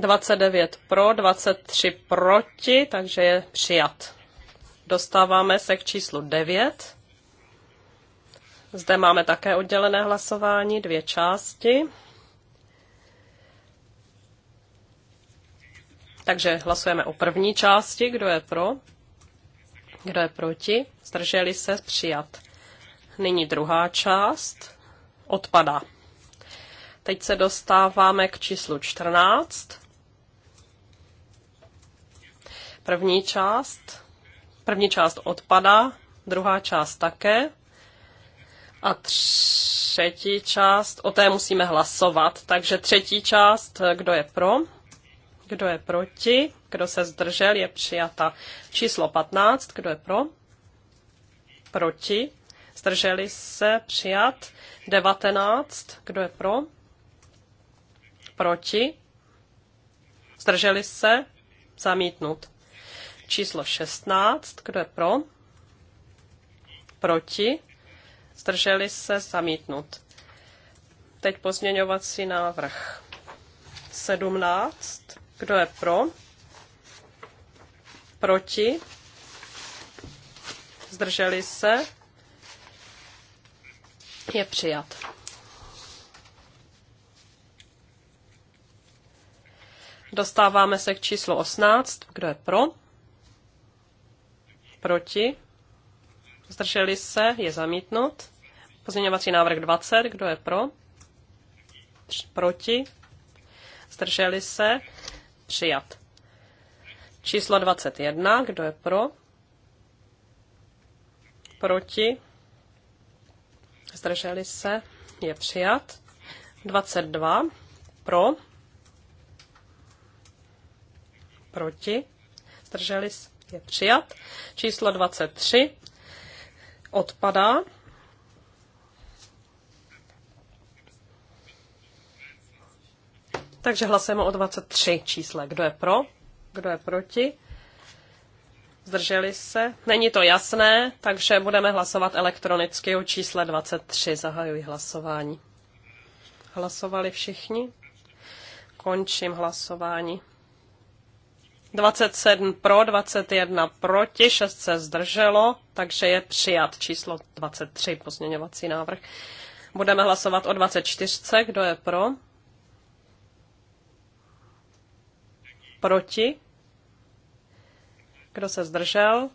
29 pro, 23 proti, takže je přijat. Dostáváme se k číslu 9. Zde máme také oddělené hlasování, dvě části. Takže hlasujeme o první části, kdo je pro, kdo je proti, zdrželi se, přijat. Nyní druhá část odpadá. Teď se dostáváme k číslu 14. První část, první část odpada, druhá část také. A třetí část, o té musíme hlasovat. Takže třetí část, kdo je pro, kdo je proti, kdo se zdržel, je přijata. Číslo 15, kdo je pro, proti, zdrželi se, přijat. 19, kdo je pro, proti, zdrželi se, zamítnut. Číslo 16, kdo je pro? Proti? Zdrželi se zamítnut. Teď pozměňovací návrh 17. Kdo je pro? Proti? Zdrželi se? Je přijat. Dostáváme se k číslu 18. Kdo je pro? Proti? Zdrželi se? Je zamítnut. Pozměňovací návrh 20. Kdo je pro? Proti? Zdrželi se? Přijat. Číslo 21. Kdo je pro? Proti? Zdrželi se? Je přijat. 22. Pro? Proti? Zdrželi se? je přijat. Číslo 23 odpadá. Takže hlasujeme o 23 čísle. Kdo je pro? Kdo je proti? Zdrželi se? Není to jasné, takže budeme hlasovat elektronicky o čísle 23. Zahajuji hlasování. Hlasovali všichni? Končím hlasování. 27 pro, 21 proti, 6 se zdrželo, takže je přijat číslo 23 pozměňovací návrh. Budeme hlasovat o 24. Kdo je pro? Proti? Kdo se zdržel?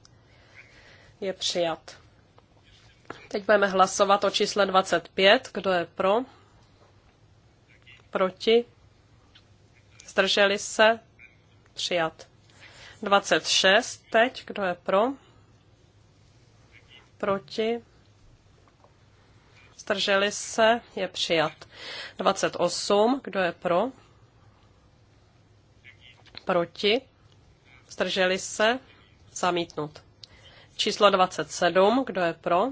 Je přijat. Teď budeme hlasovat o čísle 25. Kdo je pro? Proti? Zdrželi se? Přijat. 26 teď, kdo je pro? Proti? Zdrželi se, je přijat. 28, kdo je pro? Proti? Zdrželi se, zamítnut. Číslo 27, kdo je pro?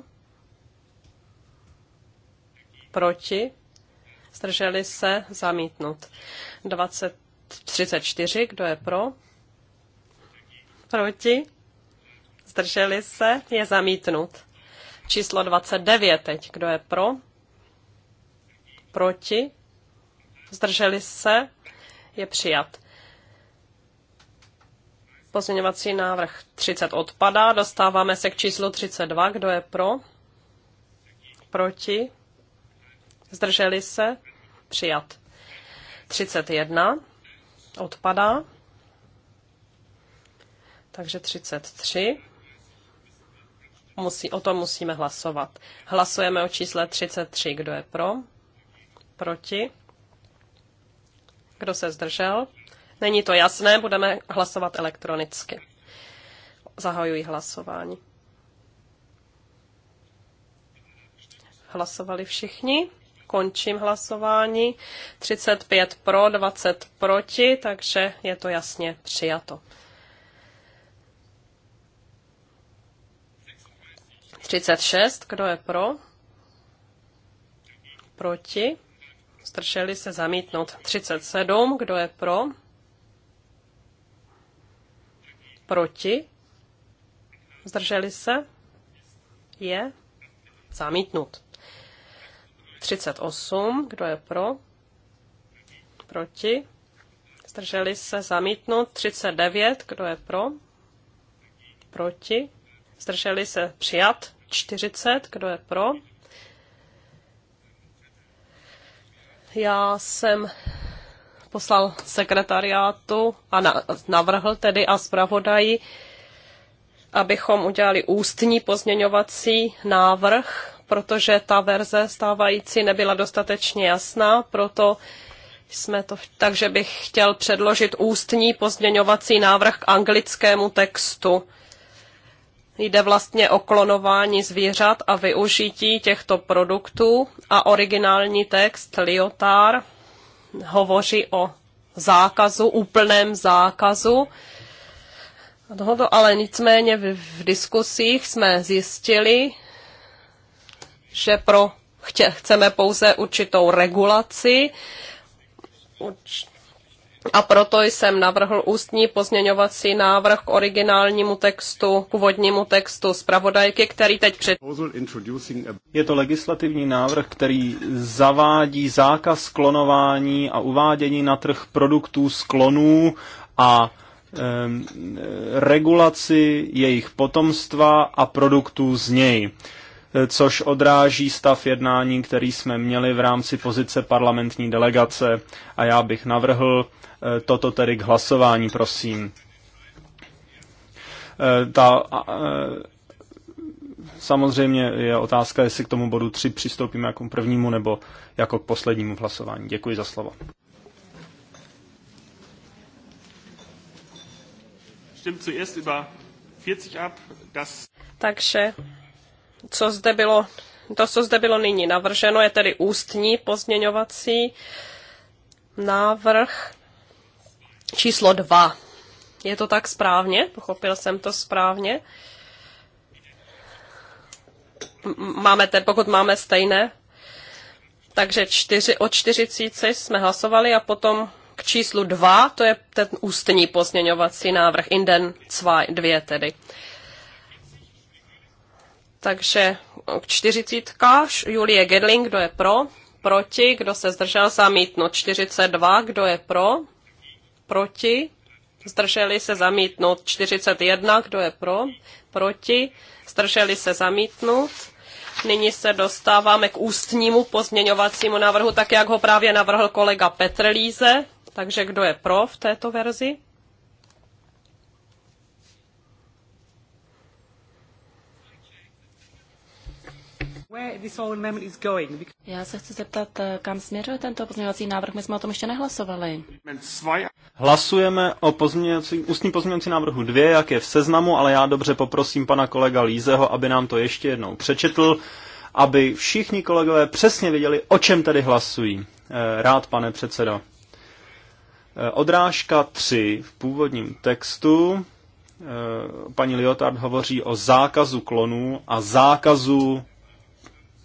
Proti? Zdrželi se, zamítnut. 20, 34, kdo je pro? Proti? Zdrželi se? Je zamítnut. Číslo 29 teď. Kdo je pro? Proti? Zdrželi se? Je přijat. Pozměňovací návrh 30 odpadá. Dostáváme se k číslu 32. Kdo je pro? Proti? Zdrželi se? Přijat. 31 odpadá. Takže 33. Musí, o tom musíme hlasovat. Hlasujeme o čísle 33. Kdo je pro? Proti? Kdo se zdržel? Není to jasné, budeme hlasovat elektronicky. Zahajuji hlasování. Hlasovali všichni? končím hlasování. 35 pro, 20 proti, takže je to jasně přijato. 36, kdo je pro? Proti? Zdrželi se zamítnout. 37, kdo je pro? Proti? Zdrželi se? Je? Zamítnut. 38, kdo je pro? Proti? Zdrželi se zamítnut. 39, kdo je pro? Proti? Zdrželi se přijat. 40, kdo je pro? Já jsem poslal sekretariátu a navrhl tedy a zpravodaji, abychom udělali ústní pozměňovací návrh, protože ta verze stávající nebyla dostatečně jasná, proto jsme to, takže bych chtěl předložit ústní pozměňovací návrh k anglickému textu Jde vlastně o klonování zvířat a využití těchto produktů a originální text liotár hovoří o zákazu, úplném zákazu. Tohoto, ale nicméně v, v diskusích jsme zjistili, že pro chtě, chceme pouze určitou regulaci, a proto jsem navrhl ústní pozměňovací návrh k originálnímu textu, k původnímu textu zpravodajky, který teď před... Je to legislativní návrh, který zavádí zákaz klonování a uvádění na trh produktů z klonů a um, regulaci jejich potomstva a produktů z něj. Eh, což odráží stav jednání, který jsme měli v rámci pozice parlamentní delegace a já bych navrhl eh, toto tedy k hlasování, prosím. Eh, ta, samozřejmě je otázka, jestli k tomu bodu 3 přistoupíme jako prvnímu nebo jako k poslednímu hlasování. Děkuji za slovo. Takže co zde bylo, to, co zde bylo nyní navrženo, je tedy ústní pozměňovací návrh číslo 2. Je to tak správně? Pochopil jsem to správně? Máme te, pokud máme stejné, takže čtyři, o 40 jsme hlasovali a potom k číslu 2, to je ten ústní pozměňovací návrh, inden 2 tedy. Takže čtyřicítka Julie Gedling, kdo je pro? Proti, kdo se zdržel zamítnout? 42, kdo je pro? Proti, zdrželi se zamítnout? 41, kdo je pro? Proti, zdrželi se zamítnout? Nyní se dostáváme k ústnímu pozměňovacímu návrhu, tak jak ho právě navrhl kolega Petr Líze. Takže kdo je pro v této verzi? Já se chci zeptat, eh, kam směřuje tento pozměňovací návrh? My jsme o tom ještě nehlasovali. Hlasujeme o pozměňovací, ústní pozměňovací návrhu 2, jak je v seznamu, ale já dobře poprosím pana kolega Lízeho, aby nám to ještě jednou přečetl, aby všichni kolegové přesně věděli, o čem tedy hlasují. Eh, rád, pane předsedo. Eh, odrážka 3 v původním textu paní Liotard hovoří o zákazu klonů a zákazu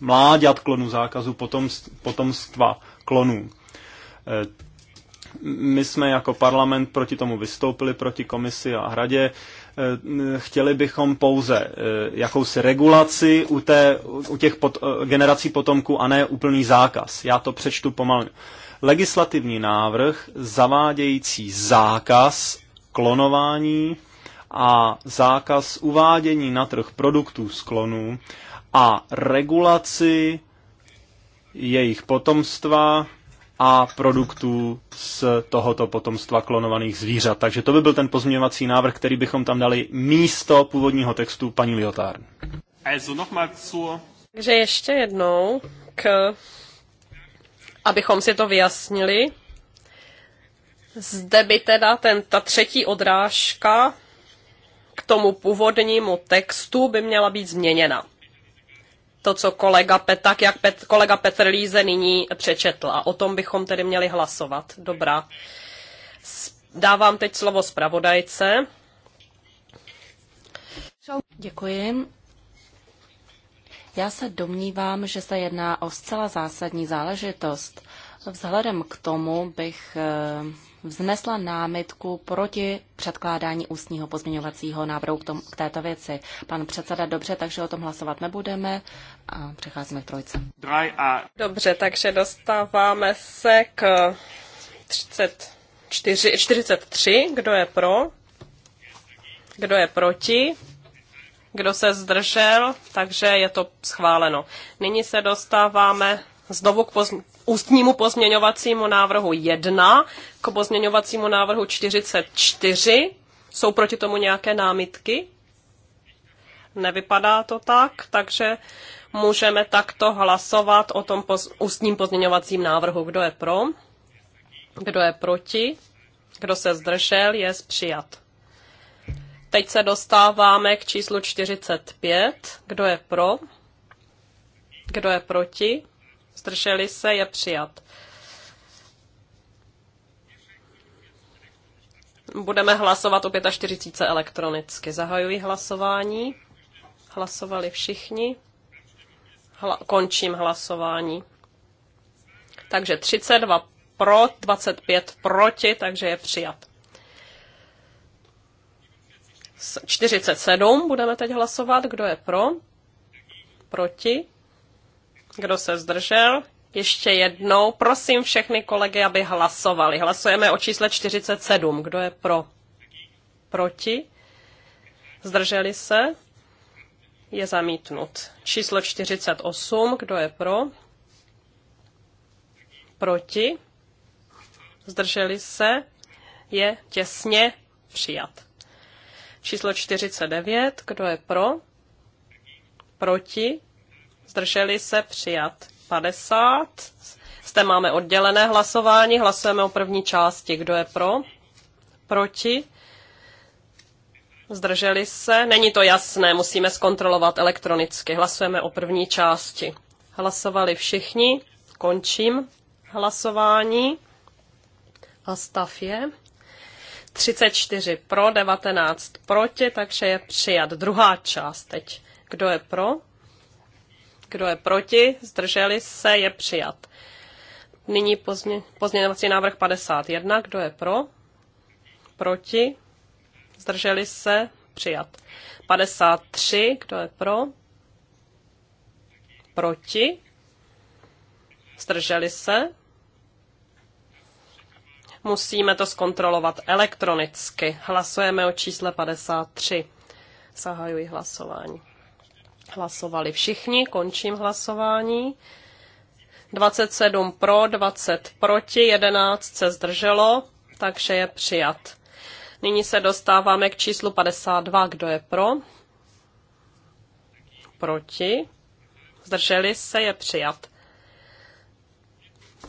mláďat klonu zákazu potomstva klonů. E, my jsme jako parlament proti tomu vystoupili, proti komisi a hradě. E, chtěli bychom pouze e, jakousi regulaci u, té, u těch pot, generací potomků a ne úplný zákaz. Já to přečtu pomalu. Legislativní návrh zavádějící zákaz klonování a zákaz uvádění na trh produktů z klonů a regulaci jejich potomstva a produktů z tohoto potomstva klonovaných zvířat. Takže to by byl ten pozměňovací návrh, který bychom tam dali místo původního textu paní Liotár. Takže ještě jednou, k, abychom si to vyjasnili, zde by teda ten, ta třetí odrážka k tomu původnímu textu by měla být změněna to, co kolega Pet, tak jak Pet, kolega Petr Líze nyní přečetl. A o tom bychom tedy měli hlasovat. Dobrá. Dávám teď slovo zpravodajce. Děkuji. Já se domnívám, že se jedná o zcela zásadní záležitost. Vzhledem k tomu bych eh, vznesla námitku proti předkládání ústního pozměňovacího návrhu k, tom, k této věci. Pan předseda, dobře, takže o tom hlasovat nebudeme a přecházíme k trojce. Dobře, takže dostáváme se k 34, 43. Kdo je pro? Kdo je proti? Kdo se zdržel? Takže je to schváleno. Nyní se dostáváme znovu k pozm- ústnímu pozměňovacímu návrhu 1, k pozměňovacímu návrhu 44. Jsou proti tomu nějaké námitky? Nevypadá to tak, takže můžeme takto hlasovat o tom poz- ústním pozměňovacím návrhu. Kdo je pro? Kdo je proti? Kdo se zdržel, je přijat. Teď se dostáváme k číslu 45. Kdo je pro? Kdo je proti? zdrželi se, je přijat. Budeme hlasovat o 45 elektronicky. Zahajuji hlasování. Hlasovali všichni. Hla- končím hlasování. Takže 32 pro, 25 proti, takže je přijat. 47 budeme teď hlasovat. Kdo je pro? Proti? Kdo se zdržel? Ještě jednou prosím všechny kolegy, aby hlasovali. Hlasujeme o čísle 47. Kdo je pro? Proti? Zdrželi se? Je zamítnut. Číslo 48. Kdo je pro? Proti? Zdrželi se? Je těsně přijat. Číslo 49. Kdo je pro? Proti? zdrželi se, přijat. 50. Zde máme oddělené hlasování, hlasujeme o první části. Kdo je pro? Proti? Zdrželi se? Není to jasné, musíme zkontrolovat elektronicky. Hlasujeme o první části. Hlasovali všichni, končím hlasování a stav je 34 pro, 19 proti, takže je přijat druhá část teď. Kdo je pro? Kdo je proti? Zdrželi se? Je přijat. Nyní pozmě, pozměňovací návrh 51. Kdo je pro? Proti? Zdrželi se? Přijat. 53. Kdo je pro? Proti? Zdrželi se? Musíme to zkontrolovat elektronicky. Hlasujeme o čísle 53. Zahajuji hlasování. Hlasovali všichni, končím hlasování. 27 pro, 20 proti, 11 se zdrželo, takže je přijat. Nyní se dostáváme k číslu 52. Kdo je pro? Proti. Zdrželi se, je přijat.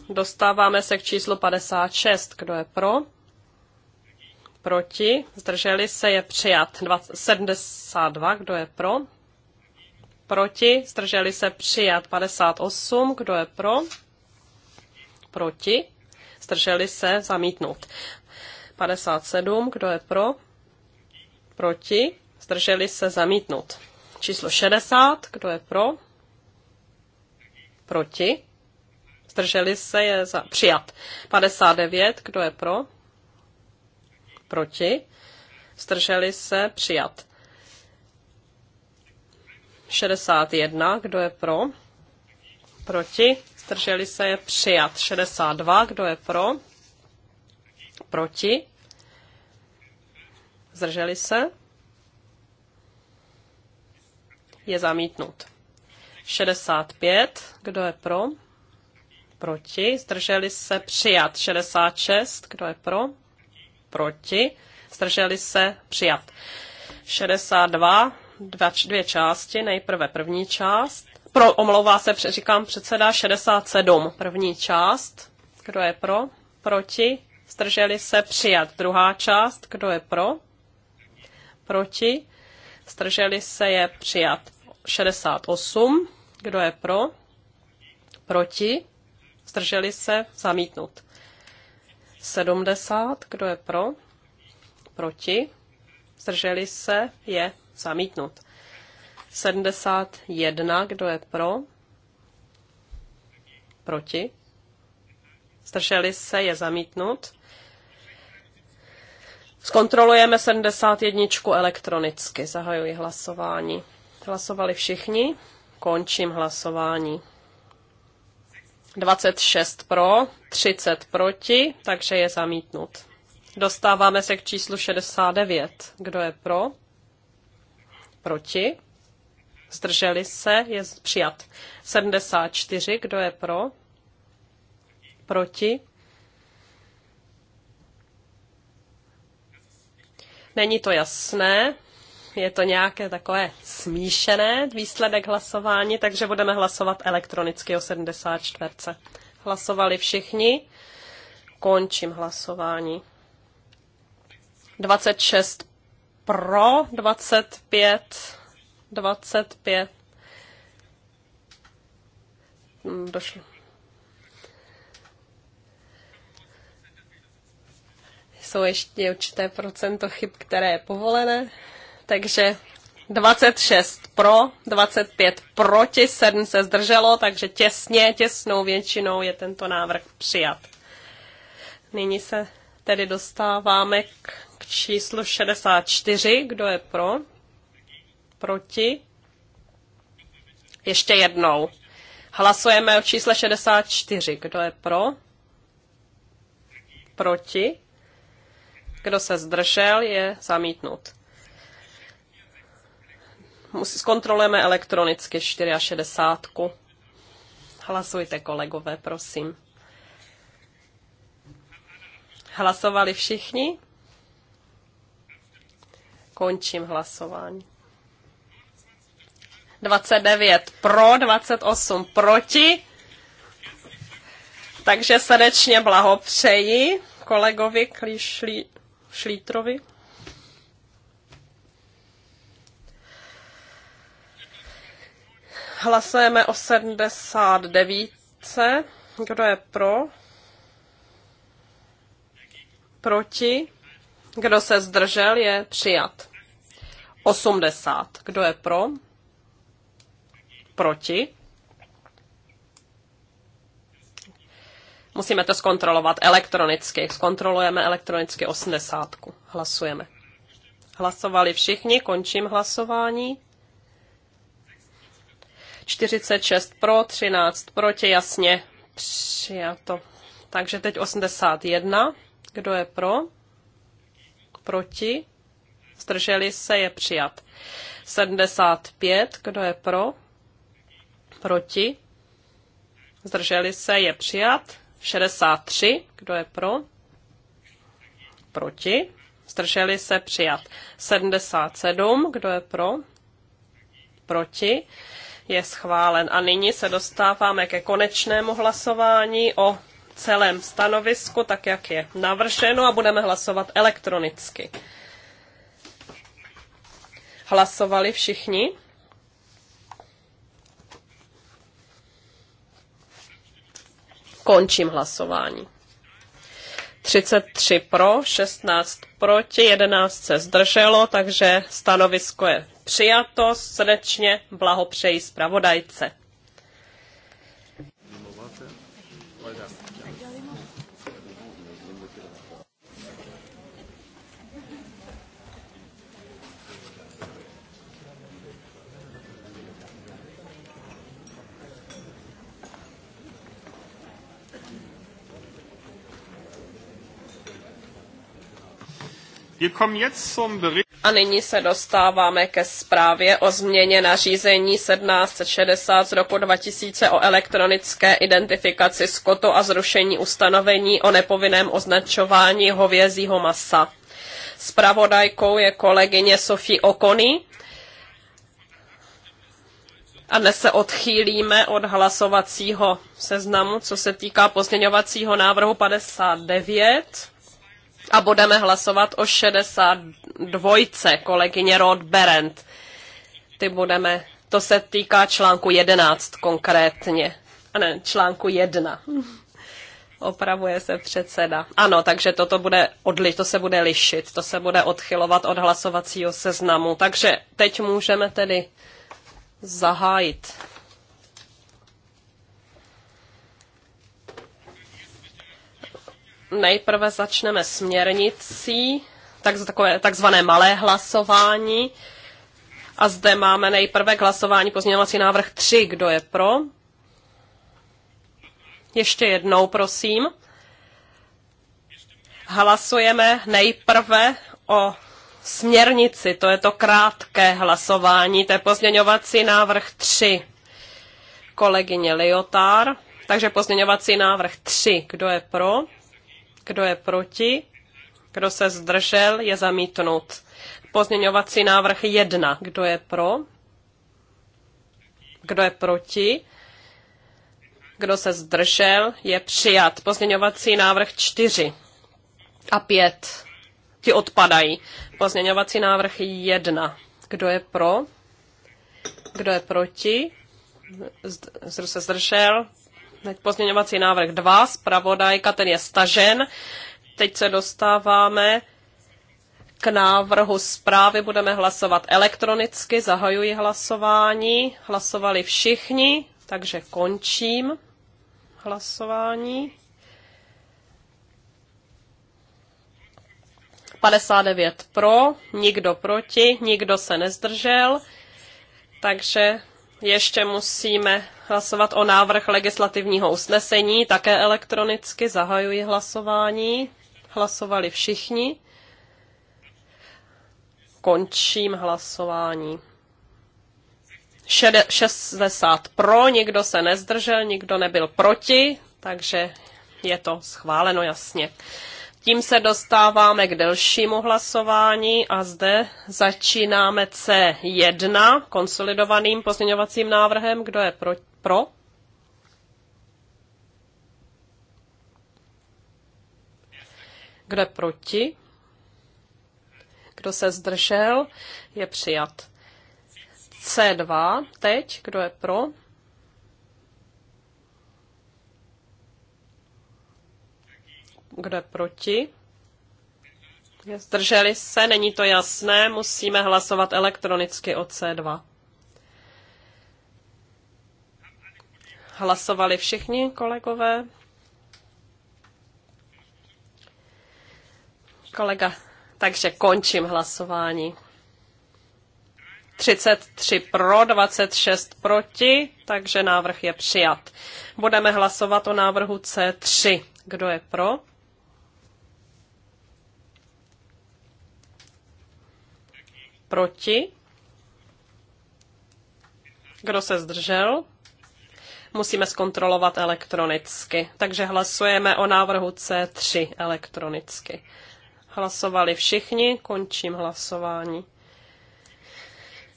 Dostáváme se k číslu 56. Kdo je pro? Proti. Zdrželi se, je přijat. 72. Kdo je pro? proti, zdrželi se přijat 58, kdo je pro, proti, zdrželi se zamítnout 57, kdo je pro, proti, zdrželi se zamítnout. Číslo 60, kdo je pro, proti, zdrželi se je za, přijat. 59, kdo je pro, proti, zdrželi se přijat. 61, kdo je pro? Proti? Zdrželi se je přijat. 62, kdo je pro? Proti? Zdrželi se? Je zamítnut. 65, kdo je pro? Proti? Zdrželi se přijat. 66, kdo je pro? Proti? Zdrželi se přijat. 62, dva, dvě části. Nejprve první část. Pro, omlouvá se, říkám předseda, 67. První část. Kdo je pro? Proti? Strželi se přijat. Druhá část. Kdo je pro? Proti? Strželi se je přijat. 68. Kdo je pro? Proti? Strželi se zamítnut. 70. Kdo je pro? Proti? Zdrželi se je Zamítnut. 71. Kdo je pro? Proti? Zdrželi se, je zamítnut. Zkontrolujeme 71 elektronicky. Zahajuji hlasování. Hlasovali všichni? Končím hlasování. 26 pro, 30 proti, takže je zamítnut. Dostáváme se k číslu 69. Kdo je pro? Proti? Zdrželi se? Je přijat. 74. Kdo je pro? Proti? Není to jasné. Je to nějaké takové smíšené výsledek hlasování, takže budeme hlasovat elektronicky o 74. Hlasovali všichni. Končím hlasování. 26 pro 25, 25. Hmm, došlo. Jsou ještě určité procento chyb, které je povolené. Takže 26 pro, 25 proti, 7 se zdrželo, takže těsně, těsnou většinou je tento návrh přijat. Nyní se tedy dostáváme k Číslo 64. Kdo je pro? Proti? Ještě jednou. Hlasujeme o čísle 64. Kdo je pro? Proti? Kdo se zdržel, je zamítnut. Musí, zkontrolujeme elektronicky 64. Hlasujte, kolegové, prosím. Hlasovali všichni? Končím hlasování. 29 pro, 28 proti. Takže srdečně blahopřeji kolegovi Klišli, Šlítrovi. Hlasujeme o 79. Kdo je pro? Proti? Kdo se zdržel, je přijat. 80. Kdo je pro? Proti? Musíme to zkontrolovat elektronicky. Zkontrolujeme elektronicky 80. Hlasujeme. Hlasovali všichni, končím hlasování. 46 pro, 13 proti, jasně přijato. Takže teď 81. Kdo je pro? Proti? Zdrželi se je přijat. 75. Kdo je pro? Proti? Zdrželi se je přijat. 63. Kdo je pro? Proti? Zdrželi se přijat. 77. Kdo je pro? Proti? Je schválen. A nyní se dostáváme ke konečnému hlasování o celém stanovisku, tak jak je navrženo a budeme hlasovat elektronicky. Hlasovali všichni? Končím hlasování. 33 pro, 16 proti, 11 se zdrželo, takže stanovisko je přijato. Srdečně blahopřeji zpravodajce. A nyní se dostáváme ke zprávě o změně nařízení 1760 z roku 2000 o elektronické identifikaci skotu a zrušení ustanovení o nepovinném označování hovězího masa. Spravodajkou je kolegyně Sofie Okony a dnes se odchýlíme od hlasovacího seznamu, co se týká pozměňovacího návrhu 59. A budeme hlasovat o 62. kolegyně Rod Berend. Ty budeme, to se týká článku 11 konkrétně. A ne, článku 1. Opravuje se předseda. Ano, takže toto bude odli, to se bude lišit, to se bude odchylovat od hlasovacího seznamu. Takže teď můžeme tedy zahájit Nejprve začneme směrnicí, tak, takové, takzvané malé hlasování. A zde máme nejprve k hlasování pozměňovací návrh 3. Kdo je pro? Ještě jednou, prosím. Hlasujeme nejprve o směrnici, to je to krátké hlasování, to je pozměňovací návrh 3 kolegyně Liotár. Takže pozměňovací návrh 3, kdo je pro? Kdo je proti? Kdo se zdržel, je zamítnut. Pozměňovací návrh 1. Kdo je pro? Kdo je proti? Kdo se zdržel, je přijat. Pozměňovací návrh 4 a 5. Ti odpadají. Pozměňovací návrh 1. Kdo je pro? Kdo je proti? Kdo se zdržel? Teď pozměňovací návrh 2, zpravodajka, ten je stažen. Teď se dostáváme k návrhu zprávy budeme hlasovat elektronicky. Zahajuji hlasování. Hlasovali všichni, takže končím hlasování. 59 pro, nikdo proti, nikdo se nezdržel. Takže ještě musíme hlasovat o návrh legislativního usnesení, také elektronicky zahajuji hlasování. Hlasovali všichni. Končím hlasování. 60 pro, nikdo se nezdržel, nikdo nebyl proti, takže je to schváleno jasně. Tím se dostáváme k delšímu hlasování a zde začínáme C1 konsolidovaným pozměňovacím návrhem. Kdo je pro? pro? Kdo je proti? Kdo se zdržel? Je přijat. C2 teď. Kdo je pro? Kdo je proti? Zdrželi se, není to jasné, musíme hlasovat elektronicky o C2. Hlasovali všichni kolegové? Kolega, takže končím hlasování. 33 pro, 26 proti, takže návrh je přijat. Budeme hlasovat o návrhu C3. Kdo je pro? Proti? Kdo se zdržel? Musíme zkontrolovat elektronicky. Takže hlasujeme o návrhu C3 elektronicky. Hlasovali všichni, končím hlasování.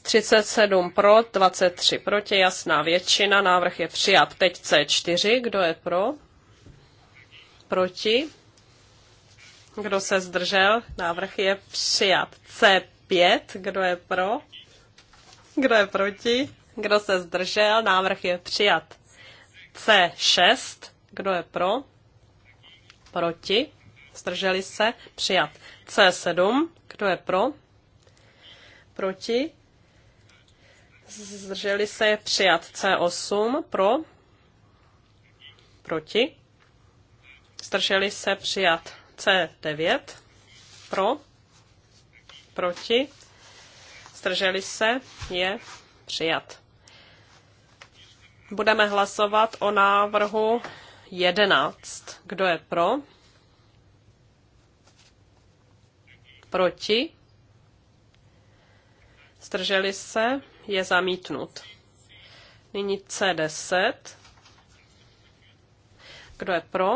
37 pro, 23 proti, jasná většina, návrh je přijat. Teď C4, kdo je pro? Proti? Kdo se zdržel? Návrh je přijat. C5, 5. Kdo je pro? Kdo je proti? Kdo se zdržel? Návrh je přijat. C6. Kdo je pro? Proti? Zdrželi se? Přijat. C7. Kdo je pro? Proti? Zdrželi se přijat. C8. Pro? Proti? Zdrželi se přijat. C9. Pro? proti, proti, zdrželi se, je přijat. Budeme hlasovat o návrhu 11. Kdo je pro? Proti? Zdrželi se? Je zamítnut. Nyní C10. Kdo je pro?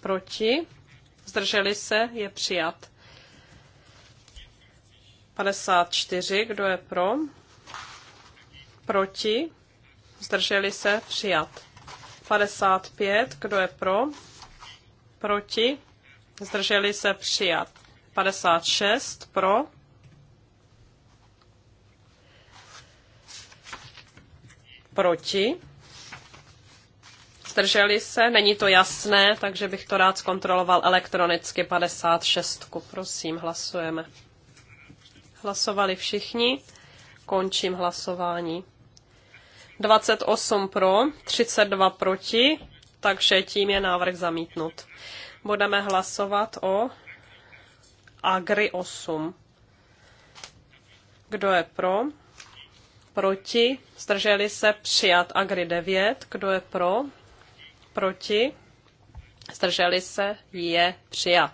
Proti? zdrželi se, je přijat. 54, kdo je pro, proti, zdrželi se, přijat. 55, kdo je pro, proti, zdrželi se, přijat. 56, pro, proti, zdrželi se, není to jasné, takže bych to rád zkontroloval elektronicky 56. Prosím, hlasujeme. Hlasovali všichni, končím hlasování. 28 pro, 32 proti, takže tím je návrh zamítnut. Budeme hlasovat o Agri 8. Kdo je pro? Proti? Zdrželi se přijat Agri 9. Kdo je pro? proti, zdrželi se, je přijat.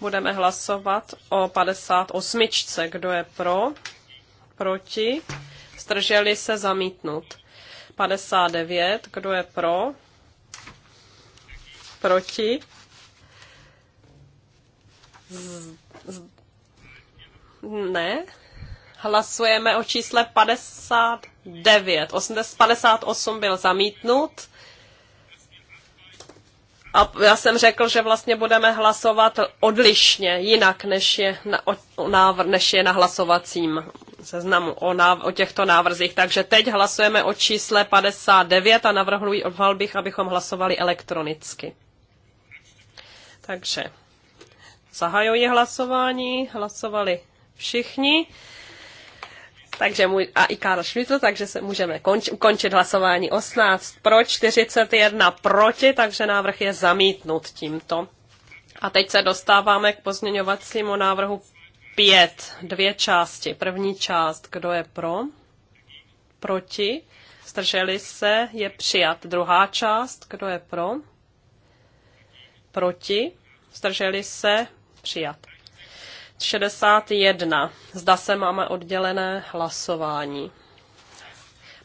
Budeme hlasovat o 58. Kdo je pro, proti, zdrželi se, zamítnut. 59. Kdo je pro, proti, z, z, ne, hlasujeme o čísle 59. 58 byl zamítnut, a já jsem řekl, že vlastně budeme hlasovat odlišně, jinak, než je na, o, návr, než je na hlasovacím seznamu o, náv, o těchto návrzích. Takže teď hlasujeme o čísle 59 a navrhuji odval bych, abychom hlasovali elektronicky. Takže zahajuji hlasování, hlasovali všichni takže můj, a i Karl Schmittl, takže se můžeme konč, ukončit hlasování 18 pro, 41 proti, takže návrh je zamítnut tímto. A teď se dostáváme k pozměňovacímu návrhu 5, dvě části. První část, kdo je pro, proti, zdrželi se, je přijat. Druhá část, kdo je pro, proti, zdrželi se, přijat. 61. Zda se máme oddělené hlasování.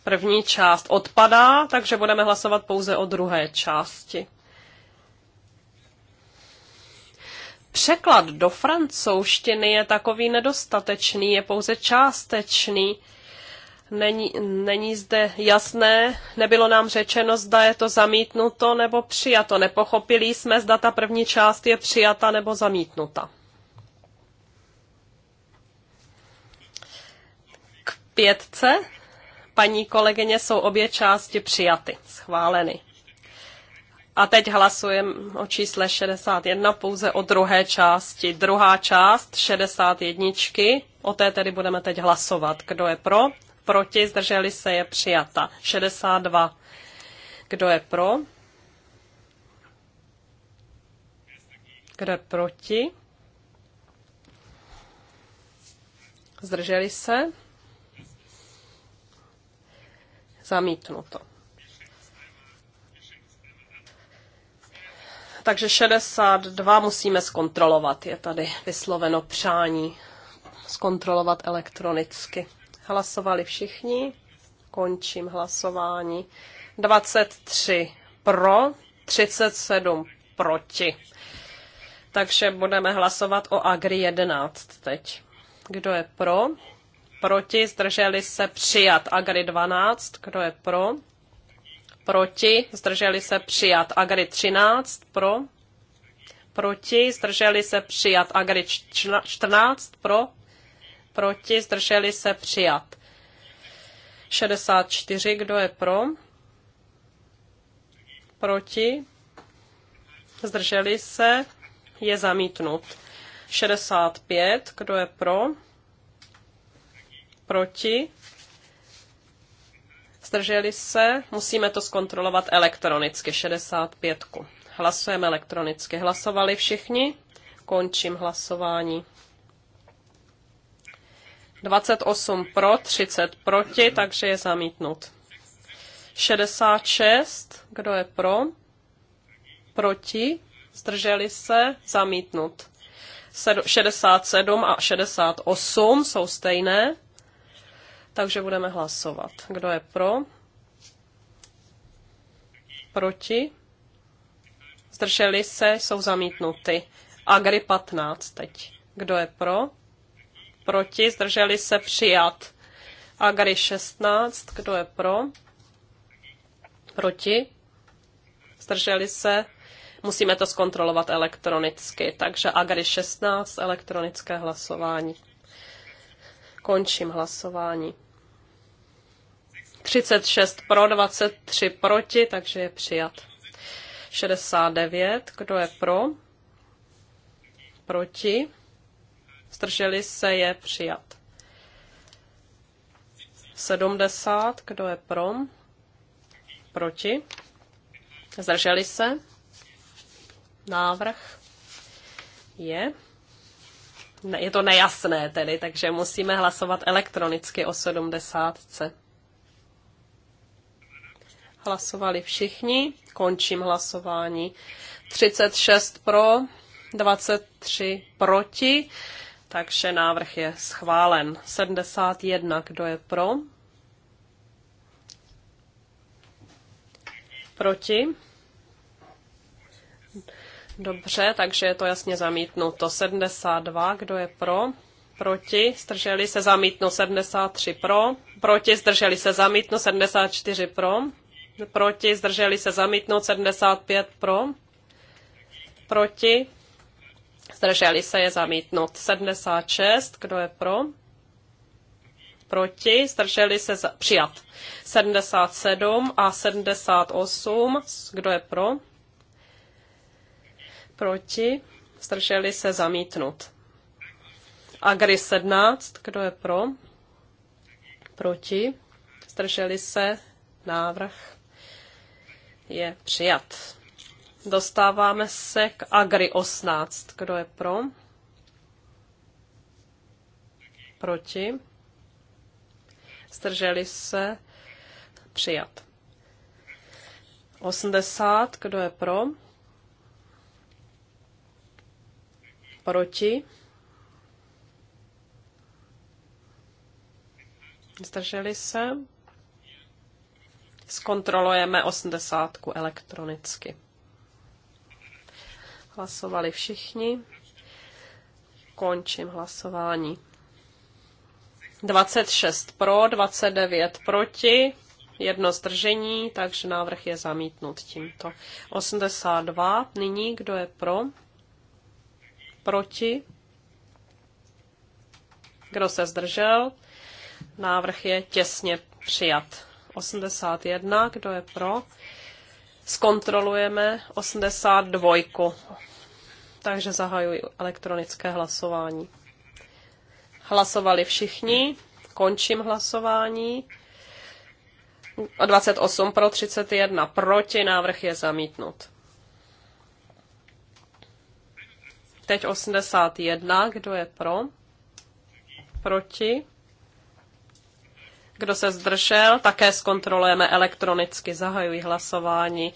První část odpadá, takže budeme hlasovat pouze o druhé části. Překlad do francouzštiny je takový nedostatečný, je pouze částečný. Není, není zde jasné, nebylo nám řečeno, zda je to zamítnuto nebo přijato. Nepochopili jsme, zda ta první část je přijata nebo zamítnuta. pětce, paní kolegyně, jsou obě části přijaty, schváleny. A teď hlasujeme o čísle 61 pouze o druhé části. Druhá část 61. O té tedy budeme teď hlasovat. Kdo je pro? Proti? Zdrželi se je přijata. 62. Kdo je pro? Kdo je proti? Zdrželi se? Zamítnuto. Takže 62 musíme zkontrolovat. Je tady vysloveno přání zkontrolovat elektronicky. Hlasovali všichni. Končím hlasování. 23 pro, 37 proti. Takže budeme hlasovat o Agri 11 teď. Kdo je pro? proti, zdrželi se přijat. Agri 12, kdo je pro, proti, zdrželi se přijat. Agri 13, pro, proti, zdrželi se přijat. Agri 14, pro, proti, zdrželi se přijat. 64, kdo je pro, proti, zdrželi se, je zamítnut. 65, kdo je pro, proti, zdrželi se, musíme to zkontrolovat elektronicky, 65. Hlasujeme elektronicky. Hlasovali všichni? Končím hlasování. 28 pro, 30 proti, takže je zamítnut. 66, kdo je pro? Proti, zdrželi se, zamítnut. 67 a 68 jsou stejné. Takže budeme hlasovat. Kdo je pro? Proti? Zdrželi se, jsou zamítnuty. Agri 15 teď. Kdo je pro? Proti? Zdrželi se, přijat. Agri 16. Kdo je pro? Proti? Zdrželi se? Musíme to zkontrolovat elektronicky. Takže Agri 16, elektronické hlasování. Končím hlasování. 36 pro, 23 proti, takže je přijat. 69, kdo je pro? Proti. Zdrželi se, je přijat. 70, kdo je pro? Proti. Zdrželi se. Návrh je. Je to nejasné tedy, takže musíme hlasovat elektronicky o 70. Hlasovali všichni. Končím hlasování. 36 pro, 23 proti, takže návrh je schválen. 71, kdo je pro? Proti? Dobře, takže je to jasně zamítnuto. 72, kdo je pro? Proti, zdrželi se zamítnu 73 pro. Proti, zdrželi se zamítnu 74 pro proti, zdrželi se zamítnout, 75 pro, proti, zdrželi se je zamítnout, 76, kdo je pro, proti, zdrželi se za, přijat, 77 a 78, kdo je pro, proti, zdrželi se zamítnout. Agri 17, kdo je pro, proti, zdrželi se návrh je přijat. Dostáváme se k Agri 18. Kdo je pro? Proti? Zdrželi se? Přijat. 80. Kdo je pro? Proti? Zdrželi se? Zkontrolujeme osmdesátku elektronicky. Hlasovali všichni. Končím hlasování. 26 pro, 29 proti, jedno zdržení, takže návrh je zamítnut tímto. 82. Nyní kdo je pro? Proti? Kdo se zdržel? Návrh je těsně přijat. 81, kdo je pro. Zkontrolujeme 82. Takže zahajuji elektronické hlasování. Hlasovali všichni, končím hlasování. 28 pro 31 proti, návrh je zamítnut. Teď 81, kdo je pro? Proti? Kdo se zdržel, také zkontrolujeme elektronicky. Zahajuji hlasování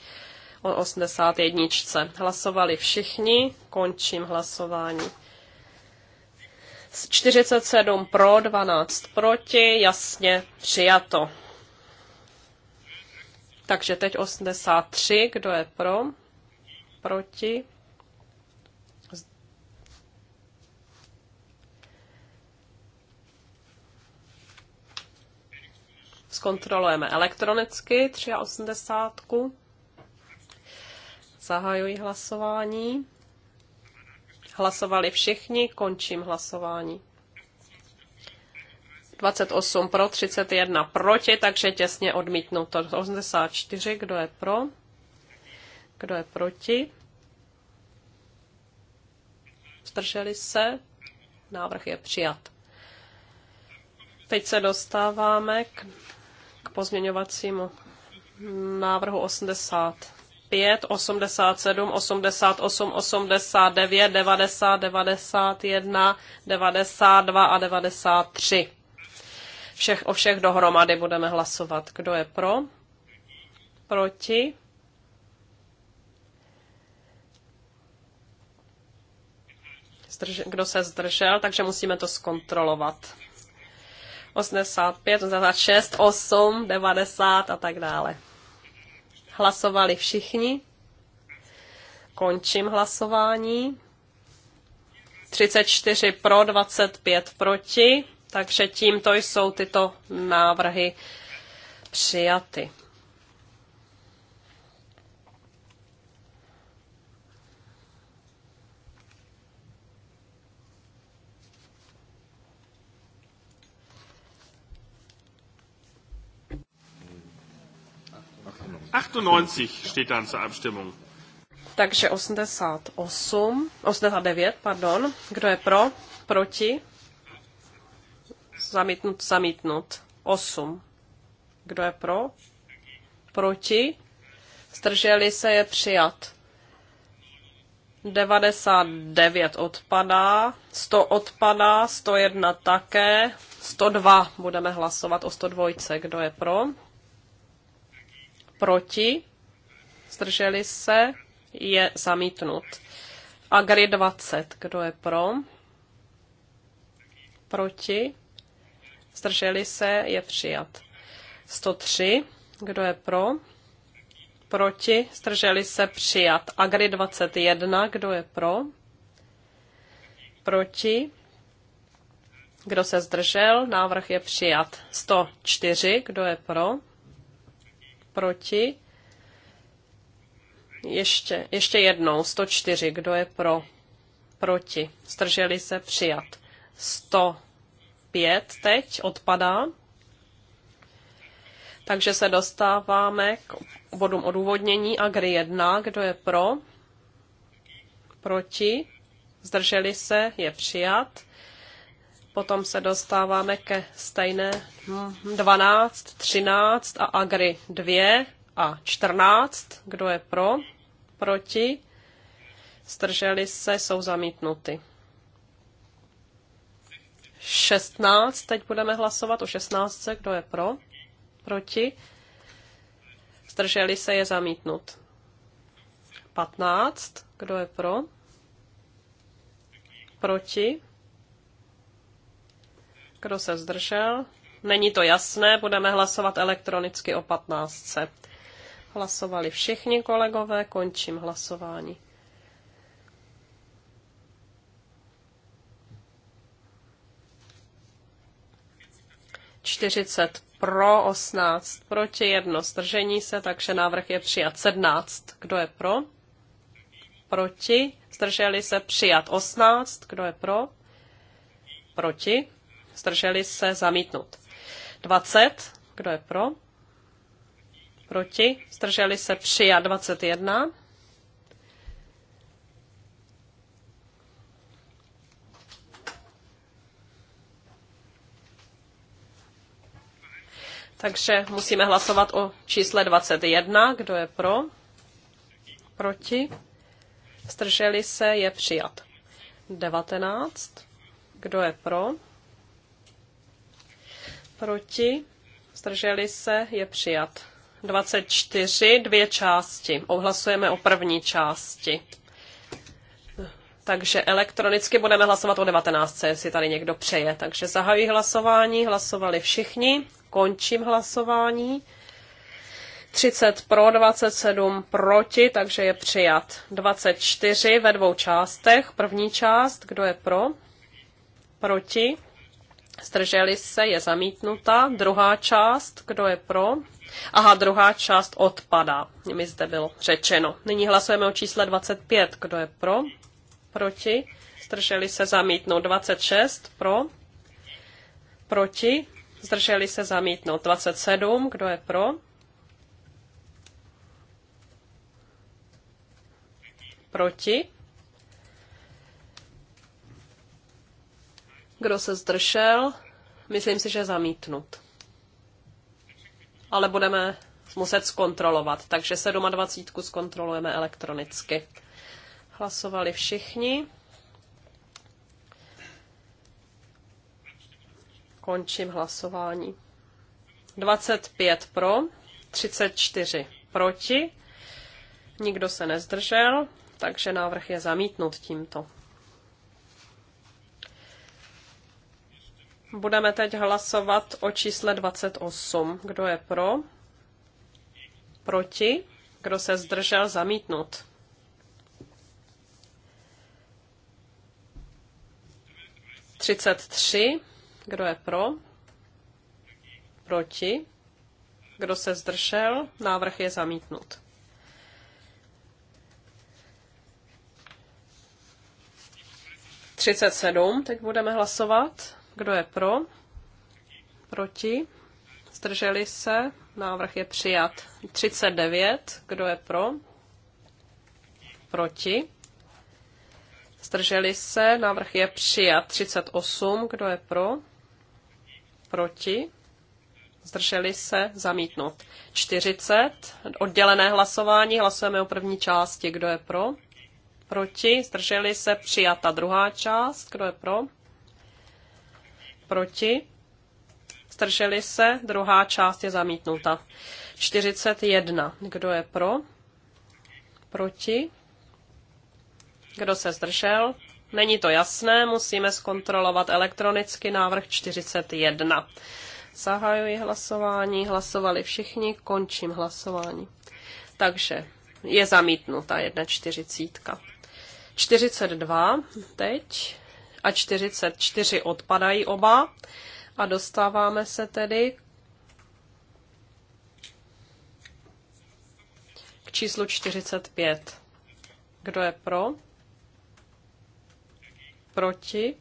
o 81. Hlasovali všichni, končím hlasování. 47 pro, 12 proti, jasně přijato. Takže teď 83, kdo je pro, proti, Zkontrolujeme elektronicky 83. Zahajuji hlasování. Hlasovali všichni, končím hlasování. 28 pro, 31 proti, takže těsně odmítnuto. 84, kdo je pro? Kdo je proti? Zdrželi se? Návrh je přijat. Teď se dostáváme k pozměňovacímu návrhu 85, 87, 88, 89, 90, 91, 92 a 93. Všech, o všech dohromady budeme hlasovat. Kdo je pro? Proti? Zdrž, kdo se zdržel, takže musíme to zkontrolovat. 85, 86, 8, 90 a tak dále. Hlasovali všichni. Končím hlasování. 34 pro, 25 proti, takže tímto jsou tyto návrhy přijaty. 98 steht dann zur Abstimmung. Takže 88, 89, pardon. Kdo je pro? Proti? Zamítnut, zamítnut. 8. Kdo je pro? Proti? Strželi se je přijat. 99 odpadá, 100 odpadá, 101 také, 102 budeme hlasovat o 102. Kdo je pro? proti, zdrželi se, je zamítnut. Agri 20, kdo je pro, proti, zdrželi se, je přijat. 103, kdo je pro, proti, zdrželi se, přijat. Agri 21, kdo je pro, proti, kdo se zdržel? Návrh je přijat. 104. Kdo je pro? proti. Ještě, ještě jednou, 104, kdo je pro, proti, zdrželi se, přijat. 105 teď odpadá. Takže se dostáváme k bodům odůvodnění Agri jedna, kdo je pro, proti, zdrželi se, je přijat potom se dostáváme ke stejné 12, hm, 13 a agri 2 a 14. Kdo je pro? Proti? Strželi se, jsou zamítnuty. 16, teď budeme hlasovat o 16, kdo je pro? Proti? Strželi se je zamítnut. 15, kdo je pro? Proti? Kdo se zdržel? Není to jasné, budeme hlasovat elektronicky o 15. Hlasovali všichni kolegové, končím hlasování. Čtyřicet pro, 18 proti, jedno zdržení se, takže návrh je přijat 17. Kdo je pro? Proti, zdrželi se přijat 18. Kdo je pro? Proti zdrželi se, zamítnout. 20, kdo je pro? Proti, zdrželi se, přijat. 21. Takže musíme hlasovat o čísle 21. Kdo je pro? Proti? Zdrželi se, je přijat. 19. Kdo je pro? proti, zdrželi se, je přijat. 24, dvě části. Ohlasujeme o první části. Takže elektronicky budeme hlasovat o 19, jestli tady někdo přeje. Takže zahajuji hlasování, hlasovali všichni, končím hlasování. 30 pro, 27 proti, takže je přijat. 24 ve dvou částech. První část, kdo je pro? Proti? Zdrželi se, je zamítnuta. Druhá část, kdo je pro? Aha, druhá část odpadá, mi zde bylo řečeno. Nyní hlasujeme o čísle 25, kdo je pro? Proti? Zdrželi se, zamítnout. 26, pro? Proti? Zdrželi se, zamítnout. 27, kdo je pro? Proti? Kdo se zdržel? Myslím si, že zamítnut. Ale budeme muset zkontrolovat, takže 27 zkontrolujeme elektronicky. Hlasovali všichni. Končím hlasování. 25 pro, 34 proti, nikdo se nezdržel, takže návrh je zamítnut tímto. Budeme teď hlasovat o čísle 28. Kdo je pro? Proti? Kdo se zdržel? Zamítnut. Třicet tři. Kdo je pro? Proti? Kdo se zdržel? Návrh je zamítnut. Třicet sedm. Teď budeme hlasovat. Kdo je pro? Proti? Zdrželi se? Návrh je přijat. 39. Kdo je pro? Proti? Zdrželi se? Návrh je přijat. 38. Kdo je pro? Proti? Zdrželi se? Zamítnout. 40. Oddělené hlasování. Hlasujeme o první části. Kdo je pro? Proti? Zdrželi se? Přijata druhá část. Kdo je pro? proti, zdrželi se, druhá část je zamítnuta. 41. Kdo je pro? Proti? Kdo se zdržel? Není to jasné, musíme zkontrolovat elektronicky návrh 41. Zahajuji hlasování, hlasovali všichni, končím hlasování. Takže je zamítnuta 1,40. 42 teď a 44 odpadají oba. A dostáváme se tedy k číslu 45. Kdo je pro? Proti?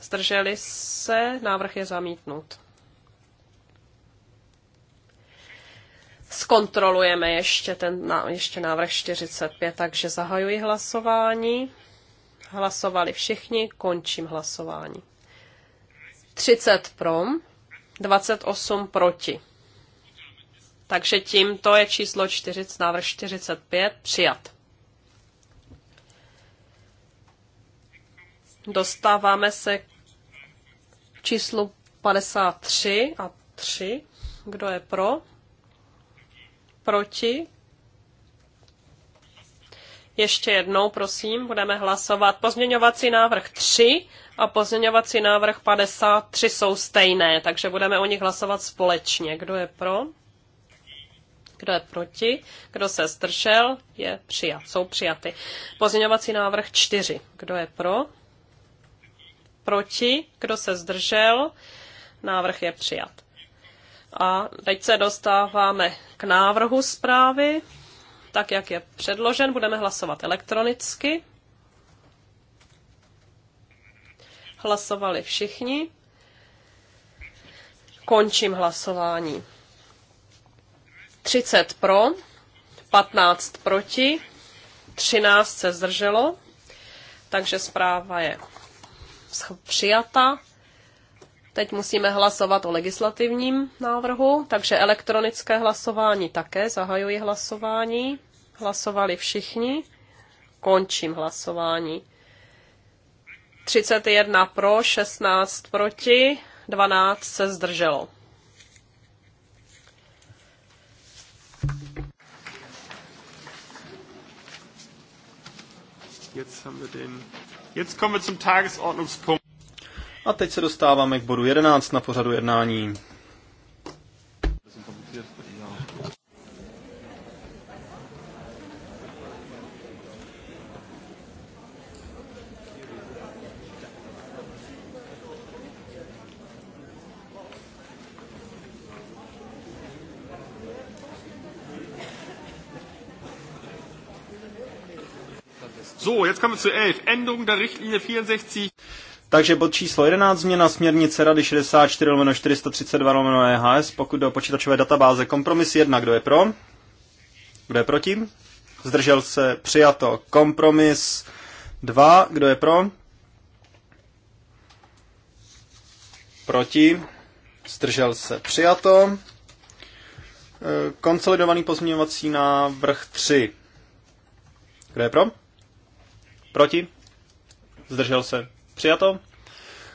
Zdrželi se? Návrh je zamítnut. Zkontrolujeme ještě, ten, ještě návrh 45, takže zahajuji hlasování. Hlasovali všichni, končím hlasování. 30 pro, 28 proti. Takže tímto je číslo 40, návrh 45 přijat. Dostáváme se k číslu 53 a 3. Kdo je pro? Proti? Ještě jednou, prosím, budeme hlasovat. Pozměňovací návrh 3 a pozměňovací návrh 53 jsou stejné, takže budeme o nich hlasovat společně. Kdo je pro? Kdo je proti? Kdo se zdržel? Je přijat. Jsou přijaty. Pozměňovací návrh 4. Kdo je pro? Proti? Kdo se zdržel? Návrh je přijat. A teď se dostáváme k návrhu zprávy tak, jak je předložen. Budeme hlasovat elektronicky. Hlasovali všichni. Končím hlasování. 30 pro, 15 proti, 13 se zdrželo, takže zpráva je přijata. Teď musíme hlasovat o legislativním návrhu, takže elektronické hlasování také. Zahajuji hlasování. Hlasovali všichni. Končím hlasování. 31 pro, 16 proti, 12 se zdrželo. Jetzt haben wir den. Jetzt kommen wir zum Tagesordnungspunkt. A teď se dostáváme k bodu 11 na pořadu jednání. So, jetzt kommen wir zu 11. Änderung der Richtlinie 64. Takže bod číslo 11, změna směrnice Rady 64 432 EHS, pokud do počítačové databáze. Kompromis 1, kdo je pro? Kdo je proti? Zdržel se, přijato. Kompromis 2, kdo je pro? Proti? Zdržel se, přijato. E, konsolidovaný pozměňovací návrh 3. Kdo je pro? Proti? Zdržel se, Přijato.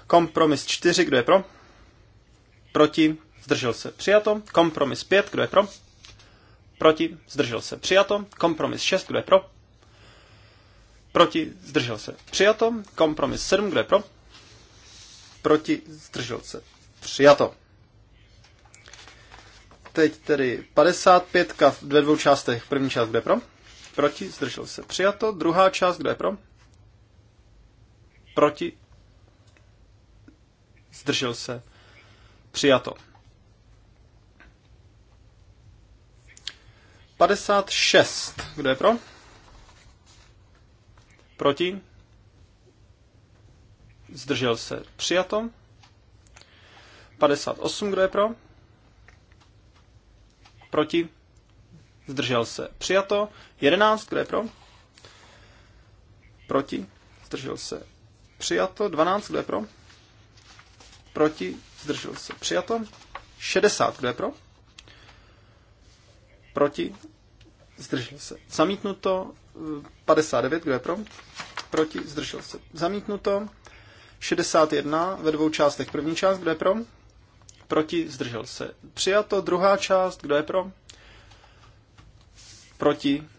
Kompromis 4, kdo je pro? Proti, zdržel se. Přijato. Kompromis 5, kdo je pro? Proti, zdržel se. Přijato. Kompromis 6, kdo je pro? Proti, zdržel se. Přijato. Kompromis 7, kdo je pro? Proti, zdržel se. Přijato. Teď tedy 55 ve dvou částech. První část, kdo je pro? Proti, zdržel se. Přijato. Druhá část, kdo je pro? Proti? Zdržel se. Přijato. 56. Kdo je pro? Proti? Zdržel se. Přijato. 58. Kdo je pro? Proti? Zdržel se. Přijato. 11. Kdo je pro? Proti? Zdržel se. Přijato. 12, kdo je pro? Proti. Zdržel se. Přijato. 60, kdo je pro? Proti. Zdržel se. Zamítnuto. 59, kdo je pro? Proti. Zdržel se. Zamítnuto. 61 ve dvou částech. První část, kdo je pro? Proti. Zdržel se. Přijato. Druhá část, kdo je pro? Proti.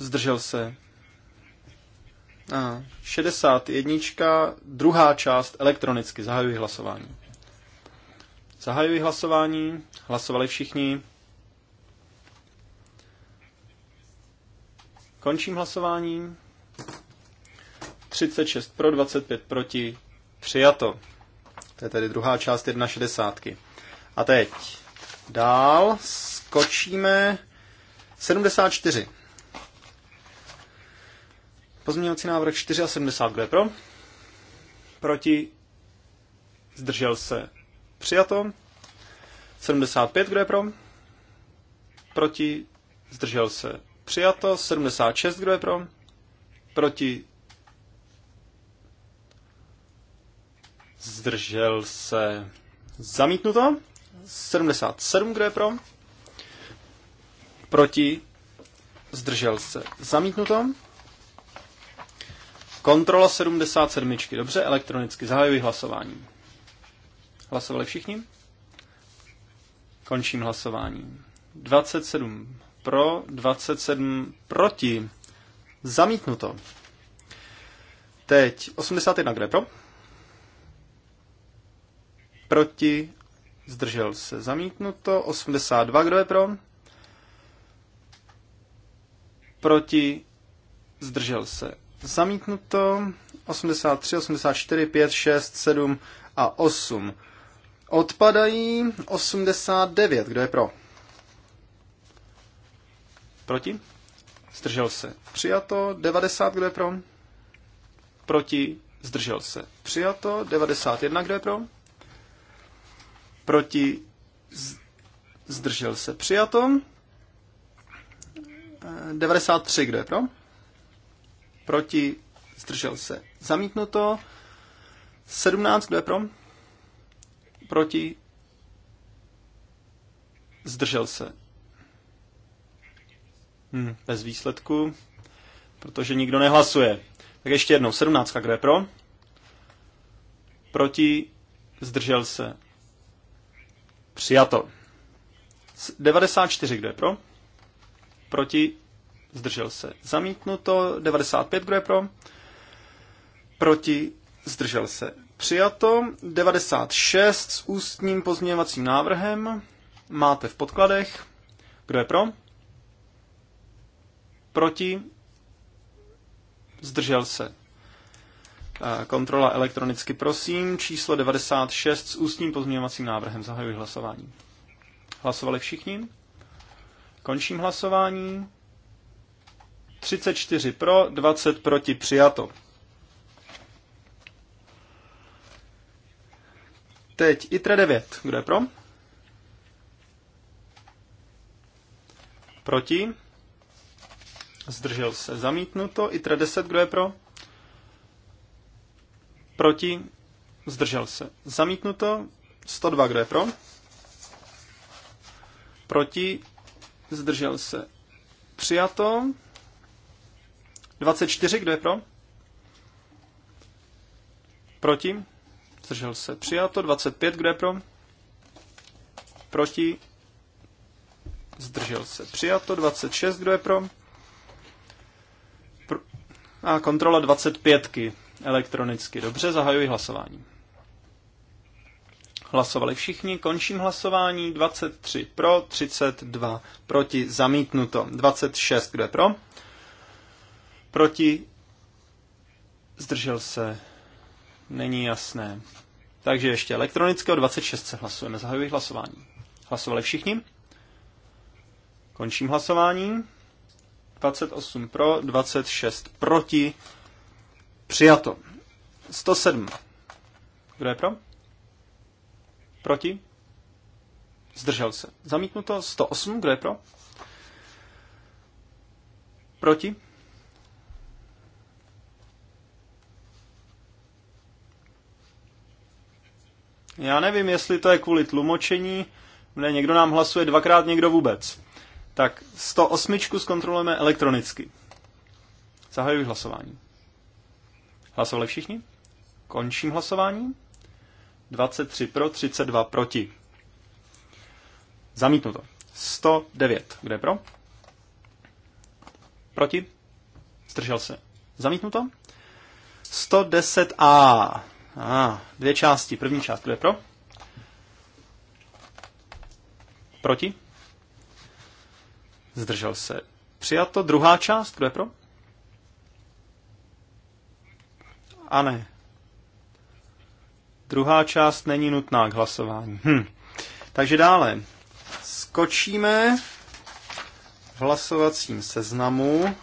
Zdržel se. A 61. Druhá část elektronicky. Zahajuji hlasování. Zahajuji hlasování. Hlasovali všichni. Končím hlasování. 36 pro, 25 proti. Přijato. To je tedy druhá část 1.60. A teď dál skočíme 74. Pozměňovací návrh 74, kdo je pro? Proti? Zdržel se? Přijato. 75, kdo je pro? Proti? Zdržel se? Přijato. 76, kdo je pro? Proti? Zdržel se? Zamítnuto. 77, kdo je pro? Proti? Zdržel se? Zamítnuto. Kontrola 77. Dobře, elektronicky zahajuji hlasování. Hlasovali všichni? Končím hlasování. 27 pro, 27 proti. Zamítnuto. Teď 81, kde pro? Proti, zdržel se, zamítnuto. 82, kdo je pro? Proti, zdržel se, Zamítnuto 83, 84, 5, 6, 7 a 8. Odpadají 89. Kdo je pro? Proti? Zdržel se. Přijato 90. Kdo je pro? Proti? Zdržel se. Přijato 91. Kdo je pro? Proti? Zdržel se. Přijato 93. Eh, Kdo je pro? proti, zdržel se. Zamítnuto. 17, kdo je pro? Proti, zdržel se. Hmm, bez výsledku, protože nikdo nehlasuje. Tak ještě jednou, 17, kdo je pro? Proti, zdržel se. Přijato. 94, kdo je pro? Proti, zdržel se. Zamítnuto 95, kdo je pro? Proti, zdržel se. Přijato 96 s ústním pozměňovacím návrhem. Máte v podkladech. Kdo je pro? Proti, zdržel se. Kontrola elektronicky, prosím. Číslo 96 s ústním pozměňovacím návrhem. Zahajuji hlasování. Hlasovali všichni? Končím hlasování. 34 pro, 20 proti přijato. Teď ITRE 9. Kdo je pro? Proti. Zdržel se. Zamítnuto. ITRE 10. Kdo je pro? Proti. Zdržel se. Zamítnuto. 102. Kdo je pro? Proti. Zdržel se. Přijato. 24, kdo je pro? Proti? Zdržel se. Přijato. 25, kdo je pro? Proti? Zdržel se. Přijato. 26, kdo je pro? pro... A kontrola 25 -ky. elektronicky. Dobře, zahajuji hlasování. Hlasovali všichni, končím hlasování. 23 pro, 32 proti, zamítnuto. 26, kdo je pro? Proti? Zdržel se? Není jasné. Takže ještě elektronické o 26 se hlasujeme. Zahajuji hlasování. Hlasovali všichni? Končím hlasování. 28 pro, 26 proti. Přijato. 107. Kdo je pro? Proti? Zdržel se. Zamítnuto 108. Kdo je pro? Proti? Já nevím, jestli to je kvůli tlumočení, kde někdo nám hlasuje dvakrát, někdo vůbec. Tak 108 zkontrolujeme elektronicky. Zahajuji hlasování. Hlasovali všichni? Končím hlasování. 23 pro, 32 proti. Zamítnuto. 109. Kde je pro? Proti? Zdržel se. Zamítnuto. 110a. A, dvě části. První část, kdo je pro? Proti? Zdržel se. Přijato. Druhá část, kdo je pro? A ne. Druhá část není nutná k hlasování. Hm. Takže dále. Skočíme v hlasovacím seznamu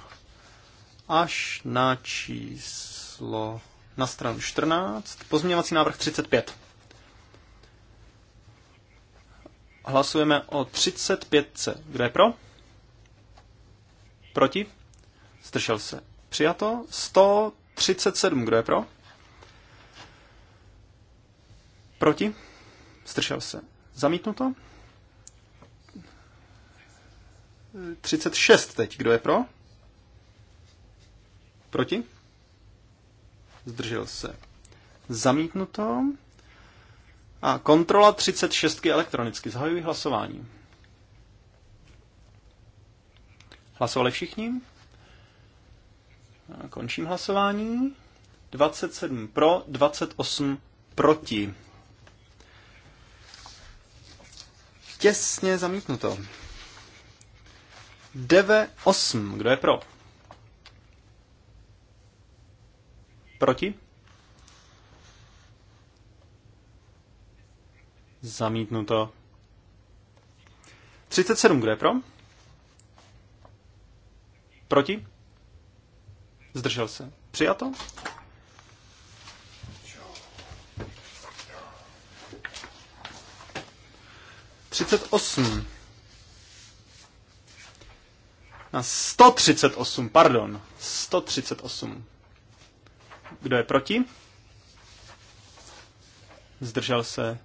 až na číslo na stranu 14, pozměňovací návrh 35. Hlasujeme o 35. Kdo je pro? Proti? Zdržel se. Přijato. 137. Kdo je pro? Proti? Zdržel se. Zamítnuto. 36 teď. Kdo je pro? Proti? zdržel se. Zamítnuto. A kontrola 36 elektronicky. Zahajuji hlasování. Hlasovali všichni? A končím hlasování. 27 pro, 28 proti. Těsně zamítnuto. 9, 8. Kdo je pro? Proti? Zamítnuto. 37, kdo je pro? Proti? Zdržel se. Přijato? Třicet osm. Na sto třicet osm, pardon. Sto třicet osm. Kdo je proti? Zdržel se.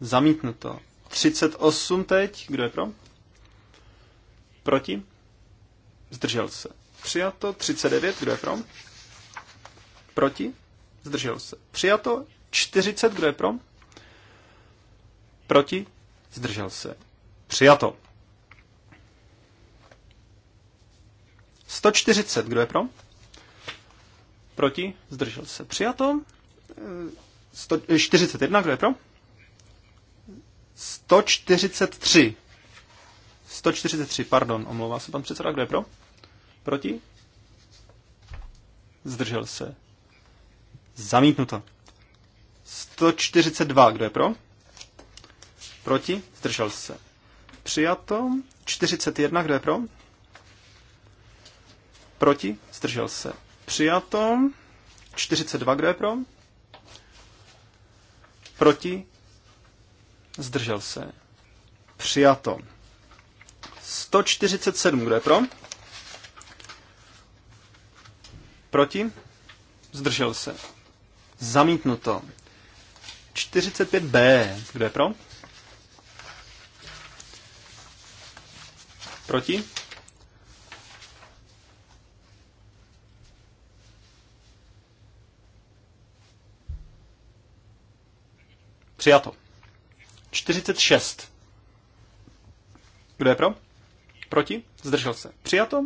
Zamítnuto. 38 teď. Kdo je pro? Proti? Zdržel se. Přijato. 39. Kdo je pro? Proti? Zdržel se. Přijato. 40. Kdo je pro? Proti? Zdržel se. Přijato. 140. Kdo je pro? Proti? Zdržel se. Přijato. 100, eh, 41, eh, kdo je pro? 143. 143, pardon, omlouvá se pan předseda, kdo je pro? Proti? Zdržel se. Zamítnuto. 142, kdo je pro? Proti? Zdržel se. Přijato. 41, kdo je pro? Proti? Zdržel se. Přijato. 42, kdo je pro? Proti? Zdržel se. Přijato. 147, kdo je pro? Proti? Zdržel se. Zamítnuto. 45b, kdo je pro? Proti? Přijato. 46. Kdo je pro? Proti? Zdržel se. Přijato.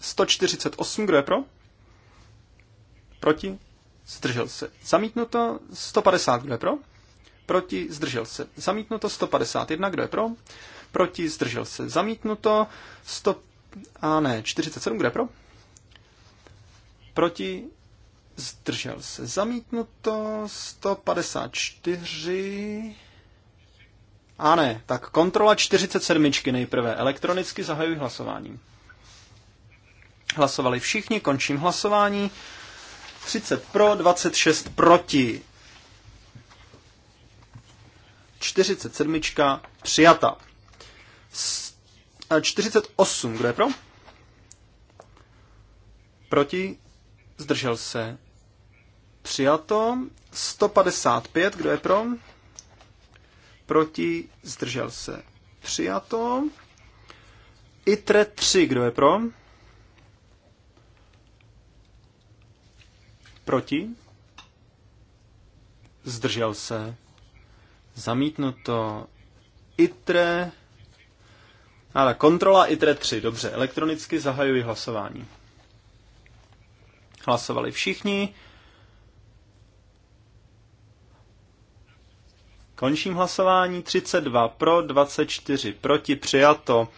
148. Kdo je pro? Proti? Zdržel se. Zamítnuto. 150. Kdo je pro? Proti? Zdržel se. Zamítnuto. 151. Kdo je pro? Proti? Zdržel se. Zamítnuto. 100... A ne, 47. Kdo je pro? Proti? zdržel se zamítnuto, 154, a ne, tak kontrola 47 nejprve, elektronicky zahajuji hlasování. Hlasovali všichni, končím hlasování, 30 pro, 26 proti. 47. přijata. 48. Kdo je pro? Proti? Zdržel se. Přijato. 155, kdo je pro? Proti, zdržel se. Přijato. ITRE 3, kdo je pro? Proti? Zdržel se. Zamítnuto. ITRE. Ale kontrola ITRE 3, dobře. Elektronicky zahajuji hlasování. Hlasovali všichni. Končím hlasování. 32 pro, 24 proti, přijato.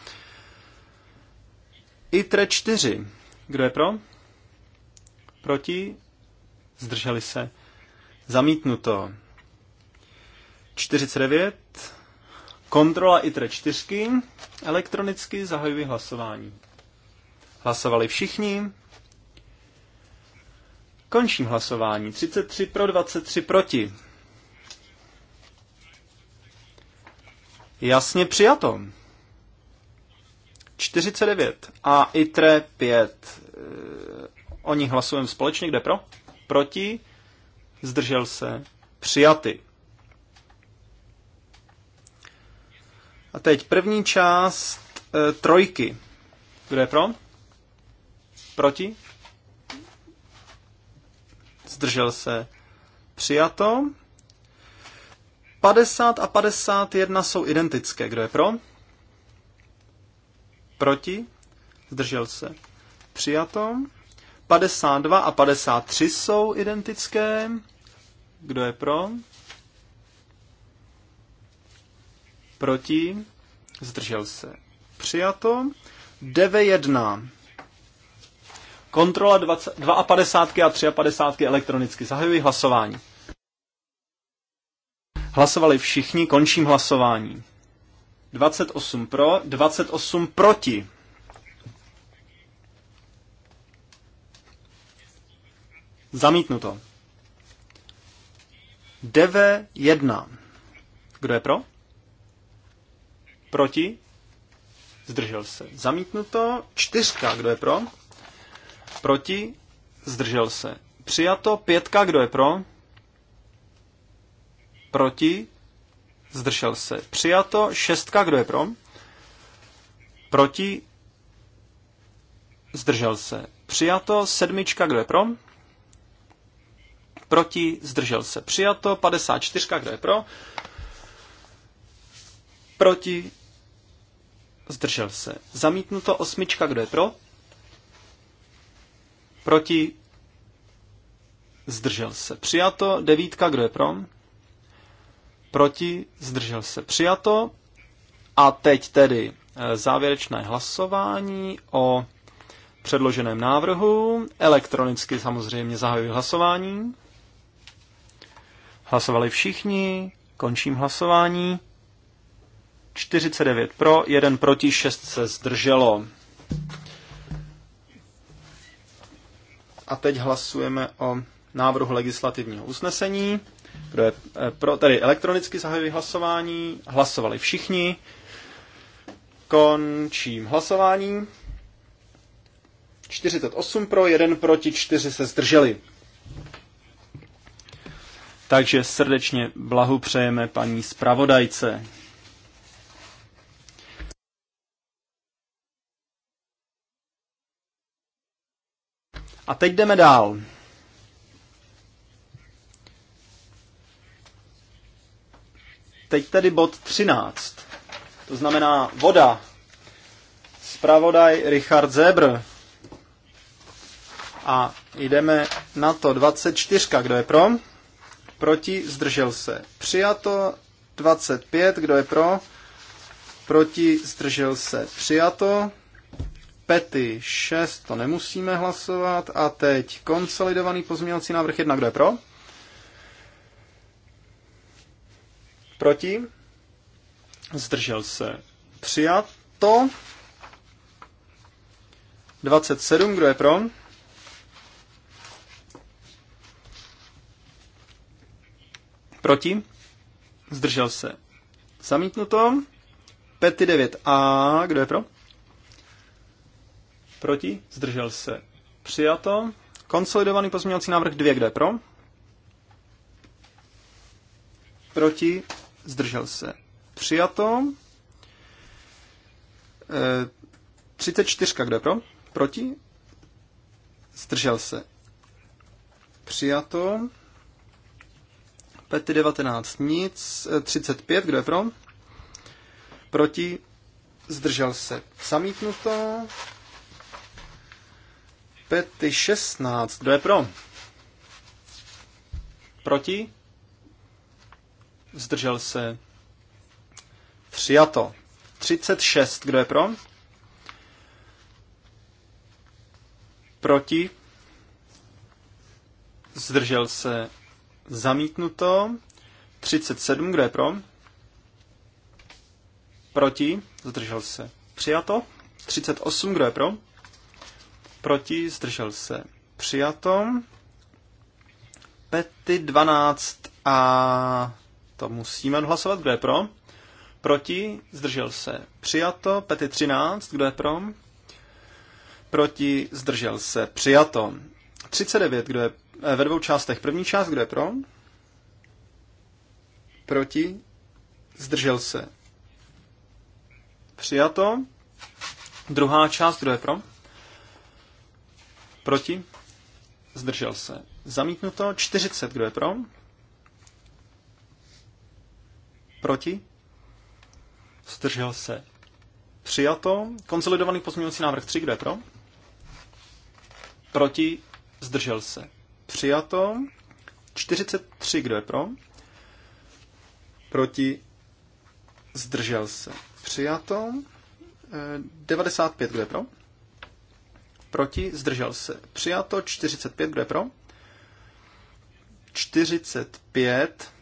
ITRE 4. Kdo je pro? Proti? Zdrželi se. Zamítnuto. 49. Kontrola ITRE 4. Elektronicky zahajuji hlasování. Hlasovali všichni. Končím hlasování. 33 pro, 23 proti. Jasně přijato. 49 a ITRE 5. E, o nich hlasujeme společně. Kde pro? Proti? Zdržel se? Přijaty. A teď první část e, trojky. Kdo je pro? Proti? Zdržel se. Přijato. 50 a 51 jsou identické. Kdo je pro? Proti? Zdržel se. Přijato. 52 a 53 jsou identické. Kdo je pro? Proti? Zdržel se. Přijato. 9.1. Kontrola 52 a 53 a 50 elektronicky. Zahajuji hlasování. Hlasovali všichni, končím hlasování. 28 pro, 28 proti. Zamítnuto. Deve 1. Kdo je pro? Proti? Zdržel se. Zamítnuto. Čtyřka. Kdo je pro? Proti? Zdržel se. Přijato. Pětka. Kdo je pro? Proti? Zdržel se. Přijato. Šestka, kdo je pro? Proti? Zdržel se. Přijato. Sedmička, kdo je pro? Proti? Zdržel se. Přijato. 54, kdo je pro? Proti? Zdržel se. Zamítnuto. Osmička, kdo je pro? Proti? Zdržel se. Přijato. Devítka, kdo je pro? proti, zdržel se přijato. A teď tedy eh, závěrečné hlasování o předloženém návrhu. Elektronicky samozřejmě zahajuji hlasování. Hlasovali všichni, končím hlasování. 49 pro, 1 proti, 6 se zdrželo. A teď hlasujeme o návrhu legislativního usnesení. Kdo je eh, pro, tedy elektronicky zahajuji hlasování. Hlasovali všichni. Končím hlasování. 48 pro, 1 proti, 4 se zdrželi. Takže srdečně přejeme paní zpravodajce. A teď jdeme dál. Teď tedy bod 13. To znamená voda. Spravodaj Richard Zebr. A jdeme na to. 24. Kdo je pro? Proti. Zdržel se. Přijato. 25. Kdo je pro? Proti. Zdržel se. Přijato. Pety 6. To nemusíme hlasovat. A teď konsolidovaný pozměňovací návrh 1. Kdo je pro? Proti? Zdržel se. Přijato. 27, kdo je pro? Proti? Zdržel se. Zamítnuto. Pety 9a, kdo je pro? Proti? Zdržel se. Přijato. Konsolidovaný pozměňovací návrh 2, kdo je pro? Proti? zdržel se. Přijato. 34, e, kdo je pro? Proti? Zdržel se. Přijato. Pety 19, nic. 35, e, kdo je pro? Proti? Zdržel se. Samítnuto. Pety 16, kdo je pro? Proti? zdržel se, přijato. 36, kdo je pro? Proti, zdržel se, zamítnuto. 37, kdo je pro? Proti, zdržel se, přijato. 38, kdo je pro? Proti, zdržel se, přijato. Pety 12 a to musíme hlasovat. Kdo je pro? Proti? Zdržel se. Přijato. Pety 13. Kdo je pro? Proti? Zdržel se. Přijato. 39. Kdo je eh, ve dvou částech? První část. Kdo je pro? Proti? Zdržel se. Přijato. Druhá část. Kdo je pro? Proti? Zdržel se. Zamítnuto. 40. Kdo je pro? Proti? Zdržel se. Přijato. Konsolidovaný pozměňovací návrh 3. Kdo je pro? Proti? Zdržel se. Přijato. 43. Kdo je pro? Proti? Zdržel se. Přijato. 95. Eh, Kdo je pro? Proti? Zdržel se. Přijato. 45. Kdo je pro? 45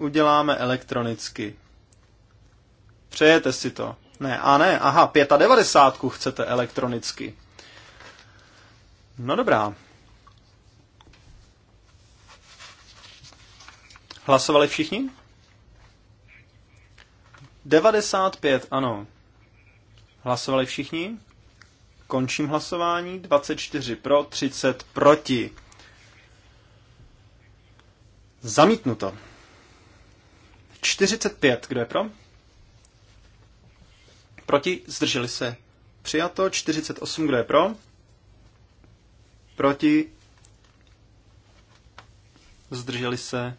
uděláme elektronicky. Přejete si to? Ne, a ne, aha, 95 chcete elektronicky. No dobrá. Hlasovali všichni? 95, ano. Hlasovali všichni? Končím hlasování. 24 pro, 30 proti. Zamítnuto. 45, kdo je pro? Proti, zdrželi se. Přijato, 48, kdo je pro? Proti, zdrželi se.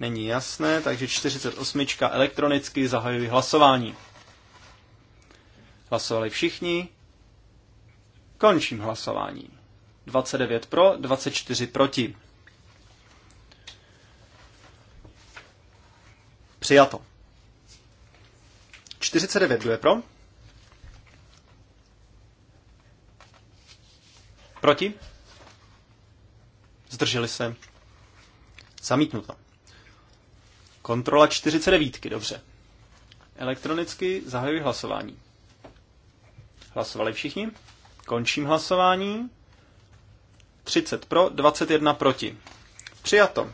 Není jasné, takže 48. elektronicky zahajuji hlasování. Hlasovali všichni. Končím hlasování. 29 pro, 24 proti. Přijato. 49, kdo je pro? Proti? Zdrželi se. Zamítnuto. Kontrola 49, dobře. Elektronicky zahajuji hlasování. Hlasovali všichni? Končím hlasování. 30 pro, 21 proti. Přijato.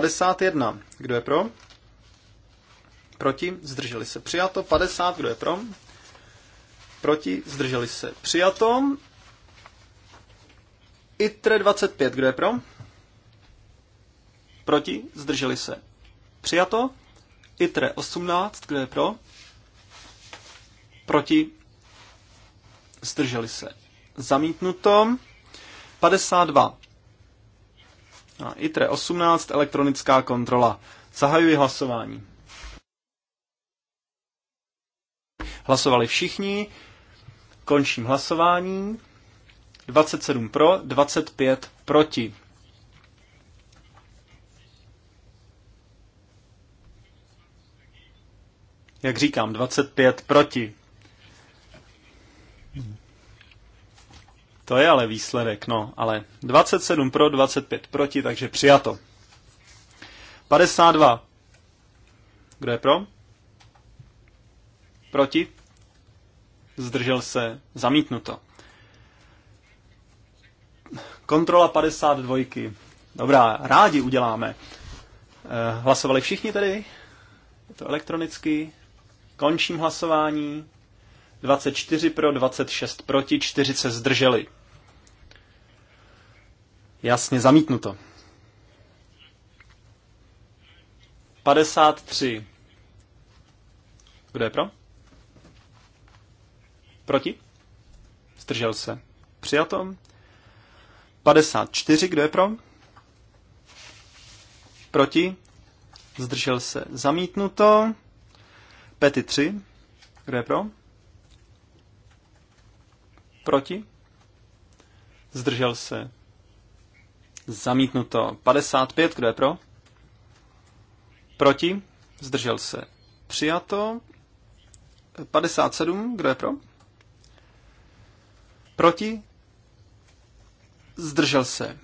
51. Kdo je pro? Proti? Zdrželi se. Přijato. 50. Kdo je pro? Proti? Zdrželi se. Přijato. ITRE 25. Kdo je pro? Proti? Zdrželi se. Přijato. ITRE 18. Kdo je pro? Proti? Zdrželi se. Zamítnuto. 52. A ITRE 18, elektronická kontrola. Zahajuji hlasování. Hlasovali všichni. Končím hlasování. 27 pro, 25 proti. Jak říkám, 25 proti. To je ale výsledek, no, ale 27 pro, 25 proti, takže přijato. 52. Kdo je pro? Proti? Zdržel se zamítnuto. Kontrola 52. Dobrá, rádi uděláme. Eh, hlasovali všichni tedy? Je to elektronicky. Končím hlasování. 24 pro, 26 proti, 40 se zdrželi. Jasně zamítnuto. 53. Kdo je pro? Proti? Zdržel se. Přijato. 54. Kdo je pro? Proti? Zdržel se. Zamítnuto. Pety 3. Kdo je pro? Proti? Zdržel se. Zamítnuto. 55, kdo je pro? Proti? Zdržel se. Přijato. 57, kdo je pro? Proti? Zdržel se.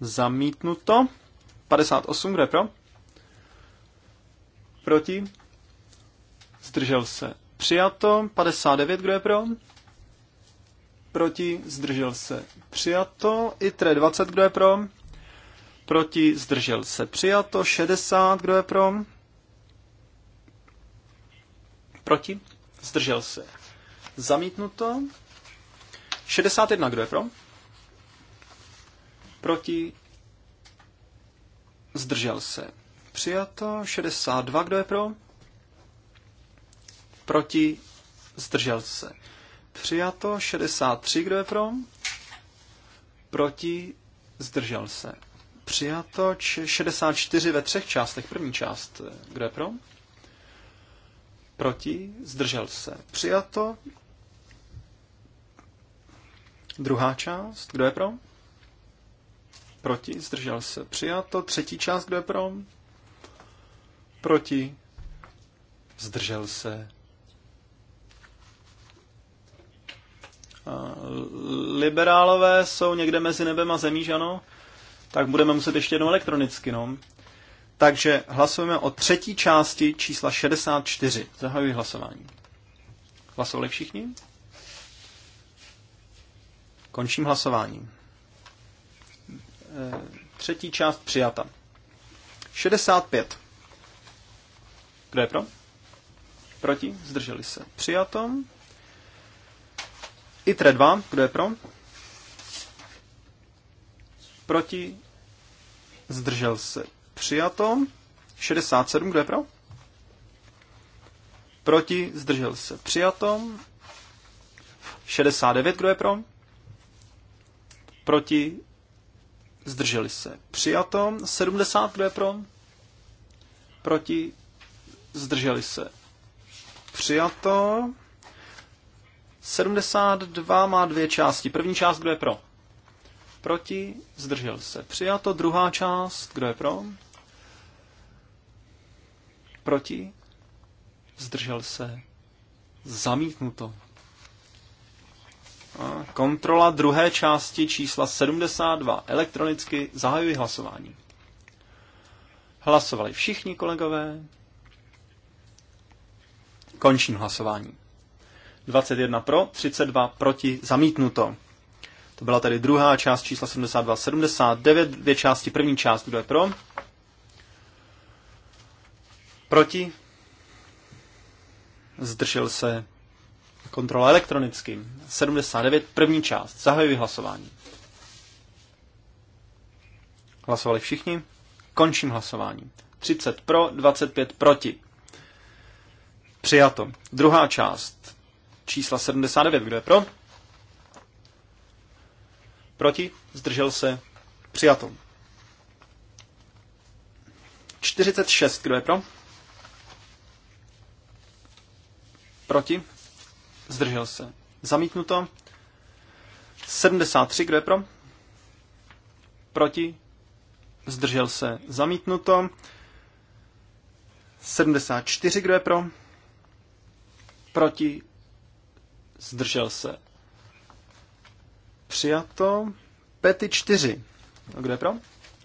Zamítnuto. 58, kdo je pro? Proti? Zdržel se. Přijato. 59, kdo je pro? proti, zdržel se, přijato. ITRE 20, kdo je pro, proti, zdržel se, přijato. 60, kdo je pro, proti, zdržel se, zamítnuto. 61, kdo je pro, proti, zdržel se, přijato. 62, kdo je pro, proti, zdržel se. Přijato 63, kdo je pro? Proti zdržel se. Přijato 64 ve třech částech. První část, eh, kdo je pro? Proti zdržel se. Přijato. Druhá část, kdo je pro? Proti zdržel se. Přijato. Třetí část, kdo je pro? Proti zdržel se. Liberálové jsou někde mezi nebem a zemí, že ano? Tak budeme muset ještě jednou elektronicky, no. Takže hlasujeme o třetí části čísla 64. Zahajuji hlasování. Hlasovali všichni? Končím hlasování. E, třetí část přijata. 65. Kdo je pro? Proti? Zdrželi se. Přijatom. ITRE 2, kdo je pro? Proti? Zdržel se. Přijato. 67, kdo je pro? Proti? Zdržel se. Přijato. 69, kdo je pro? Proti? Zdrželi se. Přijato. 70, kdo je pro? Proti? Zdrželi se. Přijato. 72 má dvě části. První část, kdo je pro? Proti, zdržel se. Přijato. Druhá část, kdo je pro? Proti, zdržel se. Zamítnuto. A kontrola druhé části čísla 72. Elektronicky zahajuji hlasování. Hlasovali všichni kolegové. Končím hlasování. 21 pro, 32 proti, zamítnuto. To byla tedy druhá část čísla 72, 79, dvě části, první část, kdo je pro? Proti? Zdržel se kontrola elektronicky. 79, první část, zahajuji hlasování. Hlasovali všichni? Končím hlasování. 30 pro, 25 proti. Přijato. Druhá část čísla 79. Kdo je pro? Proti? Zdržel se? Přijato. 46. Kdo je pro? Proti? Zdržel se. Zamítnuto. 73. Kdo je pro? Proti? Zdržel se. Zamítnuto. 74. Kdo je pro? Proti? zdržel se. Přijato. Pety čtyři. Kdo je pro?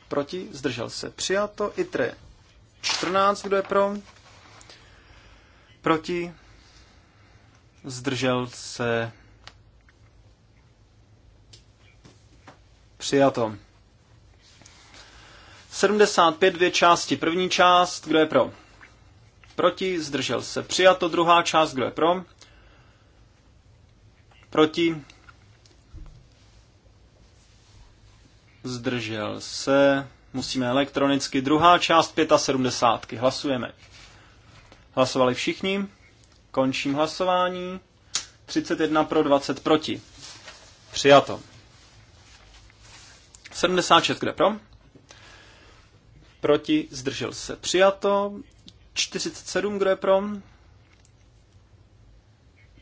Proti, zdržel se. Přijato. ITRE 14. Kdo je pro? Proti, zdržel se. Přijato. 75 dvě části. První část, kdo je pro? Proti, zdržel se. Přijato. Druhá část, kdo je pro? Proti? Zdržel se. Musíme elektronicky. Druhá část 75. Hlasujeme. Hlasovali všichni. Končím hlasování. 31 pro 20 proti. Přijato. 76 kde pro? Proti zdržel se. Přijato. 47 kde pro?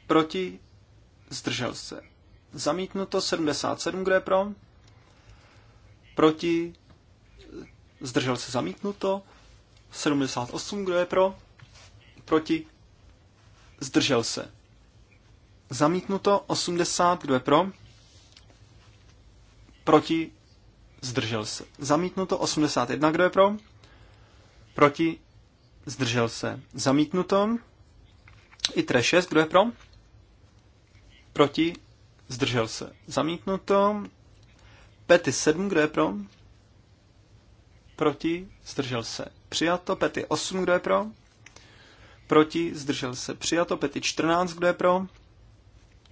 Proti zdržel se. Zamítnuto 77, kdo je pro? Proti, zdržel se zamítnuto. 78, kdo je pro? Proti, zdržel se. Zamítnuto 80, kdo je pro? Proti, zdržel se. Zamítnuto 81, kdo je pro? Proti, zdržel se. Zamítnuto. I 6, kdo je pro? Proti? Zdržel se. Zamítnuto. Pety 7, kdo je pro? Proti? Zdržel se. Přijato. Pety 8, kdo je pro? Proti? Zdržel se. Přijato. Pety 14, kdo je pro?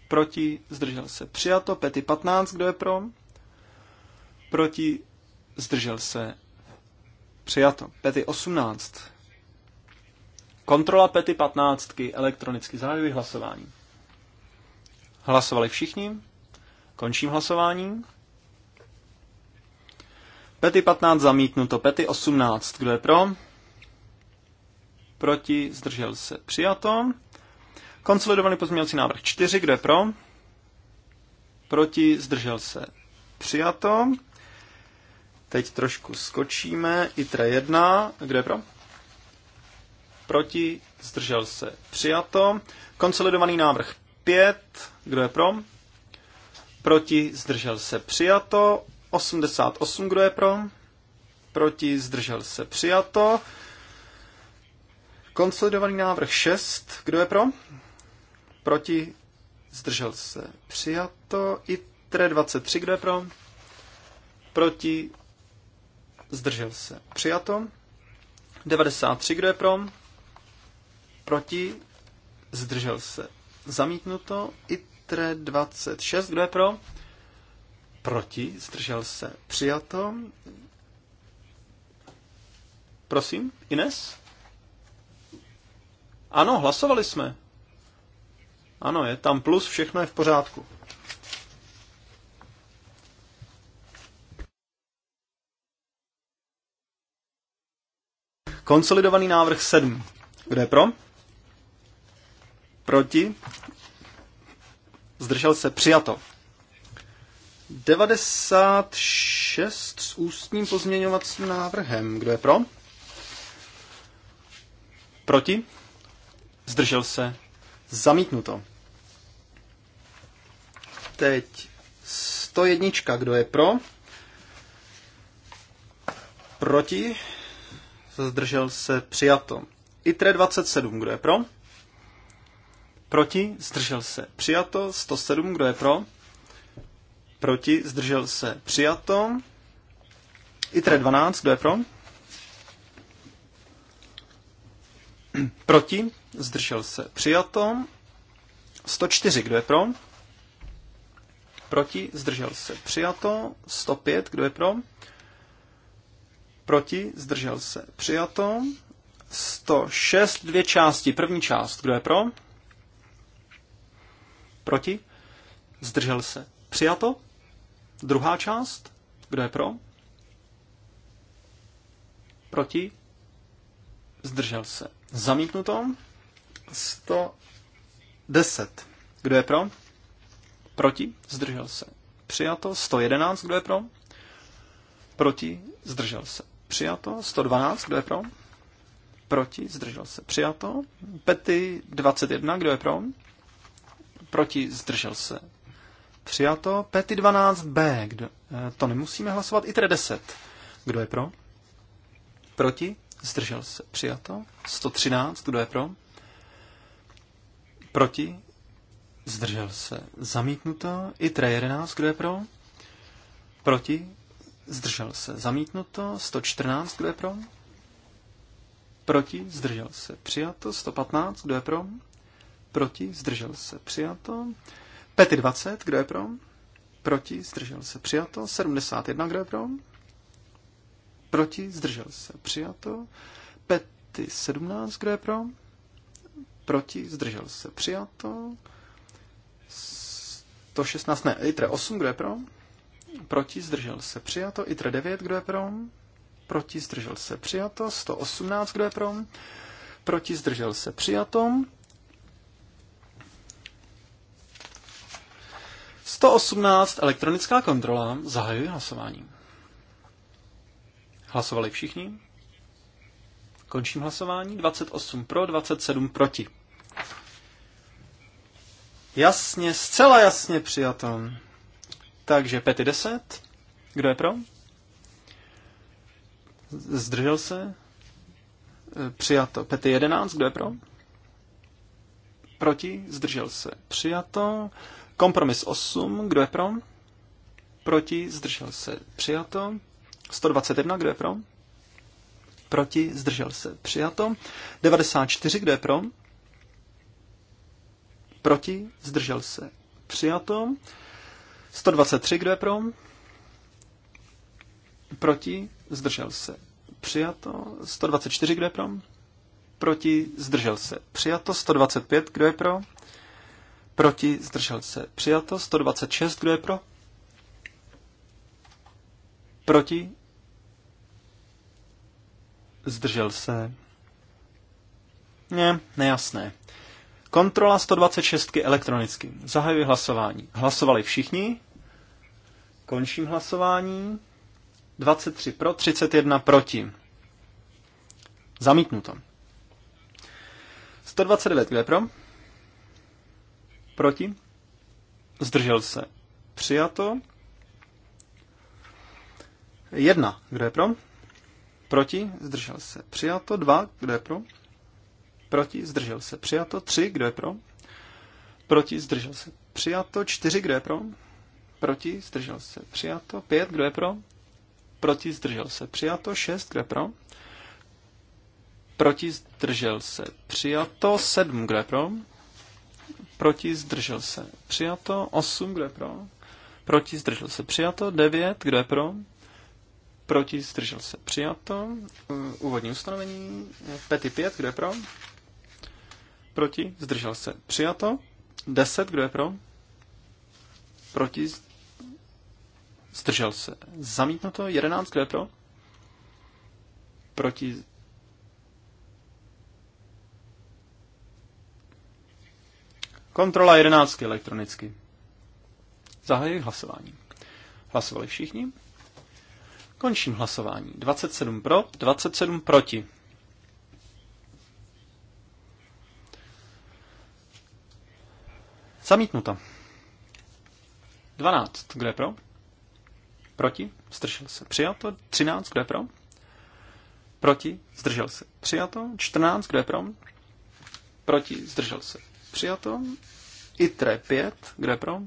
Proti? Zdržel se. Přijato. Pety 15, kdo je pro? Proti? Zdržel se. Přijato. Pety 18. Kontrola pety 15. Elektronicky zahajuji hlasování. Hlasovali všichni? Končím hlasování. Pety 15 zamítnuto, pety 18. Kdo je pro? Proti, zdržel se, přijato. Konsolidovaný pozměňovací návrh 4. Kdo je pro? Proti, zdržel se, přijato. Teď trošku skočíme. ITRE 1. Kdo je pro? Proti, zdržel se, přijato. Konsolidovaný návrh 5, kdo je pro? Proti, zdržel se, přijato. 88, kdo je pro? Proti, zdržel se, přijato. Konsolidovaný návrh 6, kdo je pro? Proti, zdržel se, přijato. I 23, kdo je pro? Proti, zdržel se, přijato. 93, kdo je pro? Proti, zdržel se, Zamítnuto. ITRE 26. Kdo je pro? Proti. Zdržel se. Přijato. Prosím, Ines? Ano, hlasovali jsme. Ano, je tam plus, všechno je v pořádku. Konsolidovaný návrh 7. Kdo je pro? Proti? Zdržel se přijato. 96 s ústním pozměňovacím návrhem. Kdo je pro? Proti? Zdržel se. Zamítnuto. Teď 101. Kdo je pro? Proti? Zdržel se. Přijato. ITRE 27. Kdo je pro? Proti? Zdržel se. Přijato. 107. Kdo je pro? Proti? Zdržel se. Přijato. ITRE 12. Kdo je pro? Proti? Zdržel se. Přijato. 104. Kdo je pro? Proti? Zdržel se. Přijato. 105. Kdo je pro? Proti? Zdržel se. Přijato. 106. Dvě části. První část. Kdo je pro? Proti? Zdržel se. Přijato? Druhá část? Kdo je pro? Proti? Zdržel se. Zamítnuto? 110. Kdo je pro? Proti? Zdržel se. Přijato? 111. Kdo je pro? Proti? Zdržel se. Přijato? 112. Kdo je pro? Proti? Zdržel se. Přijato? Pety 21. Kdo je pro? proti, zdržel se. Přijato. Pety 12b, kdo, eh, to nemusíme hlasovat, I ITRE 10. Kdo je pro? Proti, zdržel se. Přijato. 113, kdo je pro? Proti, zdržel se. Zamítnuto. I ITRE 11, kdo je pro? Proti, zdržel se. Zamítnuto. 114, kdo je pro? Proti, zdržel se. Přijato. 115, kdo je pro? Proti? Zdržel se. Přijato. Pety 20. Kdo je pro? Proti? Zdržel se. Přijato. 71. Kdo je pro? Proti? Zdržel se. Přijato. Pety 17. Kdo je pro? Proti? Zdržel se. Přijato. 116. Ne, ITRE 8. Kdo je pro? Proti? Zdržel se. Přijato. ITRE 9. Kdo je pro? Proti? Zdržel se. Přijato. 118. Kdo je pro? Proti? Zdržel se. Přijato. 118 elektronická kontrola. Zahajuji hlasování. Hlasovali všichni? Končím hlasování. 28 pro, 27 proti. Jasně, zcela jasně přijato. Takže 5 10. Kdo je pro? Zdržel se? Přijato. 5 11. Kdo je pro? Proti? Zdržel se. Přijato. Kompromis 8, kdo je pro? Proti, zdržel se, přijato. 121, kdo je pro? Proti, zdržel se, přijato. 94, kdo je pro? Proti, zdržel se, přijato. 123, kdo je pro? Proti, zdržel se, přijato. 124, kdo je pro? Proti, zdržel se, přijato. 125, kdo je pro? Proti zdržel se přijato. 126, kdo je pro? Proti zdržel se. Ne, nejasné. Kontrola 126 elektronicky. Zahajuji hlasování. Hlasovali všichni. Končím hlasování. 23 pro, 31 proti. Zamítnuto. 129, kdo je pro? Proti? Zdržel se. Přijato. Jedna. Kdo je pro? Proti? Zdržel se. Přijato. Dva. Kdo je pro? Proti? Zdržel se. Přijato. Tři. Kdo je pro? Proti? Zdržel se. Přijato. Čtyři. Kdo je pro? Proti? Zdržel se. Přijato. Pět. Kdo je pro? Proti? Zdržel se. Přijato. Šest. Kdo je pro? Proti? Zdržel se. Přijato. Sedm. Kdo je pro? proti, zdržel se, přijato. 8, kdo je pro, proti, zdržel se, přijato. 9, kdo je pro, proti, zdržel se, přijato. Eh, úvodní ustanovení, pety 5, kdo je pro, proti, zdržel se, přijato. 10, kdo je pro, proti, zdržel se, zamítnuto. 11, kdo je pro, proti, Kontrola jedenáctky elektronicky. Zahajuji hlasování. Hlasovali všichni? Končím hlasování. 27 pro, 27 proti. Zamítnuto. 12. Kdo je pro? Proti? Zdržel se. Přijato. 13. Kdo je pro? Proti? Zdržel se. Přijato. 14. Kdo je pro? Proti? Zdržel se přijato. ITRE 5, kde pro?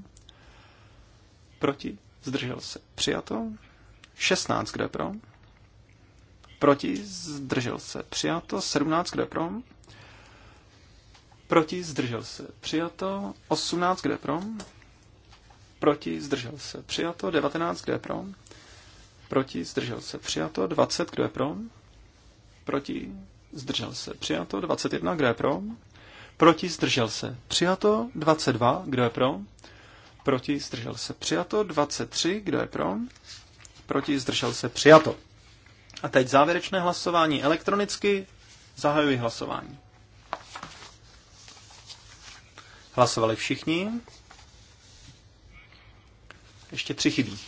Proti, zdržel se, přijato. 16, kde pro? Proti, zdržel se, přijato. 17, kde pro? Proti, zdržel se, přijato. 18, kde pro? Proti, zdržel se, přijato. 19, kde pro? Proti, zdržel se, přijato. 20, kde pro? Proti, zdržel se, přijato. 21, kde pro? Proti zdržel se. Přijato 22. Kdo je pro? Proti zdržel se. Přijato 23. Kdo je pro? Proti zdržel se. Přijato. A teď závěrečné hlasování elektronicky. Zahajuji hlasování. Hlasovali všichni. Ještě tři chybí.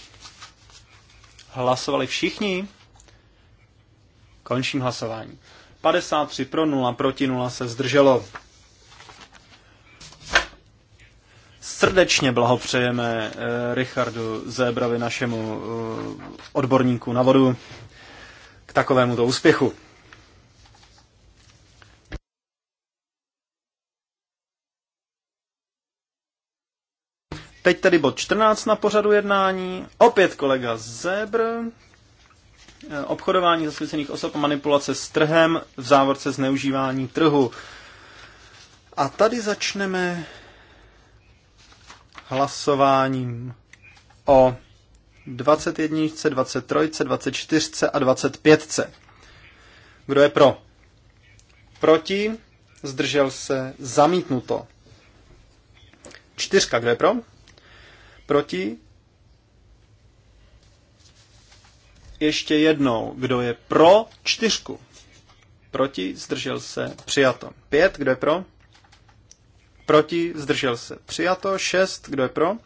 Hlasovali všichni. Končím hlasování. 53 pro 0, proti 0 se zdrželo. Srdečně blahopřejeme eh, Richardu Zébravi, našemu eh, odborníku na vodu, k takovému to úspěchu. Teď tedy bod 14 na pořadu jednání. Opět kolega Zebr. Eh, obchodování zasvěcených osob a manipulace s trhem v závorce zneužívání trhu. A tady začneme hlasováním o 21, 23, 24 a 25. Kdo je pro? Proti? Zdržel se? Zamítnuto. Čtyřka, kdo je pro? Proti? Ještě jednou, kdo je pro čtyřku? Proti? Zdržel se? Přijato. Pět, kdo je pro? proti, zdržel se, přijato, 6, kdo je pro,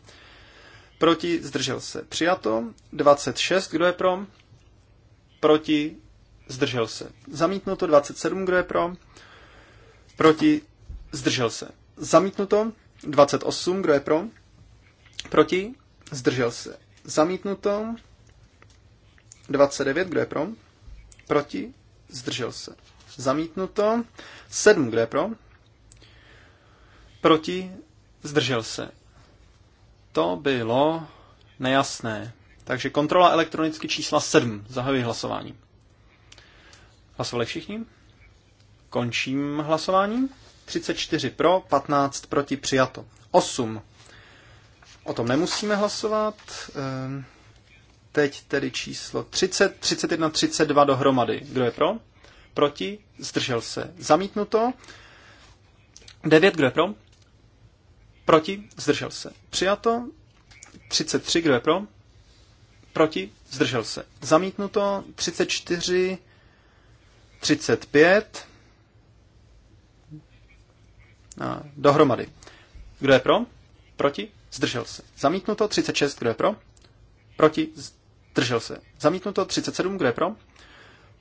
proti, zdržel se, přijato, 26, kdo je pro, proti, zdržel se, zamítnuto, 27, kdo je pro, proti, zdržel se, zamítnuto, 28, kdo je pro, proti, zdržel se, zamítnuto, 29, kdo je pro, proti, zdržel se, zamítnuto, 7, kdo je pro, Proti? Zdržel se. To bylo nejasné. Takže kontrola elektronicky čísla 7. Zahajuji hlasování. Hlasovali všichni? Končím hlasování. 34 pro, 15 proti, přijato. 8. O tom nemusíme hlasovat. Ehm, teď tedy číslo 30, 31, 32 dohromady. Kdo je pro? Proti? Zdržel se. Zamítnuto. 9, kdo je pro? Proti? Zdržel se. Přijato. 33. Kdo je pro? Proti? Zdržel se. Zamítnuto. 34. 35. A dohromady. Kdo je pro? Proti? Zdržel se. Zamítnuto. 36. Kdo je pro? Proti? Zdržel se. Zamítnuto. 37. Kdo je pro?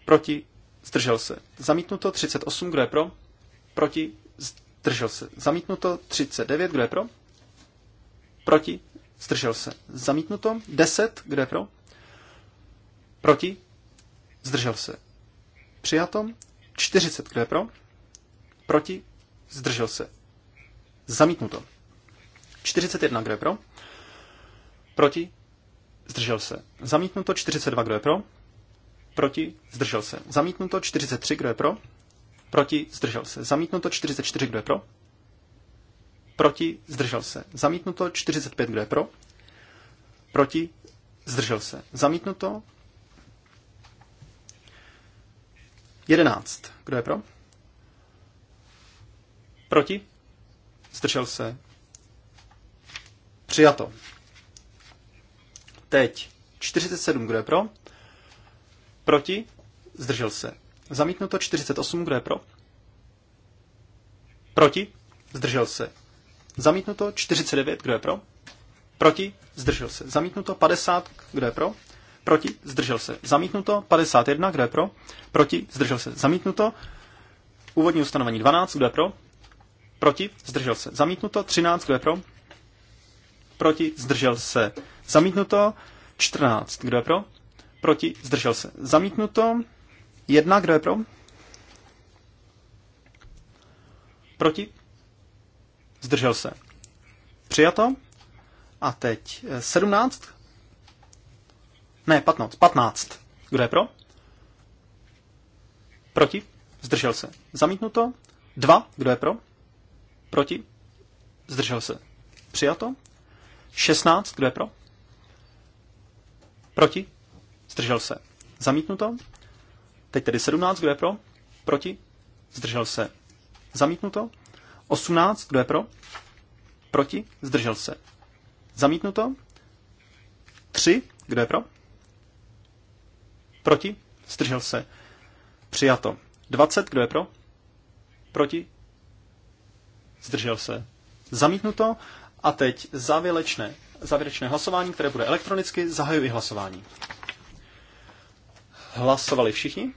Proti? Zdržel se. Zamítnuto. 38. Kdo je pro? Proti? zdržel se, zamítnuto, 39, kdo je pro, proti, zdržel se, zamítnuto, 10, kdo je pro, proti, zdržel se, přijato, 40, kdo je pro, proti, zdržel se, zamítnuto, 41, kdo je pro, proti, zdržel se, zamítnuto, 42, kdo je pro, proti, zdržel se, zamítnuto, 43, kdo je pro, Proti zdržel se. Zamítnuto 44, kdo je pro? Proti zdržel se. Zamítnuto 45, kdo je pro? Proti zdržel se. Zamítnuto 11, kdo je pro? Proti zdržel se. Přijato. Teď 47, kdo je pro? Proti zdržel se. Zamítnuto 48, kdo je pro? Proti? Zdržel se. Zamítnuto 49, kdo je pro? Proti? Zdržel se. Zamítnuto 50, kdo je pro? Proti? Zdržel se. Zamítnuto 51, kdo je pro? Proti? Zdržel se. Zamítnuto. Úvodní ustanovení 12, kdo je pro? Proti? Zdržel se. Zamítnuto 13, kdo je pro? Proti? Zdržel se. Zamítnuto 14, kdo je pro? Proti? Zdržel se. Zamítnuto Jedna, kdo je pro? Proti? Zdržel se. Přijato. A teď 17? Eh, ne, 15. 15. Kdo je pro? Proti? Zdržel se. Zamítnuto. 2. Kdo je pro? Proti? Zdržel se. Přijato. 16. Kdo je pro? Proti? Zdržel se. Zamítnuto. Teď tedy 17, kdo je pro? Proti? Zdržel se. Zamítnuto. 18, kdo je pro? Proti? Zdržel se. Zamítnuto. 3, kdo je pro? Proti? Zdržel se. Přijato. 20, kdo je pro? Proti? Zdržel se. Zamítnuto. A teď závěrečné, závěrečné hlasování, které bude elektronicky, zahajuji hlasování. Hlasovali všichni?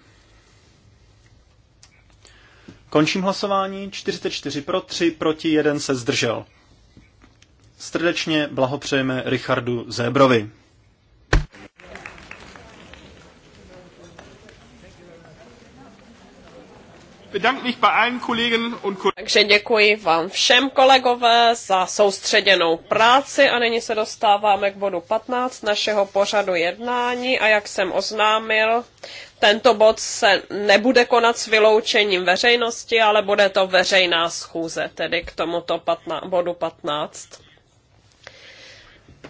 Končím hlasování. 44 pro, 3 proti, 1 se zdržel. Srdečně blahopřejeme Richardu Zébrovi. Takže děkuji vám všem kolegové za soustředěnou práci a nyní se dostáváme k bodu 15 našeho pořadu jednání a jak jsem oznámil, tento bod se nebude konat s vyloučením veřejnosti, ale bude to veřejná schůze, tedy k tomuto 15, bodu 15.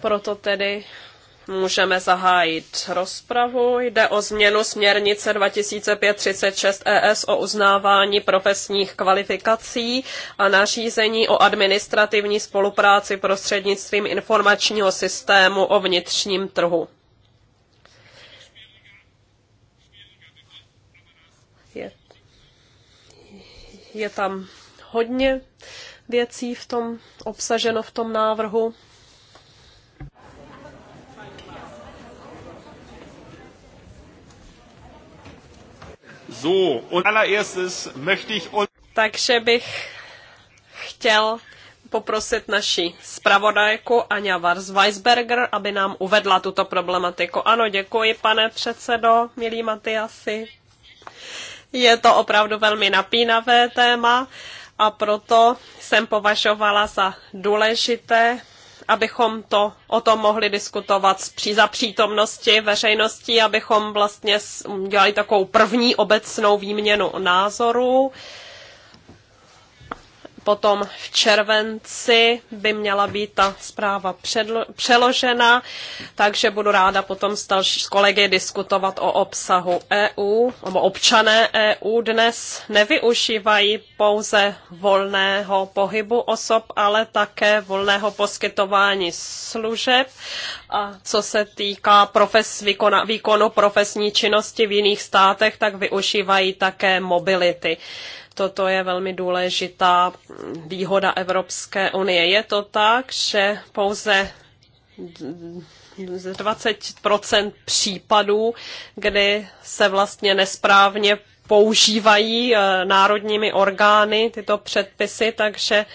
Proto tedy Můžeme zahájit rozpravu. Jde o změnu směrnice 2536 ES o uznávání profesních kvalifikací a nařízení o administrativní spolupráci prostřednictvím informačního systému o vnitřním trhu. Je, je tam hodně věcí v tom obsaženo v tom návrhu. So, und allererstes möchte ich... Takže bych chtěl poprosit naši zpravodajku Anja Vars Weisberger, aby nám uvedla tuto problematiku. Ano, děkuji, pane předsedo, milý Matyasi. Je to opravdu velmi napínavé téma a proto jsem považovala za důležité abychom to o tom mohli diskutovat za přítomnosti veřejnosti, abychom vlastně dělali takovou první obecnou výměnu názorů. Potom v červenci by měla být ta zpráva přeložena, takže budu ráda potom s, další, kolegy diskutovat o obsahu EU. nebo občané EU dnes nevyužívají pouze volného pohybu osob, ale také volného poskytování služeb. A co se týká profes, výkona, výkonu profesní činnosti v jiných státech, tak využívají také mobility toto je velmi důležitá výhoda Evropské unie. Je to tak, že pouze z 20 případů, kdy se vlastně nesprávně používají eh, národními orgány tyto předpisy, takže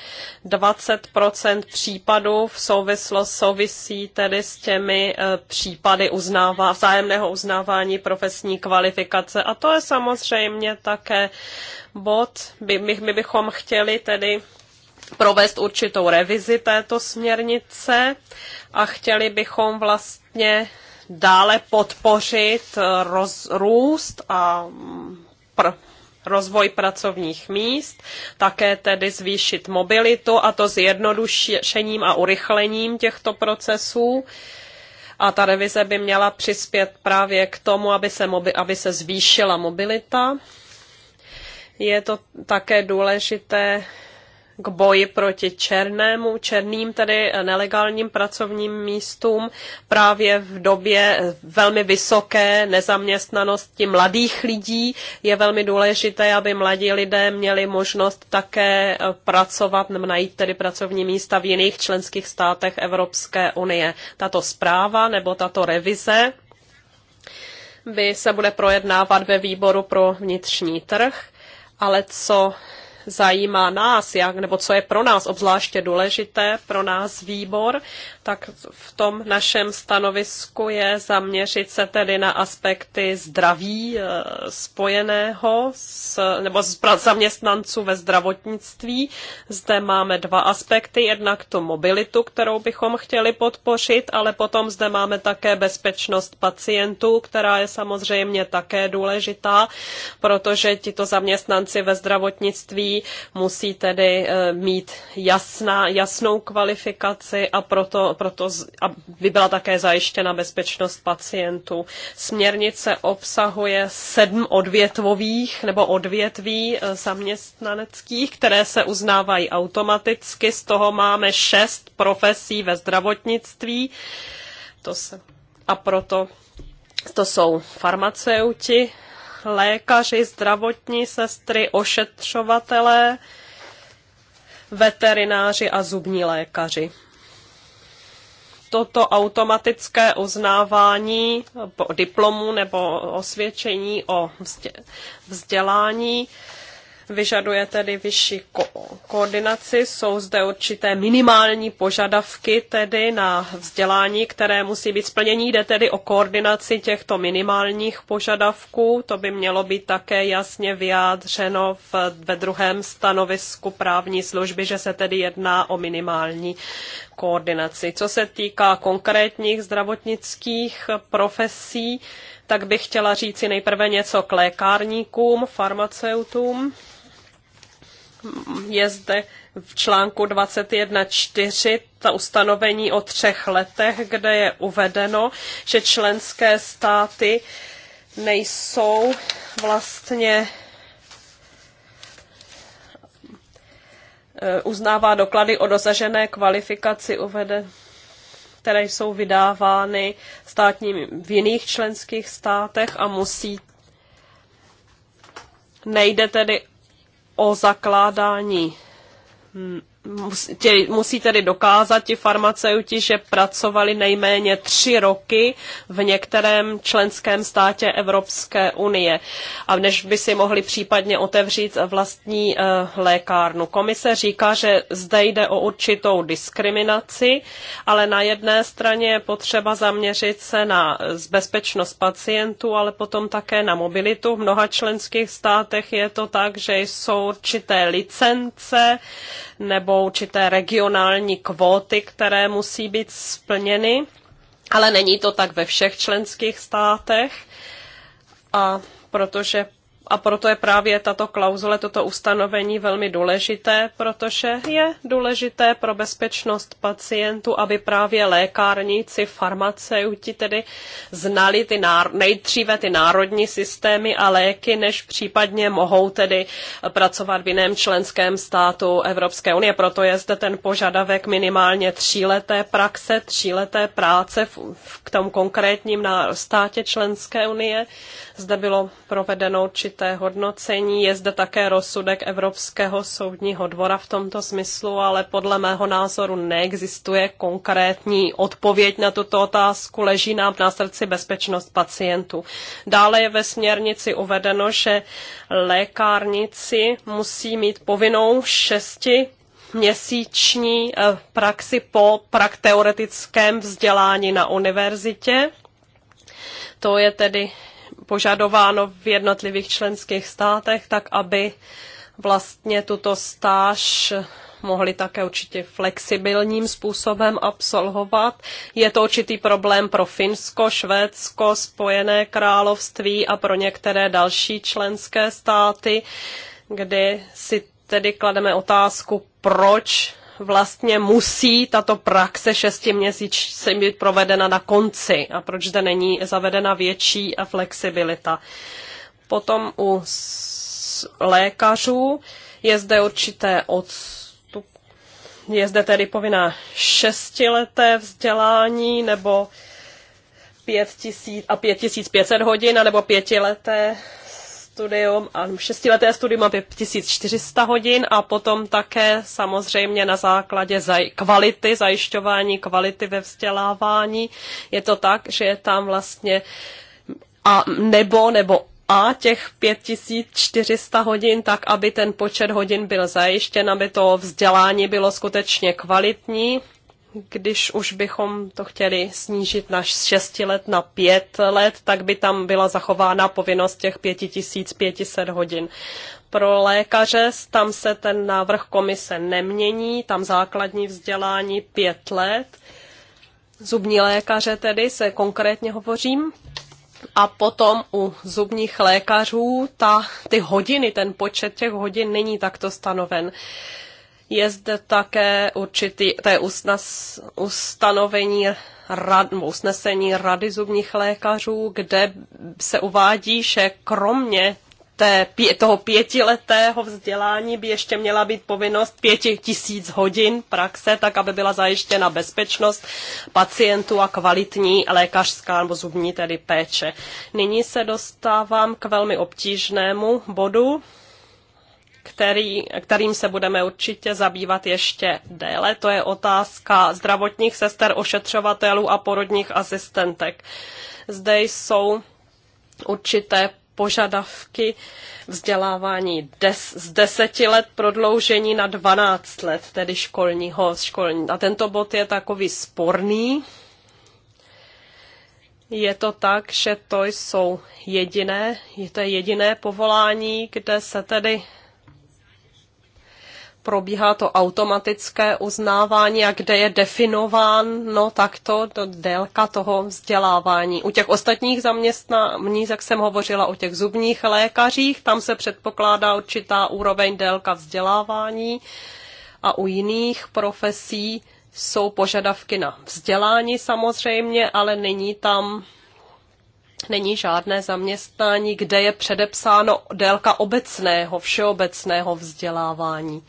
20 případů v souvislosti souvisí tedy s těmi eh, případy uznává, vzájemného uznávání profesní kvalifikace. A to je samozřejmě také bod, my, my bychom chtěli tedy provést určitou revizi této směrnice a chtěli bychom vlastně dále podpořit eh, roz, růst a mm, pr- rozvoj pracovních míst, také tedy zvýšit mobilitu a to zjednodušením a urychlením těchto procesů. A ta revize by měla přispět právě k tomu, aby se, mobi- aby se zvýšila mobilita. Je to také důležité k boji proti černému, černým tedy nelegálním pracovním místům právě v době velmi vysoké nezaměstnanosti mladých lidí. Je velmi důležité, aby mladí lidé měli možnost také pracovat nebo najít tedy pracovní místa v jiných členských státech Evropské unie. Tato zpráva nebo tato revize by se bude projednávat ve výboru pro vnitřní trh, ale co zajímá nás, jak, nebo co je pro nás obzvláště důležité, pro nás výbor, tak v tom našem stanovisku je zaměřit se tedy na aspekty zdraví eh, spojeného s, nebo s zaměstnanců ve zdravotnictví. Zde máme dva aspekty, jednak tu mobilitu, kterou bychom chtěli podpořit, ale potom zde máme také bezpečnost pacientů, která je samozřejmě také důležitá, protože tito zaměstnanci ve zdravotnictví musí tedy eh, mít jasná, jasnou kvalifikaci a proto proto, aby byla také zajištěna bezpečnost pacientů. Směrnice obsahuje sedm odvětvových nebo odvětví eh, zaměstnaneckých, které se uznávají automaticky. Z toho máme šest profesí ve zdravotnictví. To se, a proto to jsou farmaceuti, lékaři, zdravotní sestry, ošetřovatelé, veterináři a zubní lékaři toto automatické uznávání diplomu nebo osvědčení o vzdělání vyžaduje tedy vyšší ko- koordinaci. Jsou zde určité minimální požadavky tedy na vzdělání, které musí být splnění. Jde tedy o koordinaci těchto minimálních požadavků. To by mělo být také jasně vyjádřeno v, ve druhém stanovisku právní služby, že se tedy jedná o minimální koordinaci. Co se týká konkrétních zdravotnických profesí, tak bych chtěla říci nejprve něco k lékárníkům, farmaceutům. Je zde v článku 21.4 ta ustanovení o třech letech, kde je uvedeno, že členské státy nejsou vlastně eh, uznává doklady o dosažené kvalifikaci uvedené které jsou vydávány státními v jiných členských státech a musí. Nejde tedy o zakládání hm, tě, musí tedy dokázat ti farmaceuti, že pracovali nejméně tři roky v některém členském státě Evropské unie a než by si mohli případně otevřít vlastní uh, lékárnu. Komise říká, že zde jde o určitou diskriminaci, ale na jedné straně je potřeba zaměřit se na bezpečnost pacientů, ale potom také na mobilitu. V mnoha členských státech je to tak, že jsou určité licence nebo sebou určité regionální kvóty, které musí být splněny, ale není to tak ve všech členských státech. A protože a proto je právě tato klauzule, toto ustanovení velmi důležité, protože je důležité pro bezpečnost pacientů, aby právě lékárníci, farmaceuti tedy znali ty náro- nejdříve ty národní systémy a léky, než případně mohou tedy pracovat v jiném členském státu Evropské unie. Proto je zde ten požadavek minimálně tříleté praxe, tříleté práce v, v tom konkrétním státě členské unie. Zde bylo provedeno určitě určité hodnocení. Je zde také rozsudek Evropského soudního dvora v tomto smyslu, ale podle mého názoru neexistuje konkrétní odpověď na tuto otázku. Leží nám na srdci bezpečnost pacientů. Dále je ve směrnici uvedeno, že lékárnici musí mít povinnou šesti měsíční eh, praxi po prak teoretickém vzdělání na univerzitě. To je tedy požadováno v jednotlivých členských státech, tak aby vlastně tuto stáž mohli také určitě flexibilním způsobem absolvovat. Je to určitý problém pro Finsko, Švédsko, Spojené království a pro některé další členské státy, kdy si tedy klademe otázku, proč vlastně musí tato praxe šesti šestiměsíční být provedena na konci a proč zde není zavedena větší flexibilita. Potom u lékařů je zde určité odstup, je zde tedy povinná šestileté vzdělání nebo 5000 a 5500 hodin, nebo pětileté studium, a šestileté studium a 5400 hodin a potom také samozřejmě na základě zaj- kvality, zajišťování kvality ve vzdělávání. Je to tak, že je tam vlastně a nebo nebo a těch 5400 hodin, tak aby ten počet hodin byl zajištěn, aby to vzdělání bylo skutečně kvalitní, když už bychom to chtěli snížit na 6 let na 5 let, tak by tam byla zachována povinnost těch 5500 hodin. Pro lékaře tam se ten návrh komise nemění, tam základní vzdělání 5 let. Zubní lékaře tedy se konkrétně hovořím. A potom u zubních lékařů ta, ty hodiny, ten počet těch hodin není takto stanoven. Uh, je zde také určitý, to je usnas, ustanovení rad, usnesení Rady zubních lékařů, kde se uvádí, že kromě té, toho pětiletého vzdělání by ještě měla být povinnost pěti tisíc hodin praxe, tak aby byla zajištěna bezpečnost pacientů a kvalitní lékařská nebo zubní tedy péče. Nyní se dostávám k velmi obtížnému bodu, který, kterým se budeme určitě zabývat ještě déle. To je otázka zdravotních sester, ošetřovatelů a porodních asistentek. Zde jsou určité požadavky vzdělávání des, z deseti let prodloužení na 12 let, tedy školního. Školní. A tento bod je takový sporný. Je to tak, že to jsou jediné, je to jediné povolání, kde se tedy probíhá to automatické uznávání a kde je definován no takto to délka toho vzdělávání. U těch ostatních zaměstnání, jak jsem hovořila o těch zubních lékařích, tam se předpokládá určitá úroveň délka vzdělávání a u jiných profesí jsou požadavky na vzdělání samozřejmě, ale není tam není žádné zaměstnání, kde je předepsáno délka obecného, všeobecného vzdělávání.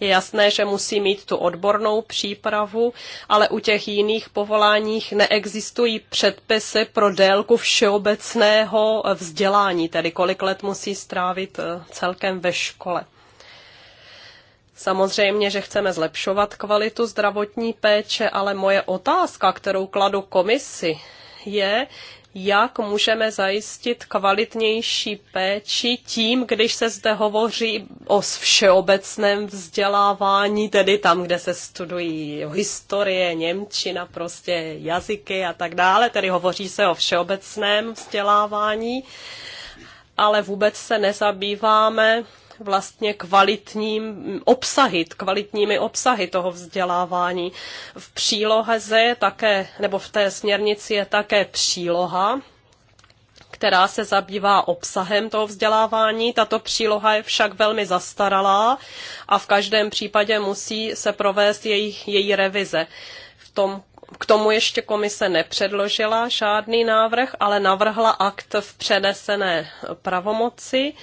Je jasné, že musí mít tu odbornou přípravu, ale u těch jiných povoláních neexistují předpisy pro délku všeobecného vzdělání, tedy kolik let musí strávit eh, celkem ve škole. Samozřejmě, že chceme zlepšovat kvalitu zdravotní péče, ale moje otázka, kterou kladu komisi, je, jak můžeme zajistit kvalitnější péči tím, když se zde hovoří o všeobecném vzdělávání, tedy tam, kde se studují historie, Němčina, prostě jazyky a tak dále, tedy hovoří se o všeobecném vzdělávání, ale vůbec se nezabýváme vlastně kvalitním obsahy, kvalitními obsahy toho vzdělávání. V příloze je také, nebo v té směrnici je také příloha, která se zabývá obsahem toho vzdělávání. Tato příloha je však velmi zastaralá a v každém případě musí se provést její, její revize. V tom k tomu ještě komise nepředložila žádný návrh, ale navrhla akt v přenesené pravomoci. Uh,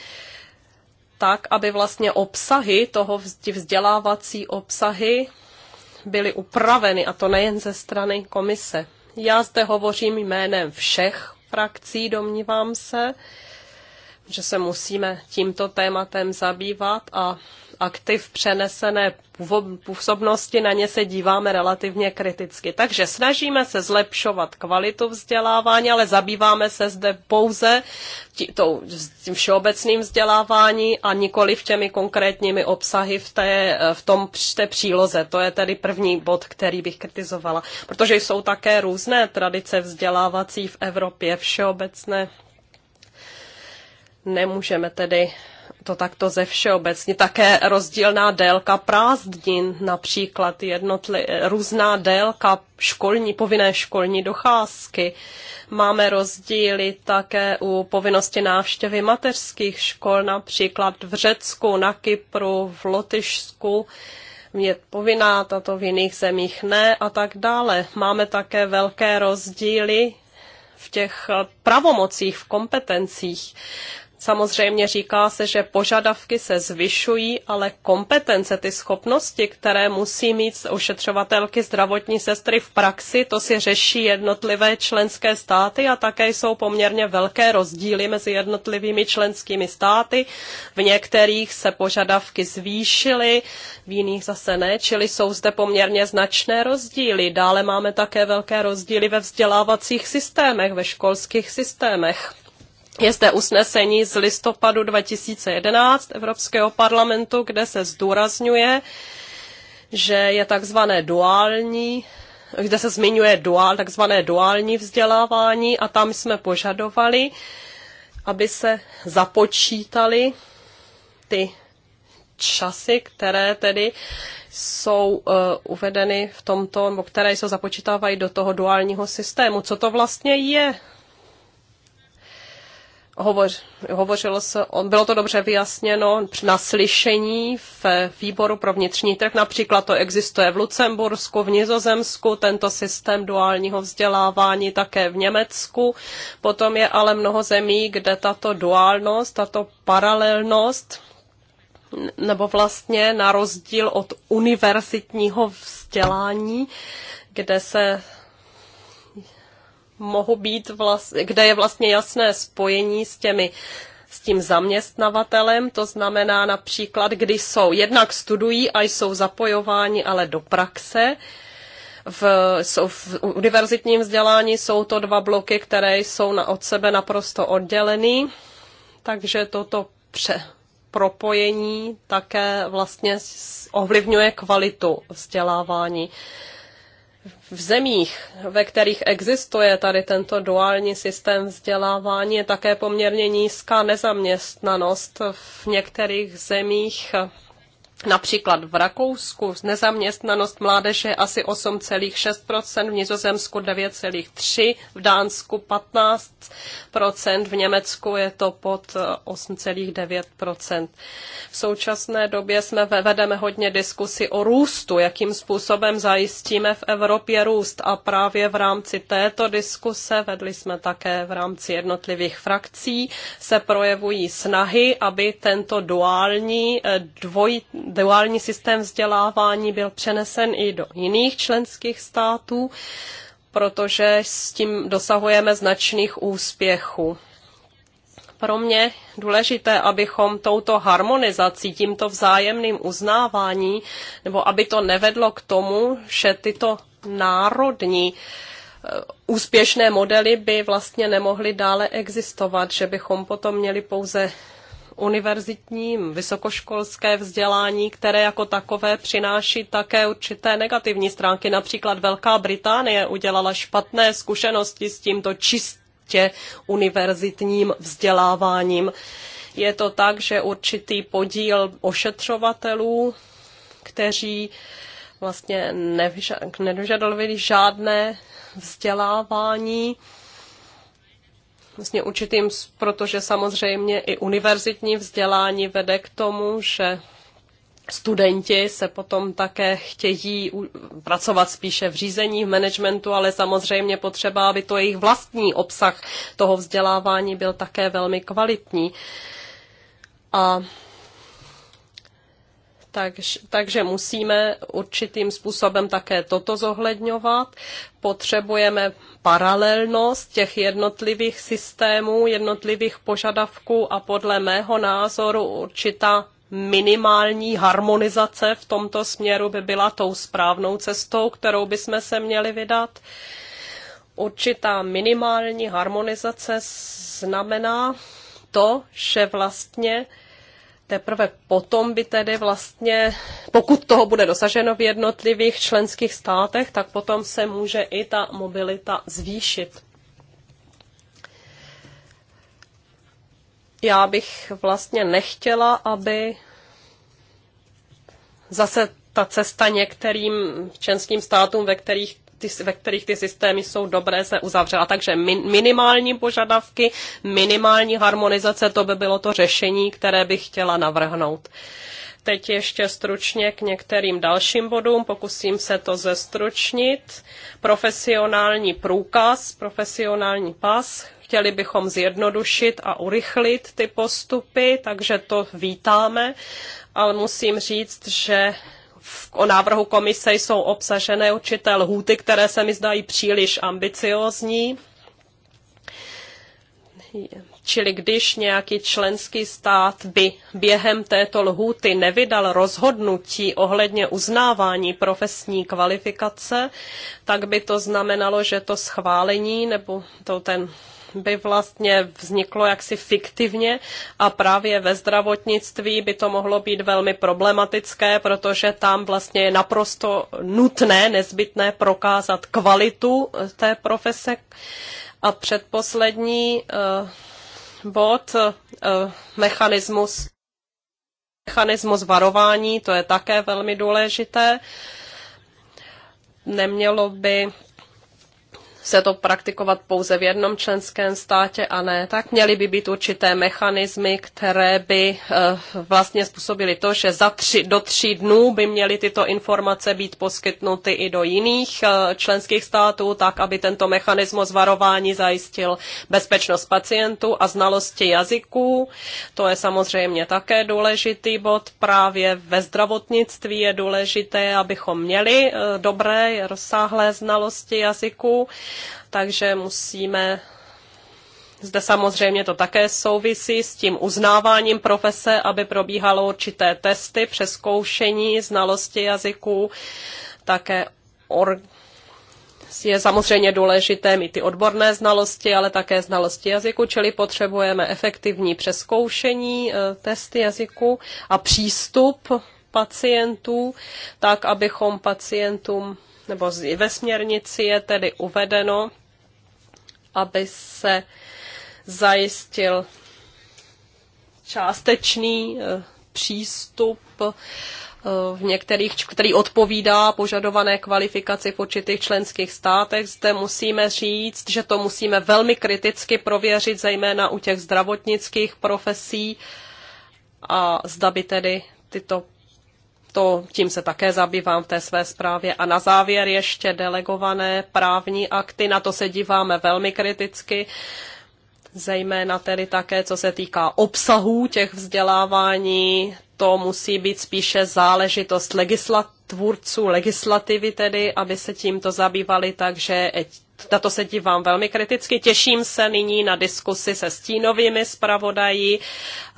tak, aby vlastně obsahy toho vzdělávací obsahy byly upraveny, a to nejen ze strany komise. Já zde hovořím jménem všech frakcí, domnívám se, že se musíme tímto tématem zabývat a aktiv přenesené působnosti, na ně se díváme relativně kriticky. Takže snažíme se zlepšovat kvalitu vzdělávání, ale zabýváme se zde pouze tím všeobecným vzdělávání a nikoli v těmi konkrétními obsahy v té, v tom, v té příloze. To je tedy první bod, který bych kritizovala, protože jsou také různé tradice vzdělávací v Evropě všeobecné. Nemůžeme tedy to takto ze všeobecně. Také rozdílná délka prázdnin, například jednotli, různá délka školní, povinné školní docházky. Máme rozdíly také u povinnosti návštěvy mateřských škol, například v Řecku, na Kypru, v Lotyšsku je povinná, tato v jiných zemích ne a tak dále. Máme také velké rozdíly v těch eh, pravomocích, v kompetencích. Samozřejmě říká se, že požadavky se zvyšují, ale kompetence, ty schopnosti, které musí mít ošetřovatelky zdravotní sestry v praxi, to si řeší jednotlivé členské státy a také jsou poměrně velké rozdíly mezi jednotlivými členskými státy. V některých se požadavky zvýšily, v jiných zase ne, čili jsou zde poměrně značné rozdíly. Dále máme také velké rozdíly ve vzdělávacích systémech, ve školských systémech je zde usnesení z listopadu 2011 Evropského parlamentu, kde se zdůrazňuje, že je takzvané duální kde se zmiňuje duál, takzvané duální vzdělávání a tam jsme požadovali, aby se započítali ty časy, které tedy jsou uh, uvedeny v tomto, nebo které se započítávají do toho duálního systému. Co to vlastně je hovoř, hovořilo se, on, bylo to dobře vyjasněno na slyšení v výboru pro vnitřní trh. Například to existuje v Lucembursku, v Nizozemsku, tento systém duálního vzdělávání také v Německu. Potom je ale mnoho zemí, kde tato duálnost, tato paralelnost nebo vlastně na rozdíl od univerzitního vzdělání, kde se mohu být vlast, kde je vlastně jasné spojení s těmi s tím zaměstnavatelem, to znamená například, kdy jsou jednak studují a jsou zapojováni ale do praxe, v, jsou v univerzitním vzdělání jsou to dva bloky, které jsou na, od sebe naprosto oddělený, takže toto pře, propojení také vlastně ovlivňuje kvalitu vzdělávání. Uh, v zemích, ve kterých existuje tady tento duální systém vzdělávání, je také poměrně nízká nezaměstnanost. V některých zemích Například v Rakousku nezaměstnanost mládeže je asi 8,6%, v Nizozemsku 9,3%, v Dánsku 15%, v Německu je to pod 8,9%. Eh, v současné době jsme vedeme hodně diskusy o růstu, jakým způsobem zajistíme v Evropě růst a právě v rámci této diskuse vedli jsme také v rámci jednotlivých frakcí se projevují snahy, aby tento duální eh, dvoj, duální systém vzdělávání byl přenesen i do jiných členských států, protože s tím dosahujeme značných úspěchů pro mě důležité, abychom touto harmonizací, tímto vzájemným uznávání, nebo aby to nevedlo k tomu, že tyto národní eh, úspěšné modely by vlastně nemohly dále existovat, že bychom potom měli pouze univerzitním vysokoškolské vzdělání, které jako takové přináší také určité negativní stránky. Například Velká Británie udělala špatné zkušenosti s tímto čistě univerzitním vzděláváním. Je to tak, že určitý podíl ošetřovatelů, kteří vlastně nedožadovali žádné vzdělávání, vlastně určitým, protože samozřejmě i univerzitní vzdělání vede k tomu, že studenti se potom také chtějí pracovat spíše v řízení, v managementu, ale samozřejmě potřeba, aby to jejich vlastní obsah toho vzdělávání byl také velmi kvalitní. A tak, takže musíme určitým způsobem také toto zohledňovat. Potřebujeme paralelnost těch jednotlivých systémů, jednotlivých požadavků a podle mého názoru určitá minimální harmonizace v tomto směru by byla tou správnou cestou, kterou bychom se měli vydat. Určitá minimální harmonizace znamená to, že vlastně teprve potom by tedy vlastně, pokud toho bude dosaženo v jednotlivých členských státech, tak potom se může i ta mobilita zvýšit. Já bych vlastně nechtěla, aby zase ta cesta některým členským státům, ve kterých ty, ve kterých ty systémy jsou dobré, se uzavřela. Takže min, minimální požadavky, minimální harmonizace, to by bylo to řešení, které bych chtěla navrhnout. Teď ještě stručně k některým dalším bodům, pokusím se to zestručnit. Profesionální průkaz, profesionální pas, chtěli bychom zjednodušit a urychlit ty postupy, takže to vítáme, ale musím říct, že v návrhu komise jsou obsažené určité lhůty, které se mi zdají příliš ambiciózní. Čili když nějaký členský stát by během této lhůty nevydal rozhodnutí ohledně uznávání profesní kvalifikace, tak by to znamenalo, že to schválení nebo to ten by vlastně vzniklo jaksi fiktivně a právě ve zdravotnictví by to mohlo být velmi problematické, protože tam vlastně je naprosto nutné, nezbytné prokázat kvalitu eh, té profese. A předposlední eh, bod, eh, mechanismus, mechanismus varování, to je také velmi důležité. Nemělo by se to praktikovat pouze v jednom členském státě a ne, tak měly by být určité mechanismy, které by eh, vlastně způsobily to, že za tři, do tří dnů by měly tyto informace být poskytnuty i do jiných eh, členských států, tak aby tento mechanismus varování zajistil bezpečnost pacientů a znalosti jazyků. To je samozřejmě také důležitý bod. Právě ve zdravotnictví je důležité, abychom měli eh, dobré, rozsáhlé znalosti jazyků takže musíme zde samozřejmě to také souvisí s tím uznáváním profese, aby probíhalo určité testy, přeskoušení, znalosti jazyků, také or- je samozřejmě důležité mít ty odborné znalosti, ale také znalosti jazyku, čili potřebujeme efektivní přeskoušení, e, testy jazyku a přístup pacientů, tak abychom pacientům nebo ve směrnici je tedy uvedeno, aby se zajistil částečný eh, přístup eh, v některých, který odpovídá požadované kvalifikaci v určitých členských státech. Zde musíme říct, že to musíme velmi kriticky prověřit, zejména u těch zdravotnických profesí a zda by tedy tyto to, tím se také zabývám v té své zprávě. A na závěr ještě delegované právní akty, na to se díváme velmi kriticky, zejména tedy také, co se týká obsahů těch vzdělávání, to musí být spíše záležitost legislat, tvůrců legislativy tedy, aby se tímto zabývali, takže na to se dívám velmi kriticky. Těším se nyní na diskusy se stínovými zpravodají.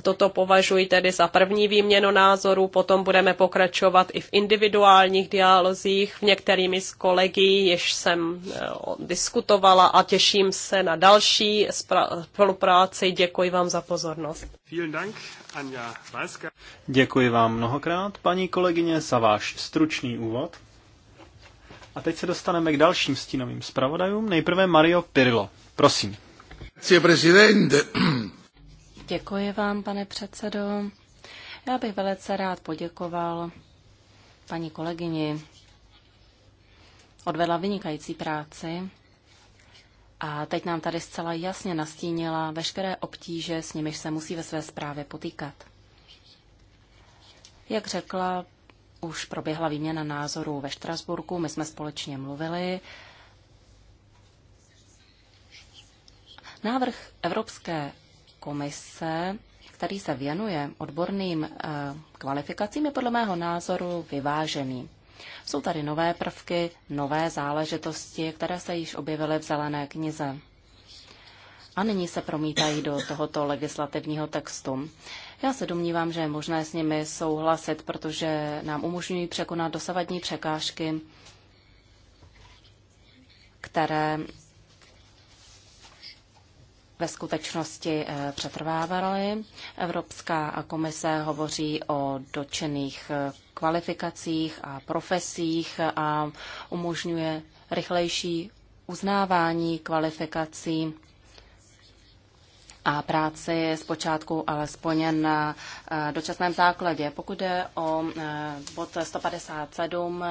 Toto považuji tedy za první výměnu názorů. Potom budeme pokračovat i v individuálních dialozích. V některými z kolegy, jež jsem eh, diskutovala a těším se na další spolupráci. Děkuji vám za pozornost. Děkuji vám mnohokrát, paní kolegyně, za váš stručný úvod. A teď se dostaneme k dalším stínovým zpravodajům. Nejprve Mario Pirlo. Prosím. Děkuji vám, pane předsedo. Já bych velice rád poděkoval paní kolegyni. Odvedla vynikající práci a teď nám tady zcela jasně nastínila veškeré obtíže, s nimiž se musí ve své zprávě potýkat. Jak řekla, už proběhla výměna názorů ve Štrasburku, my jsme společně mluvili. Návrh Evropské komise, který se věnuje odborným eh, kvalifikacím, je podle mého názoru vyvážený. Jsou tady nové prvky, nové záležitosti, které se již objevily v zelené knize. A nyní se promítají do tohoto legislativního textu. Já se domnívám, že je možné s nimi souhlasit, protože nám umožňují překonat dosavadní překážky, které ve skutečnosti eh, přetrvávaly. Evropská komise hovoří o dočených eh, kvalifikacích a profesích a umožňuje rychlejší uznávání kvalifikací a práci zpočátku alespoň na eh, dočasném základě. Pokud jde o eh, bod 157,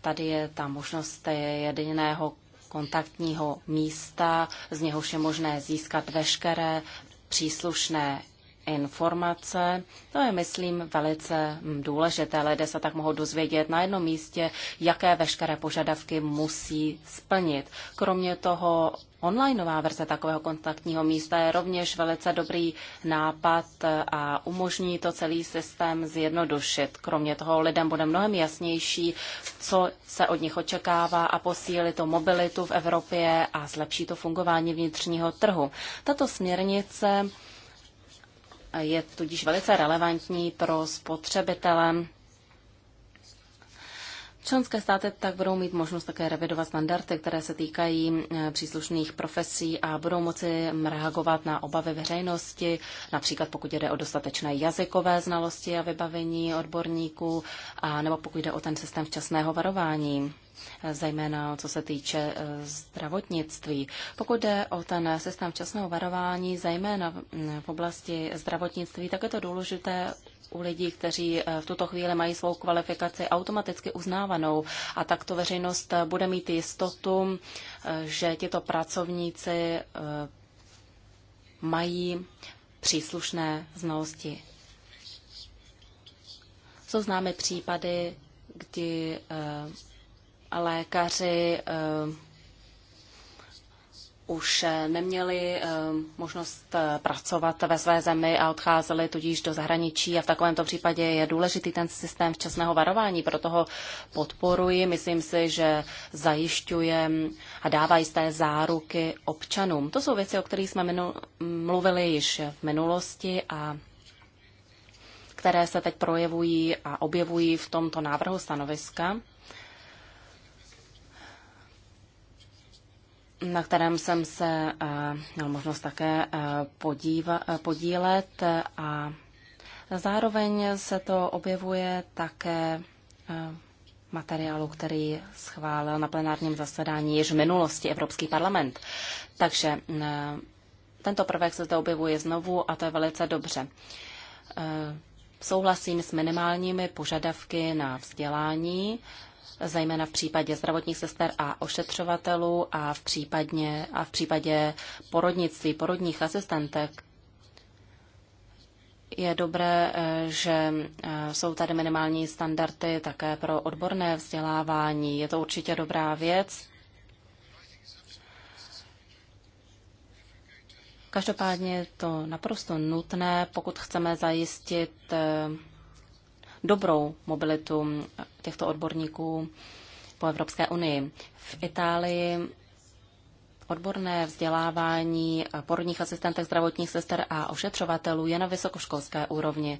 tady je ta možnost jediného kontaktního místa, z něhož je možné získat veškeré příslušné informace. To je, myslím, velice mm, důležité. Lidé se tak mohou dozvědět na jednom místě, jaké veškeré požadavky musí splnit. Kromě toho onlineová verze takového kontaktního místa je rovněž velice dobrý nápad a umožní to celý systém zjednodušit. Kromě toho lidem bude mnohem jasnější, co se od nich očekává a posílí to mobilitu v Evropě a zlepší to fungování vnitřního trhu. Tato směrnice je tudíž velice relevantní pro spotřebitele Členské státy tak budou mít možnost také revidovat standardy, které se týkají eh, příslušných profesí a budou moci mm, reagovat na obavy veřejnosti, například pokud jde o dostatečné jazykové znalosti a vybavení odborníků, a nebo pokud jde o ten systém včasného varování eh, zejména co se týče eh, zdravotnictví. Pokud jde o ten systém včasného varování, zejména v mm, oblasti zdravotnictví, tak je to důležité u lidí, kteří eh, v tuto chvíli mají svou kvalifikaci automaticky uznávanou. A takto veřejnost eh, bude mít jistotu, eh, že tito pracovníci mají příslušné znalosti. Jsou známy případy, kdy lékaři už eh, neměli eh, možnost eh, pracovat ve své zemi a odcházeli tudíž do zahraničí a v takovémto případě je důležitý ten systém včasného varování, proto ho podporuji. Myslím si, že zajišťuje a dává jisté záruky občanům. To jsou věci, o kterých jsme mluvili již v minulosti a které se teď projevují a objevují v tomto návrhu stanoviska. na kterém jsem se eh, měl možnost také eh, podíva, eh, podílet a zároveň se to objevuje také materiálu, který schválil na plenárním zasedání již v minulosti Evropský parlament. Takže tento prvek se zde objevuje znovu a to je velice dobře. Souhlasím s minimálními požadavky na vzdělání, zejména v případě zdravotních sester a ošetřovatelů a v, případně, a v případě porodnictví, porodních asistentek. Je dobré, eh, že eh, jsou tady minimální standardy také pro odborné vzdělávání. Je to určitě dobrá věc. Každopádně je to naprosto nutné, pokud chceme zajistit eh, dobrou mobilitu těchto odborníků po Evropské unii. V Itálii odborné vzdělávání porodních asistentek, zdravotních sester a ošetřovatelů je na vysokoškolské úrovni.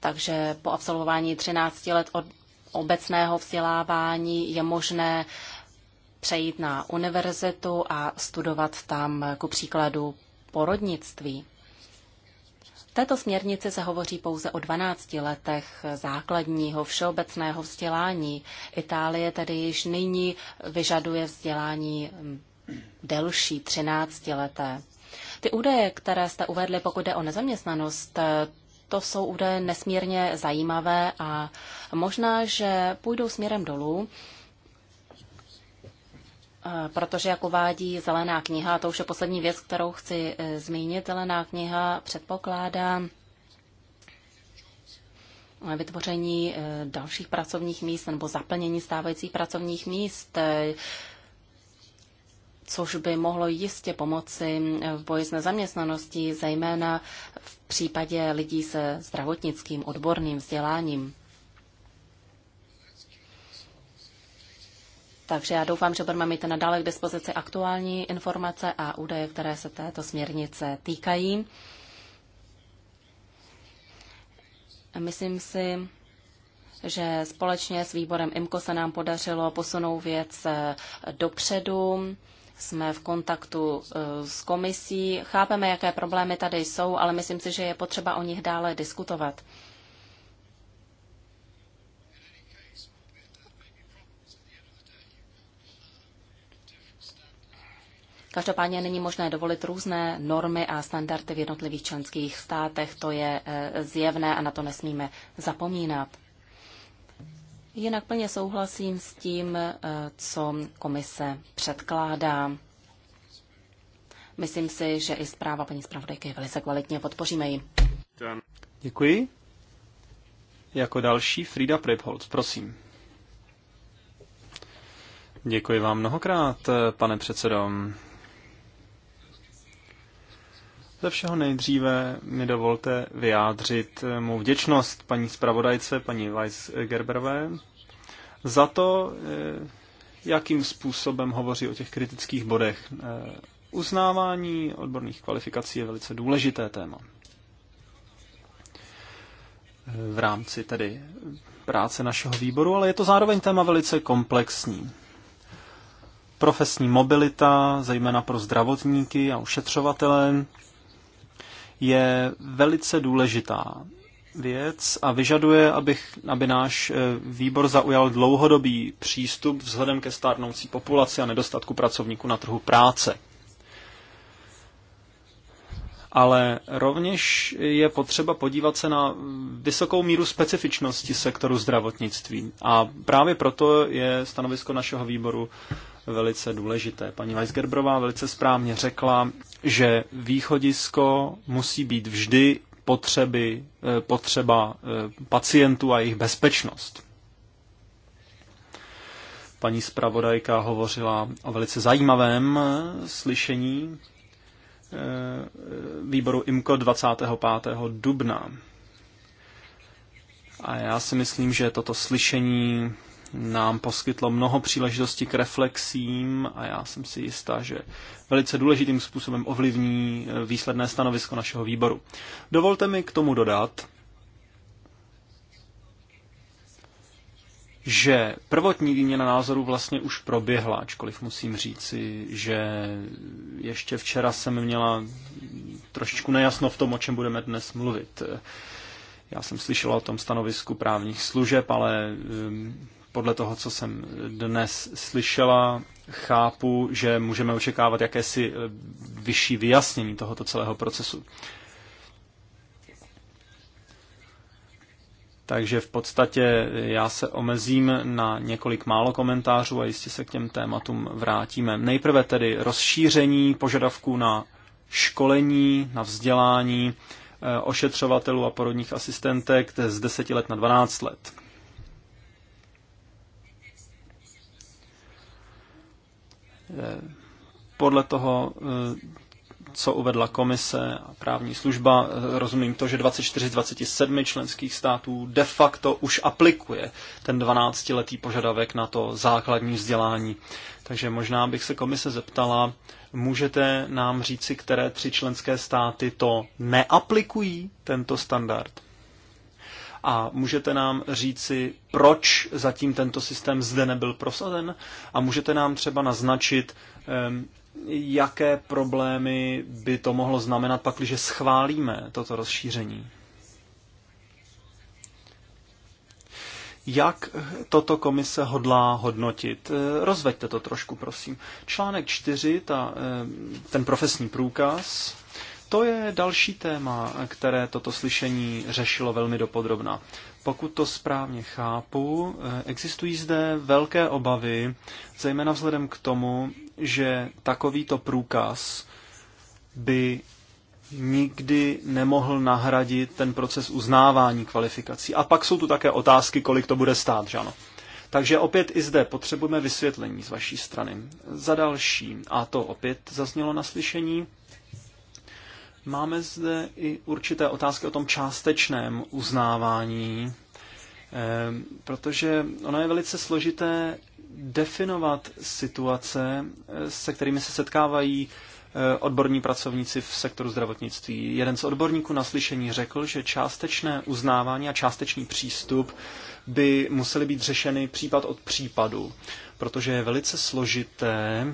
Takže po absolvování 13 let od obecného vzdělávání je možné přejít na univerzitu a studovat tam ku příkladu porodnictví. V této směrnici se hovoří pouze o 12 letech základního všeobecného vzdělání. Itálie tedy již nyní vyžaduje vzdělání mm, delší, 13 leté. Ty údaje, které jste uvedli, pokud jde o nezaměstnanost, to jsou údaje nesmírně zajímavé a možná, že půjdou směrem dolů, Eh, protože, jak uvádí Zelená kniha, to už je poslední věc, kterou chci eh, zmínit, Zelená kniha předpokládá eh, vytvoření dalších pracovních míst nebo zaplnění stávajících pracovních míst, což by mohlo jistě pomoci v boji s nezaměstnaností, zejména v případě lidí se zdravotnickým odborným vzděláním. Takže já doufám, že budeme mít nadále k dispozici aktuální informace a údaje, které se této směrnice týkají. Myslím si, že společně s výborem IMKO se nám podařilo posunout věc eh, dopředu. Jsme v kontaktu eh, s komisí, chápeme, jaké problémy tady jsou, ale myslím si, že je potřeba o nich dále diskutovat. Každopádně není možné dovolit různé normy a standardy v jednotlivých členských státech. To je eh, zjevné a na to nesmíme zapomínat. Jinak plně souhlasím s tím, eh, co komise předkládá. Myslím si, že i zpráva paní zpravodajky je velice kvalitně. Podpoříme ji. Děkuji. Jako další Frida Prepholz, prosím. Děkuji vám mnohokrát, eh, pane předsedo. Ze všeho nejdříve mi dovolte vyjádřit mou vděčnost paní zpravodajce, paní Weiss Gerberové, za to, eh, jakým způsobem hovoří o těch kritických bodech. Eh, uznávání odborných kvalifikací je velice důležité téma. Eh, v rámci tedy práce našeho výboru, ale je to zároveň téma velice komplexní. Profesní mobilita, zejména pro zdravotníky a ušetřovatele, je velice důležitá věc a vyžaduje, abych, aby náš eh, výbor zaujal dlouhodobý přístup vzhledem ke stárnoucí populaci a nedostatku pracovníků na trhu práce. Ale rovněž je potřeba podívat se na vysokou míru specifičnosti sektoru zdravotnictví. A právě proto je stanovisko našeho výboru velice důležité. Paní Weisgerbrová velice správně řekla, že východisko musí být vždy potřeby, eh, potřeba eh, pacientů a jejich bezpečnost. Paní zpravodajka hovořila o velice zajímavém eh, slyšení výboru IMCO 25. dubna. A já si myslím, že toto slyšení nám poskytlo mnoho příležitostí k reflexím a já jsem si jistá, že velice důležitým způsobem ovlivní eh, výsledné stanovisko našeho výboru. Dovolte mi k tomu dodat, že prvotní výměna názoru vlastně už proběhla, ačkoliv musím říci, že ještě včera jsem měla trošičku nejasno v tom, o čem budeme dnes mluvit. Já jsem slyšela o tom stanovisku právních služeb, ale ehm, podle toho, co jsem dnes slyšela, chápu, že můžeme očekávat jakési eh, vyšší vyjasnění tohoto celého procesu. Takže v podstatě já se omezím na několik málo komentářů a jistě se k těm tématům vrátíme. Nejprve tedy rozšíření požadavků na školení, na vzdělání eh, ošetřovatelů a porodních asistentek z 10 let na 12 let. Podle toho, co uvedla komise a právní služba, rozumím to, že 24 z 27 členských států de facto už aplikuje ten 12-letý požadavek na to základní vzdělání. Takže možná bych se komise zeptala, můžete nám říci, které tři členské státy to neaplikují, tento standard? A můžete nám říci, proč zatím tento systém zde nebyl prosazen? A můžete nám třeba naznačit, jaké problémy by to mohlo znamenat, pakliže schválíme toto rozšíření? Jak toto komise hodlá hodnotit? Eh, rozveďte to trošku, prosím. Článek 4, ta, eh, ten profesní průkaz, to je další téma, které toto slyšení řešilo velmi dopodrobna. Pokud to správně chápu, eh, existují zde velké obavy, zejména vzhledem k tomu, že takovýto průkaz by nikdy nemohl nahradit ten proces uznávání kvalifikací. A pak jsou tu také otázky, kolik to bude stát, že ano? Takže opět i zde potřebujeme vysvětlení z vaší strany. Za další, a to opět zaznělo na slyšení, Máme zde i určité otázky o tom částečném uznávání, eh, protože ono je velice složité definovat situace, eh, se kterými se setkávají eh, odborní pracovníci v sektoru zdravotnictví. Jeden z odborníků na slyšení řekl, že částečné uznávání a částečný přístup by musely být řešeny případ od případu, protože je velice složité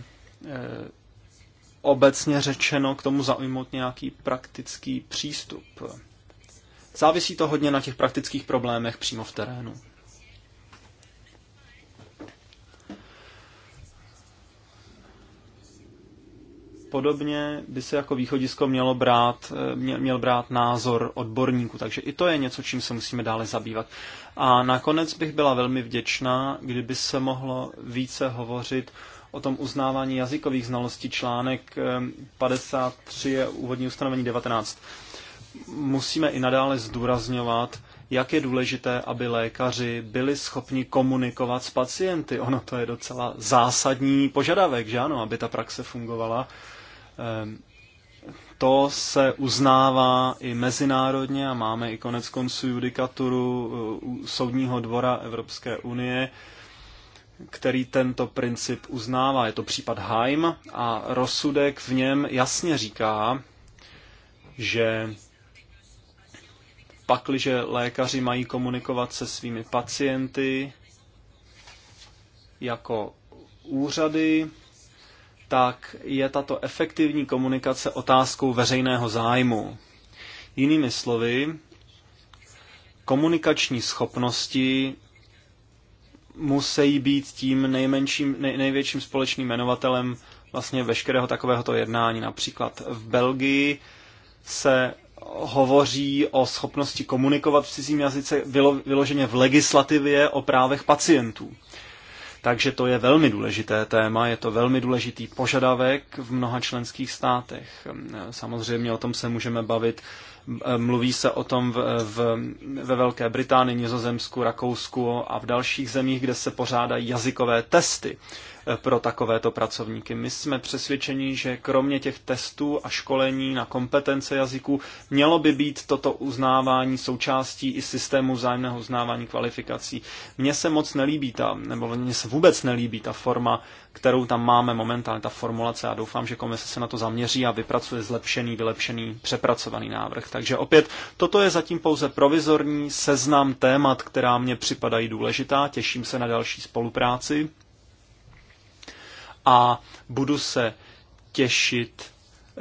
obecně řečeno k tomu zaujmout nějaký praktický přístup. Závisí to hodně na těch praktických problémech přímo v terénu. Podobně by se jako východisko mělo brát, mě, měl brát názor odborníku, takže i to je něco, čím se musíme dále zabývat. A nakonec bych byla velmi vděčná, kdyby se mohlo více hovořit o tom uznávání jazykových znalostí článek 53 eh, je úvodní ustanovení 19. Musíme i nadále zdůrazňovat, jak je důležité, aby lékaři byli schopni komunikovat s pacienty. Ono to je docela zásadní požadavek, že ano, aby ta praxe fungovala. Ehm, to se uznává i mezinárodně a máme i konec konců judikaturu eh, Soudního dvora Evropské unie, který tento princip uznává. Je to případ Haim a rozsudek v něm jasně říká, že pakliže lékaři mají komunikovat se svými pacienty jako úřady, tak je tato efektivní komunikace otázkou veřejného zájmu. Jinými slovy, komunikační schopnosti musí být tím nejmenším, nej, největším společným jmenovatelem vlastně veškerého takovéhoto jednání. Například v Belgii se hovoří o schopnosti komunikovat v cizím jazyce vylo, vyloženě v legislativě o právech pacientů. Takže to je velmi důležité téma, je to velmi důležitý požadavek v mnoha členských státech. Samozřejmě o tom se můžeme bavit Mluví se o tom v, v, ve Velké Británii, Nizozemsku, Rakousku a v dalších zemích, kde se pořádají jazykové testy pro takovéto pracovníky. My jsme přesvědčeni, že kromě těch testů a školení na kompetence jazyků mělo by být toto uznávání součástí i systému vzájemného uznávání kvalifikací. Mně se moc nelíbí ta, nebo mně se vůbec nelíbí ta forma, kterou tam máme momentálně, ta formulace a doufám, že komise se na to zaměří a vypracuje zlepšený, vylepšený, přepracovaný návrh. Takže opět, toto je zatím pouze provizorní seznam témat, která mě připadají důležitá. Těším se na další spolupráci a budu se těšit eh,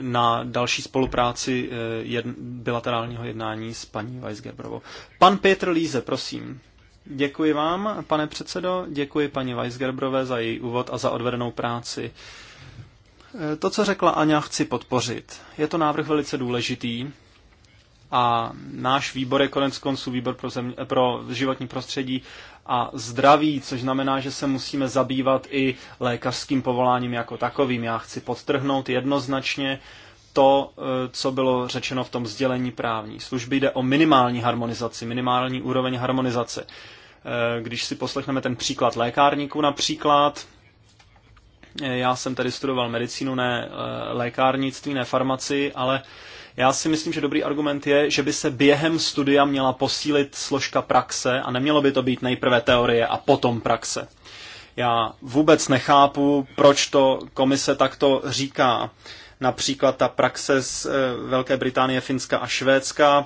na další spolupráci eh, jedn, bilaterálního jednání s paní Weisgerbrovou. Pan Petr Líze, prosím. Děkuji vám, pane předsedo, děkuji paní Weisgerbrové za její úvod a za odvedenou práci. Eh, to, co řekla Aňa, chci podpořit. Je to návrh velice důležitý a náš výbor je konec konců výbor pro, země, pro životní prostředí a zdraví, což znamená, že se musíme zabývat i lékařským povoláním jako takovým. Já chci podtrhnout jednoznačně to, eh, co bylo řečeno v tom sdělení právní služby. Jde o minimální harmonizaci, minimální úroveň harmonizace. Eh, když si poslechneme ten příklad lékárníků například, eh, já jsem tady studoval medicínu, ne lékárnictví, ne farmaci, ale já si myslím, že dobrý argument je, že by se během studia měla posílit složka praxe a nemělo by to být nejprve teorie a potom praxe. Já vůbec nechápu, proč to komise takto říká. Například ta praxe z eh, Velké Británie, Finska a Švédska,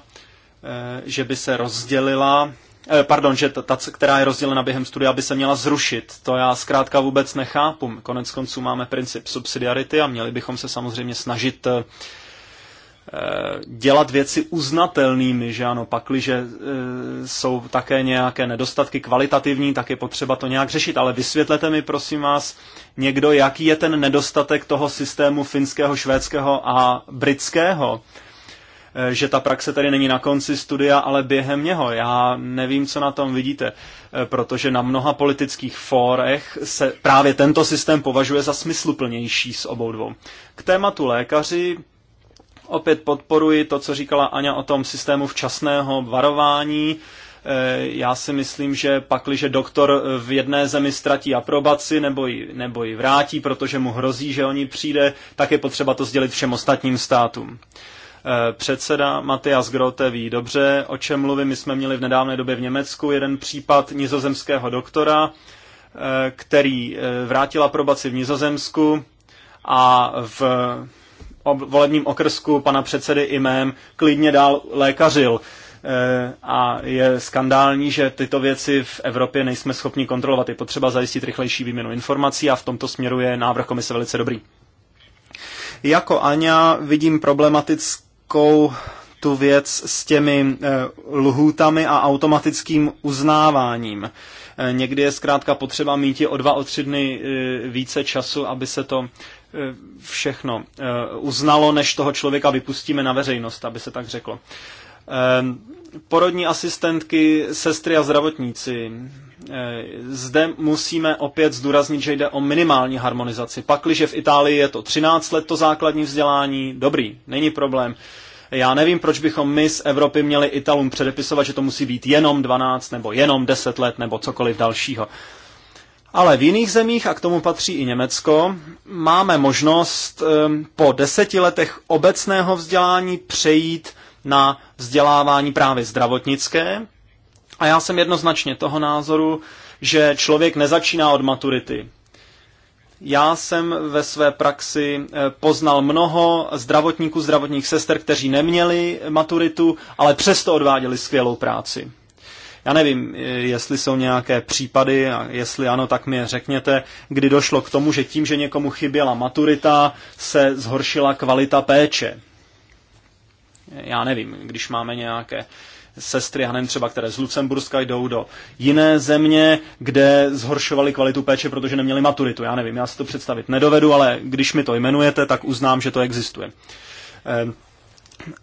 eh, že by se rozdělila, eh, pardon, že ta, která je rozdělena během studia, by se měla zrušit. To já zkrátka vůbec nechápu. Konec konců máme princip subsidiarity a měli bychom se samozřejmě snažit Eh, dělat věci uznatelnými, že ano, pakliže eh, jsou také nějaké nedostatky kvalitativní, tak je potřeba to nějak řešit, ale vysvětlete mi, prosím vás, někdo, jaký je ten nedostatek toho systému finského, švédského a britského, eh, že ta praxe tady není na konci studia, ale během něho. Já nevím, co na tom vidíte, protože na mnoha politických fórech se právě tento systém považuje za smysluplnější s obou dvou. K tématu lékaři Opět podporuji to, co říkala Aňa o tom systému včasného varování. E, já si myslím, že pakliže doktor v jedné zemi ztratí aprobaci nebo ji, nebo ji vrátí, protože mu hrozí, že o ní přijde, tak je potřeba to sdělit všem ostatním státům e, předseda Matias Grote ví dobře, o čem mluvím. My jsme měli v nedávné době v Německu jeden případ nizozemského doktora, e, který vrátil aprobaci v Nizozemsku a v volebním okrsku pana předsedy i mém klidně dál lékařil. Eh, a je skandální, že tyto věci v Evropě nejsme schopni kontrolovat. Je potřeba zajistit rychlejší výměnu informací a v tomto směru je návrh komise velice dobrý. Jako Aňa vidím problematickou tu věc s těmi eh, lhůtami a automatickým uznáváním. Eh, někdy je zkrátka potřeba mít o dva, o tři dny více času, aby se to všechno eh, uznalo, než toho člověka vypustíme na veřejnost, aby se tak řeklo. Ehm, porodní asistentky, sestry a zdravotníci. Eh, zde musíme opět zdůraznit, že jde o minimální harmonizaci. Pakliže v Itálii je to 13 let to základní vzdělání, dobrý, není problém. Já nevím, proč bychom my z Evropy měli Italům předepisovat, že to musí být jenom 12 nebo jenom 10 let nebo cokoliv dalšího. Ale v jiných zemích, a k tomu patří i Německo, máme možnost po deseti letech obecného vzdělání přejít na vzdělávání právě zdravotnické. A já jsem jednoznačně toho názoru, že člověk nezačíná od maturity. Já jsem ve své praxi e, poznal mnoho zdravotníků, zdravotních sester, kteří neměli maturitu, ale přesto odváděli skvělou práci. Já nevím, eh, jestli jsou nějaké případy, a jestli ano, tak mi řekněte, kdy došlo k tomu, že tím, že někomu chyběla maturita, se zhoršila kvalita péče. Já nevím, když máme nějaké sestry, já nevím, třeba které z Lucemburska jdou do jiné země, kde zhoršovali kvalitu péče, protože neměli maturitu. Já nevím, já si to představit nedovedu, ale když mi to jmenujete, tak uznám, že to existuje. Ehm,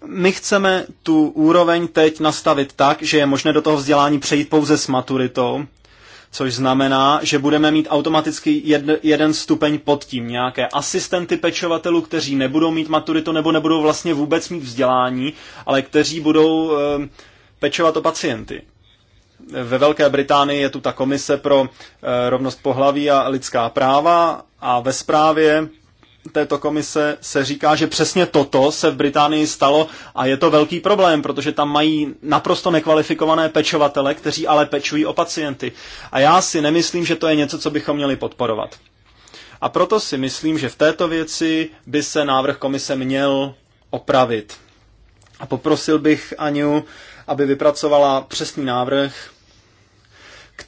my chceme tu úroveň teď nastavit tak, že je možné do toho vzdělání přejít pouze s maturitou, což znamená, že budeme mít automaticky jed, jeden stupeň pod tím, nějaké asistenty pečovatelů, kteří nebudou mít maturitu nebo nebudou vlastně vůbec mít vzdělání, ale kteří budou e, pečovat o pacienty. Ve Velké Británii je tu ta komise pro e, rovnost pohlaví a lidská práva a ve zprávě této komise se říká, že přesně toto se v Británii stalo a je to velký problém, protože tam mají naprosto nekvalifikované pečovatele, kteří ale pečují o pacienty. A já si nemyslím, že to je něco, co bychom měli podporovat. A proto si myslím, že v této věci by se návrh komise měl opravit. A poprosil bych Aniu, aby vypracovala přesný návrh,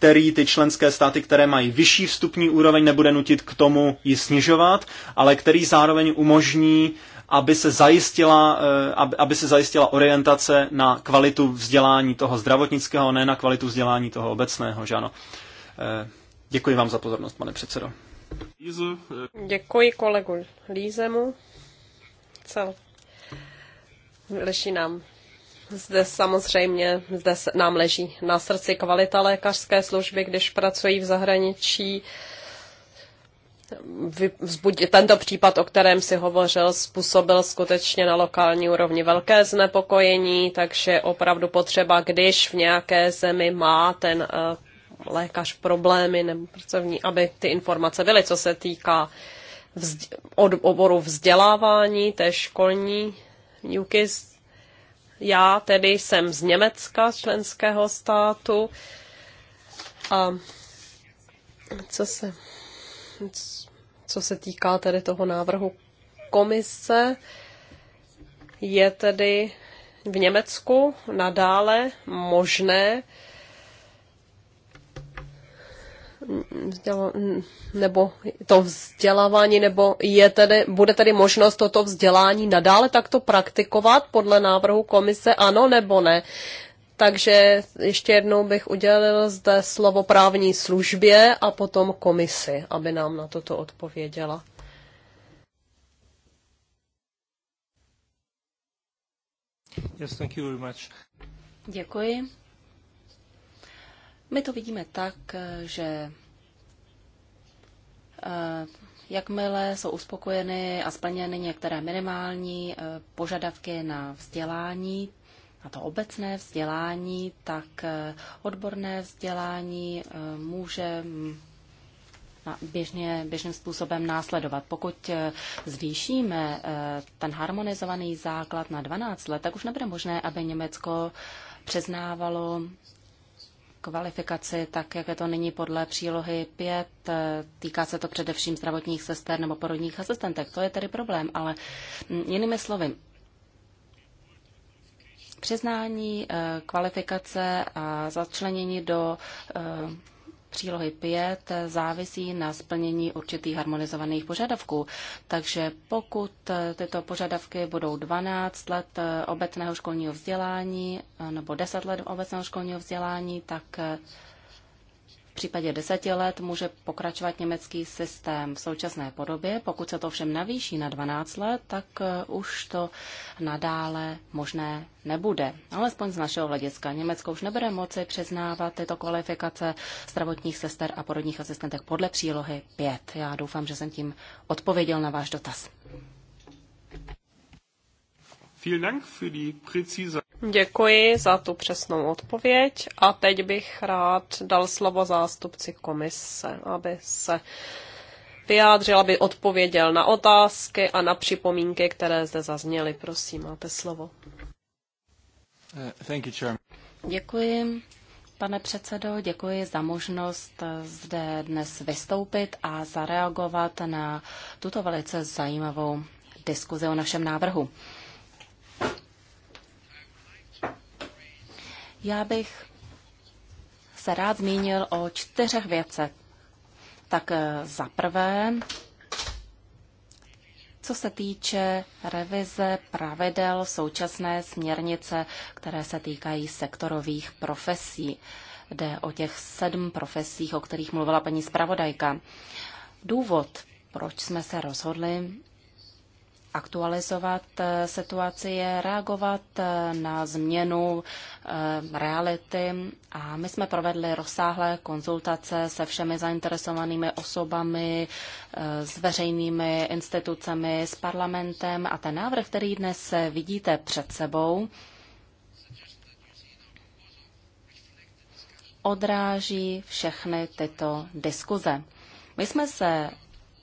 který ty členské státy, které mají vyšší vstupní úroveň, nebude nutit k tomu ji snižovat, ale který zároveň umožní aby se zajistila, eh, aby se zajistila orientace na kvalitu vzdělání toho zdravotnického, ne na kvalitu vzdělání toho obecného, že ano. Eh, děkuji vám za pozornost, pane předsedo. Eh. Děkuji kolegu Lízemu. Cel. Leší nám zde samozřejmě zde nám leží na srdci kvalita lékařské služby, když pracují v zahraničí. tento případ, o kterém si hovořil, způsobil skutečně na lokální úrovni velké znepokojení, takže opravdu potřeba, když v nějaké zemi má ten eh, lékař problémy nebo pracovní, aby ty informace byly, co se týká vzd- od oboru vzdělávání, té školní výuky já tedy jsem z Německa, z členského státu. A co se, co se týká tedy toho návrhu komise, je tedy v Německu nadále možné nebo to vzdělávání, nebo je tedy, bude tedy možnost toto vzdělání nadále takto praktikovat podle návrhu komise, ano nebo ne. Takže ještě jednou bych udělil zde slovo právní službě a potom komisi, aby nám na toto odpověděla. Yes, thank you very much. Děkuji. My to vidíme tak, že eh, jakmile jsou uspokojeny a splněny některé minimální eh, požadavky na vzdělání, na to obecné vzdělání, tak eh, odborné vzdělání může mm, běžně, běžným způsobem následovat. Pokud zvýšíme ten harmonizovaný základ na 12 let, tak už nebude možné, aby Německo přiznávalo kvalifikaci, tak jak je to nyní podle přílohy 5. E, týká se to především zdravotních sester nebo porodních asistentek. To je tedy problém, ale mm, jinými slovy, přiznání e, kvalifikace a začlenění do e, přílohy 5 závisí na splnění určitých harmonizovaných požadavků. Takže pokud tyto požadavky budou 12 let obecného školního vzdělání nebo 10 let obecného školního vzdělání, tak v případě deseti let může pokračovat německý systém v současné podobě. Pokud se to všem navýší na 12 let, tak eh, už to nadále možné nebude. Alespoň z našeho hlediska. Německo už nebude moci přiznávat tyto kvalifikace zdravotních sester a porodních asistentek podle přílohy 5. Já doufám, že jsem tím odpověděl na váš dotaz. Děkuji za tu přesnou odpověď a teď bych rád dal slovo zástupci komise, aby se vyjádřil, aby odpověděl na otázky a na připomínky, které zde zazněly. Prosím, máte slovo. Děkuji, pane předsedo, děkuji za možnost zde dnes vystoupit a zareagovat na tuto velice zajímavou diskuzi o našem návrhu. Já bych se rád zmínil o čtyřech věcech. Tak eh, za prvé, co se týče revize pravidel současné směrnice, které se týkají sektorových profesí. Jde o těch sedm profesích, o kterých mluvila paní zpravodajka. Důvod, proč jsme se rozhodli aktualizovat eh, situaci, reagovat eh, na změnu eh, reality a my jsme provedli rozsáhlé konzultace se všemi zainteresovanými osobami, s veřejnými institucemi, s parlamentem a ten návrh, který dnes vidíte před sebou, odráží všechny tyto diskuze. My jsme se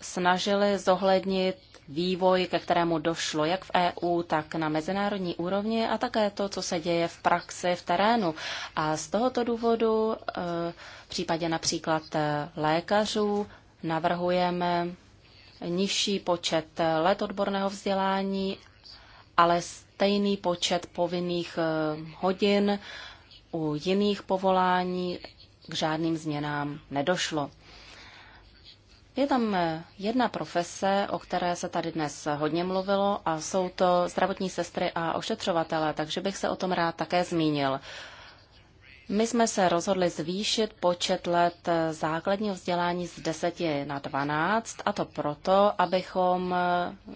snažili zohlednit vývoj, ke kterému došlo jak v EU, tak na mezinárodní úrovni a také to, co se děje v praxi, v terénu. A z tohoto důvodu eh, v případě například eh, lékařů navrhujeme nižší počet eh, let odborného vzdělání, ale stejný počet povinných hodin u jiných povolání k žádným změnám nedošlo. Je tam eh, jedna profese, o které se tady dnes hodně mluvilo a jsou to zdravotní sestry a ošetřovatele, takže bych se o tom rád také zmínil. My jsme se rozhodli zvýšit počet let eh, základního vzdělání z 10 na 12, a to proto, abychom eh,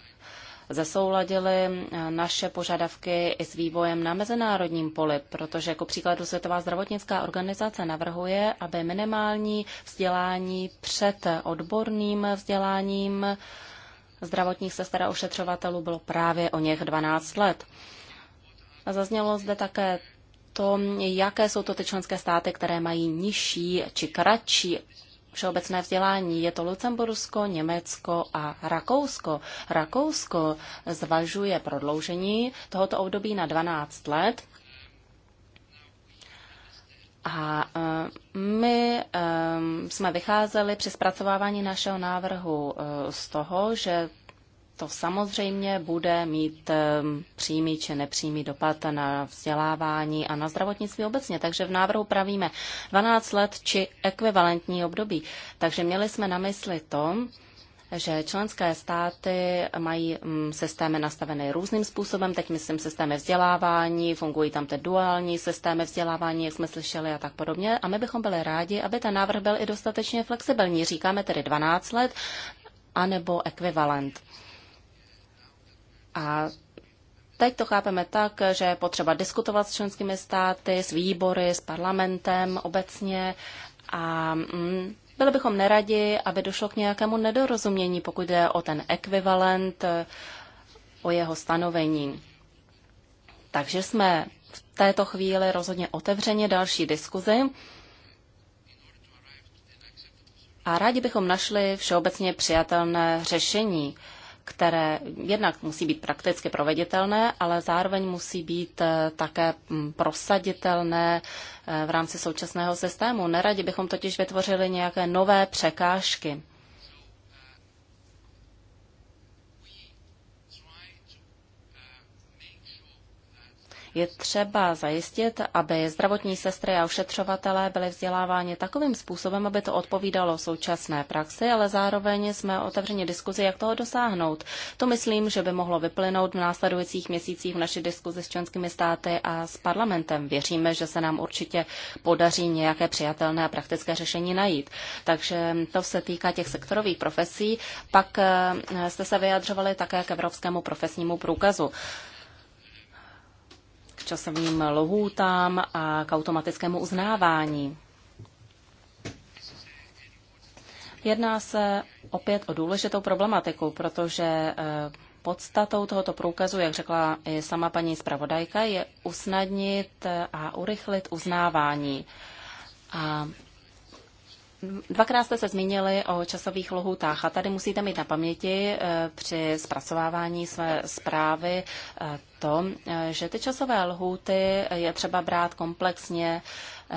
zasouladili eh, naše požadavky i s vývojem na mezinárodním poli, protože jako příkladu Světová zdravotnická organizace navrhuje, aby minimální vzdělání před odborným vzděláním zdravotních sester a ošetřovatelů bylo právě o něch 12 let. A zaznělo zde také to, jaké jsou to ty členské státy, které mají nižší či kratší všeobecné vzdělání. Je to Lucembursko, Německo a Rakousko. Rakousko zvažuje prodloužení tohoto období na 12 let. A eh, my eh, jsme vycházeli při zpracovávání našeho návrhu eh, z toho, že to samozřejmě bude mít přímý či nepřímý dopad na vzdělávání a na zdravotnictví obecně. Takže v návrhu pravíme 12 let či ekvivalentní období. Takže měli jsme na mysli to, že členské státy mají systémy nastavené různým způsobem. Teď myslím systémy vzdělávání, fungují tam ty duální systémy vzdělávání, jak jsme slyšeli a tak podobně. A my bychom byli rádi, aby ten návrh byl i dostatečně flexibilní. Říkáme tedy 12 let, anebo ekvivalent. A teď to chápeme tak, že je potřeba diskutovat s členskými státy, s výbory, s parlamentem obecně a mm, byli bychom neradi, aby došlo k nějakému nedorozumění, pokud jde o ten ekvivalent, o jeho stanovení. Takže jsme v této chvíli rozhodně otevřeně další diskuzi a rádi bychom našli všeobecně přijatelné řešení které jednak musí být prakticky proveditelné, ale zároveň musí být eh, také mm, prosaditelné eh, v rámci současného systému. Neradi bychom totiž vytvořili nějaké nové překážky. Je třeba zajistit, aby zdravotní sestry a ošetřovatelé byly vzděláváni takovým způsobem, aby to odpovídalo současné praxi, ale zároveň jsme otevřeni diskuzi, jak toho dosáhnout. To myslím, že by mohlo vyplynout v následujících měsících v naší diskuzi s členskými státy a s parlamentem. Věříme, že se nám určitě podaří nějaké přijatelné a praktické řešení najít. Takže to se týká těch sektorových profesí. Pak eh, jste se vyjadřovali také k Evropskému profesnímu průkazu časovým lohůtám a k automatickému uznávání. Jedná se opět o důležitou problematiku, protože eh, podstatou tohoto průkazu, jak řekla i sama paní zpravodajka, je usnadnit a urychlit uznávání. A Dvakrát jste se zmínili o časových lohutách a tady musíte mít na paměti eh, při zpracovávání své zprávy eh, to, eh, že ty časové lhůty je třeba brát komplexně,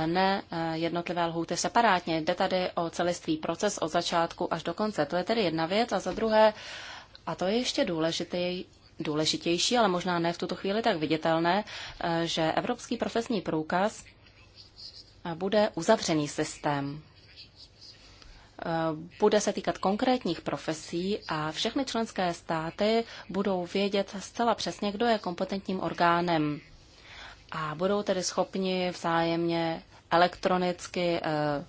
ne jednotlivé lhůty separátně. Jde tady o celistvý proces od začátku až do konce. To je tedy jedna věc. A za druhé, a to je ještě důležitý, důležitější, ale možná ne v tuto chvíli tak viditelné, že Evropský profesní průkaz bude uzavřený systém. Eh, bude se týkat konkrétních profesí a všechny členské státy budou vědět zcela přesně, kdo je kompetentním orgánem a budou tedy schopni vzájemně elektronicky eh,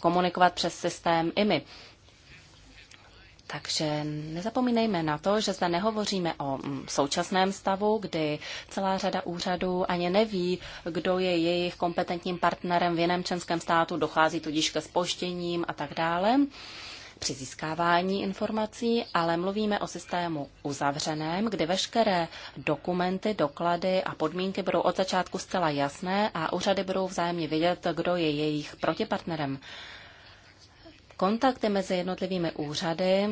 komunikovat přes systém IMI. Takže nezapomínejme na to, že zde nehovoříme o mm, současném stavu, kdy celá řada úřadů ani neví, kdo je jejich kompetentním partnerem v jiném členském státu, dochází tudíž ke spoštěním a tak dále při získávání informací, ale mluvíme o systému uzavřeném, kde veškeré dokumenty, doklady a podmínky budou od začátku zcela jasné a úřady budou vzájemně vědět, kdo je jejich protipartnerem kontakty mezi jednotlivými úřady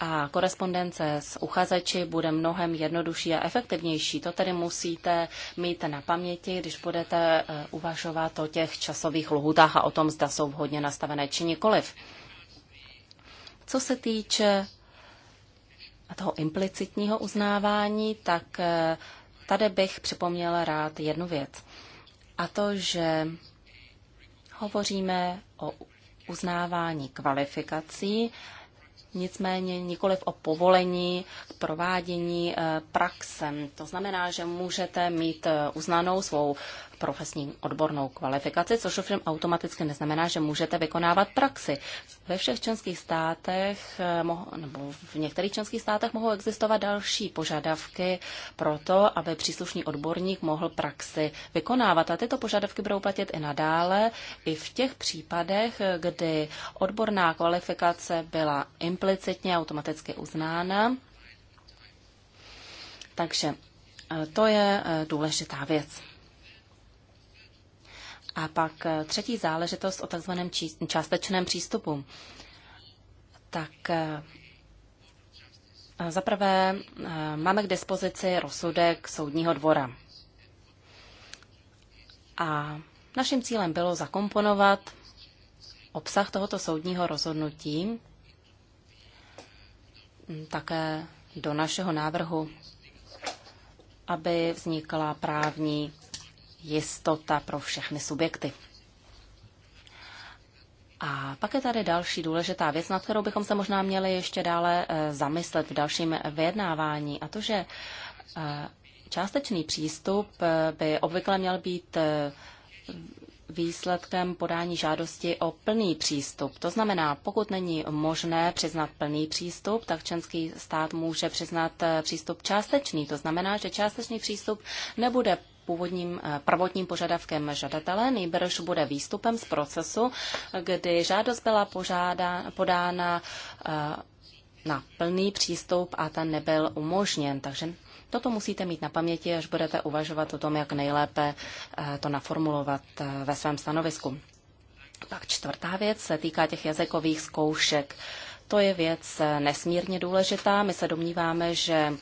a korespondence s uchazeči bude mnohem jednodušší a efektivnější. To tedy musíte mít na paměti, když budete eh, uvažovat o těch časových lhutách a o tom, zda jsou vhodně nastavené či nikoliv. Co se týče toho implicitního uznávání, tak eh, tady bych připomněla rád jednu věc. A to, že Hovoříme o uznávání kvalifikací, nicméně nikoliv o povolení k provádění eh, praxem. To znamená, že můžete mít eh, uznanou svou profesní odbornou kvalifikaci, což ovšem automaticky neznamená, že můžete vykonávat praxi. Ve všech členských státech, eh, nebo v některých členských státech mohou existovat další požadavky pro to, aby příslušný odborník mohl praxi vykonávat. A tyto požadavky budou platit i nadále, i v těch případech, kdy odborná kvalifikace byla implicitně automaticky uznána. Takže eh, to je eh, důležitá věc. A pak eh, třetí záležitost o takzvaném částečném přístupu. Tak eh, zaprvé eh, máme k dispozici rozsudek soudního dvora. A naším cílem bylo zakomponovat obsah tohoto soudního rozhodnutí také do našeho návrhu, aby vznikla právní jistota pro všechny subjekty. A pak je tady další důležitá věc, nad kterou bychom se možná měli ještě dále eh, zamyslet v dalším vyjednávání, a to, že eh, částečný přístup eh, by obvykle měl být výsledkem podání žádosti o plný přístup. To znamená, pokud není možné přiznat plný přístup, tak členský stát může přiznat přístup částečný. To znamená, že částečný přístup nebude původním eh, prvotním požadavkem žadatele, nejbrž bude výstupem z procesu, kdy žádost byla požáda, podána eh, na plný přístup a ten nebyl umožněn. Takže toto musíte mít na paměti, až budete uvažovat o tom, jak nejlépe eh, to naformulovat ve svém stanovisku. Pak čtvrtá věc se týká těch jazykových zkoušek. To je věc nesmírně důležitá. My se domníváme, že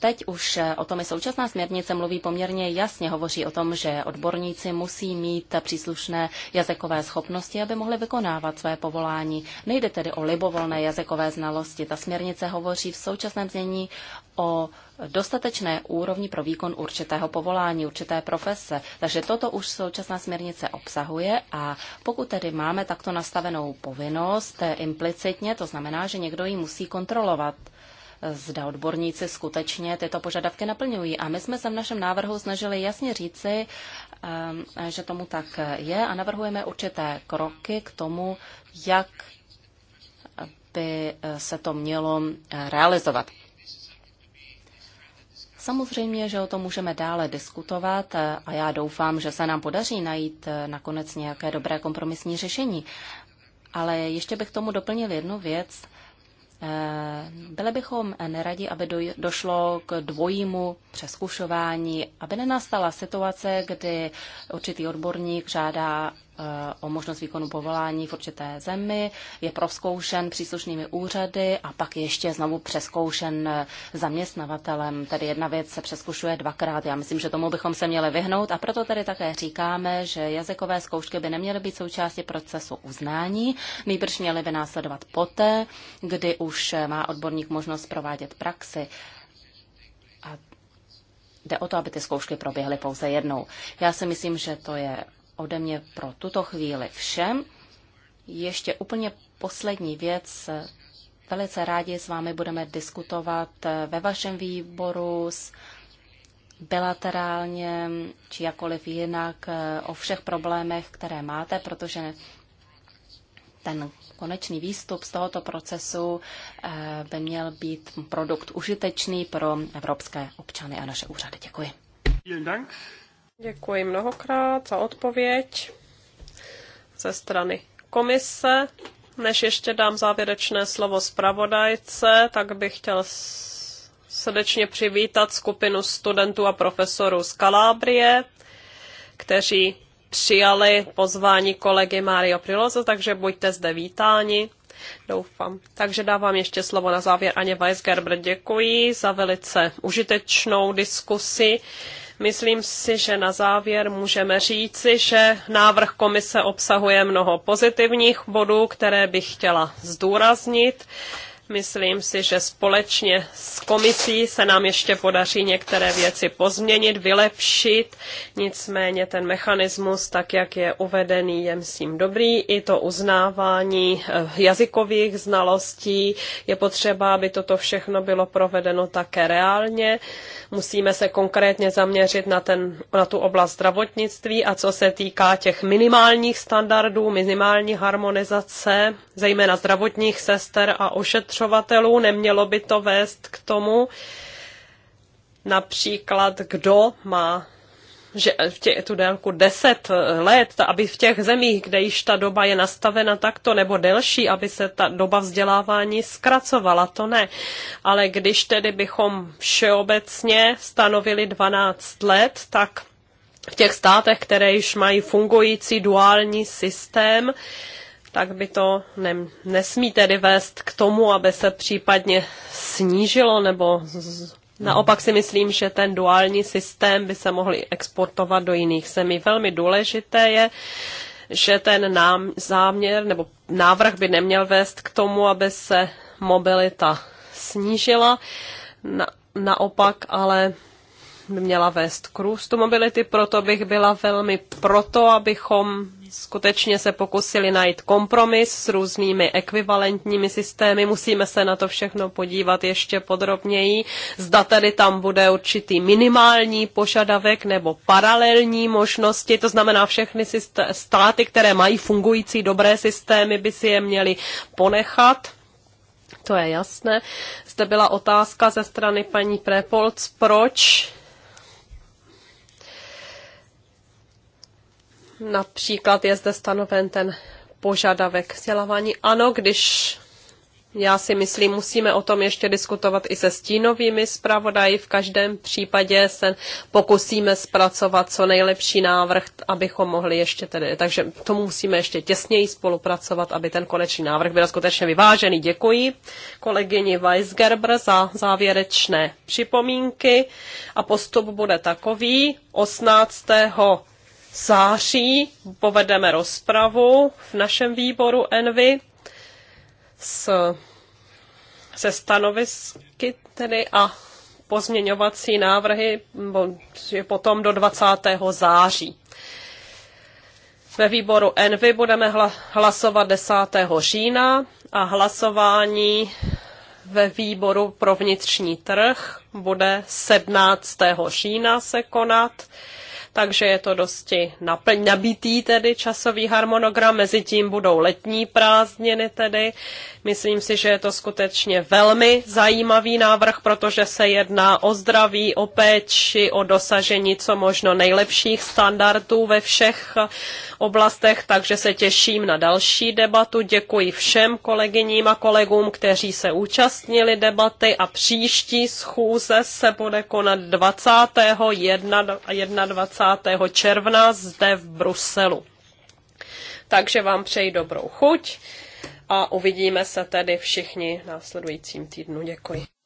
Teď už eh, o tom i současná směrnice mluví poměrně jasně. Hovoří o tom, že odborníci musí mít příslušné jazykové schopnosti, aby mohli vykonávat své povolání. Nejde tedy o libovolné jazykové znalosti. Ta směrnice hovoří v současném znění o dostatečné úrovni pro výkon určitého povolání, určité profese. Takže toto už současná směrnice obsahuje a pokud tedy máme takto nastavenou povinnost eh, implicitně, to znamená, že někdo ji musí kontrolovat zda odborníci skutečně tyto požadavky naplňují. A my jsme se v našem návrhu snažili jasně říci, eh, že tomu tak je a navrhujeme určité kroky k tomu, jak by eh, se to mělo eh, realizovat. Samozřejmě, že o tom můžeme dále diskutovat a já doufám, že se nám podaří najít nakonec nějaké dobré kompromisní řešení. Ale ještě bych tomu doplnil jednu věc, byli bychom neradi, aby došlo k dvojímu přeskušování, aby nenastala situace, kdy určitý odborník žádá o možnost výkonu povolání v určité zemi, je proskoušen příslušnými úřady a pak ještě znovu přeskoušen zaměstnavatelem. Tedy jedna věc se přeskušuje dvakrát. Já myslím, že tomu bychom se měli vyhnout a proto tedy také říkáme, že jazykové zkoušky by neměly být součástí procesu uznání, Nejprve měly by následovat poté, kdy už má odborník možnost provádět praxi. A jde o to, aby ty zkoušky proběhly pouze jednou. Já si myslím, že to je ode mě pro tuto chvíli všem. Ještě úplně poslední věc. Velice rádi s vámi budeme diskutovat ve vašem výboru s bilaterálně či jakoliv jinak o všech problémech, které máte, protože ten konečný výstup z tohoto procesu eh, by měl být produkt užitečný pro evropské občany a naše úřady. Děkuji. Děkuji mnohokrát za odpověď ze strany komise. Než ještě dám závěrečné slovo zpravodajce, tak bych chtěl srdečně přivítat skupinu studentů a profesorů z Kalábrie, kteří přijali pozvání kolegy Mario Priloze, takže buďte zde vítáni. Doufám. Takže dávám ještě slovo na závěr Aně Weisgerber. Děkuji za velice užitečnou diskusi. Myslím si, že na závěr můžeme říci, že návrh komise obsahuje mnoho pozitivních bodů, které bych chtěla zdůraznit. Myslím si, že společně s komisí se nám ještě podaří některé věci pozměnit, vylepšit. Nicméně ten mechanismus, tak jak je uvedený, je myslím dobrý. I to uznávání eh, jazykových znalostí je potřeba, aby toto všechno bylo provedeno také reálně. Musíme se konkrétně zaměřit na, ten, na tu oblast zdravotnictví a co se týká těch minimálních standardů, minimální harmonizace, zejména zdravotních sester a ošetřovatelů, nemělo by to vést k tomu, například kdo má že v tě, tu délku 10 let, aby v těch zemích, kde již ta doba je nastavena takto nebo delší, aby se ta doba vzdělávání zkracovala, to ne. Ale když tedy bychom všeobecně stanovili 12 let, tak v těch státech, které již mají fungující duální systém, tak by to ne, nesmí tedy vést k tomu, aby se případně snížilo nebo z, Naopak si myslím, že ten duální systém by se mohl exportovat do jiných zemí. Velmi důležité je, že ten nám, záměr nebo návrh by neměl vést k tomu, aby se mobilita snížila. Na, naopak ale měla vést k růstu mobility, proto bych byla velmi proto, abychom skutečně se pokusili najít kompromis s různými ekvivalentními systémy. Musíme se na to všechno podívat ještě podrobněji. Zda tedy tam bude určitý minimální požadavek nebo paralelní možnosti, to znamená všechny státy, které mají fungující dobré systémy, by si je měly ponechat to je jasné. Zde byla otázka ze strany paní Prepolc, proč Například je zde stanoven ten požadavek vzdělávání. Ano, když já si myslím, musíme o tom ještě diskutovat i se stínovými zpravodaji. V každém případě se pokusíme zpracovat co nejlepší návrh, abychom mohli ještě tedy. Takže tomu musíme ještě těsněji spolupracovat, aby ten konečný návrh byl skutečně vyvážený. Děkuji kolegyni Weisgerber za závěrečné připomínky a postup bude takový. 18 září povedeme rozpravu v našem výboru Envy s, se stanovisky tedy a pozměňovací návrhy je potom do 20. září. Ve výboru Envy budeme hlasovat 10. října a hlasování ve výboru pro vnitřní trh bude 17. října se konat takže je to dosti naplň, nabitý tedy časový harmonogram, mezi tím budou letní prázdniny tedy. Myslím si, že je to skutečně velmi zajímavý návrh, protože se jedná o zdraví, o péči, o dosažení co možno nejlepších standardů ve všech oblastech, takže se těším na další debatu. Děkuji všem kolegyním a kolegům, kteří se účastnili debaty a příští schůze se bude konat 20. 21. 20. června zde v Bruselu. Takže vám přeji dobrou chuť a uvidíme se tedy všichni v následujícím týdnu. Děkuji.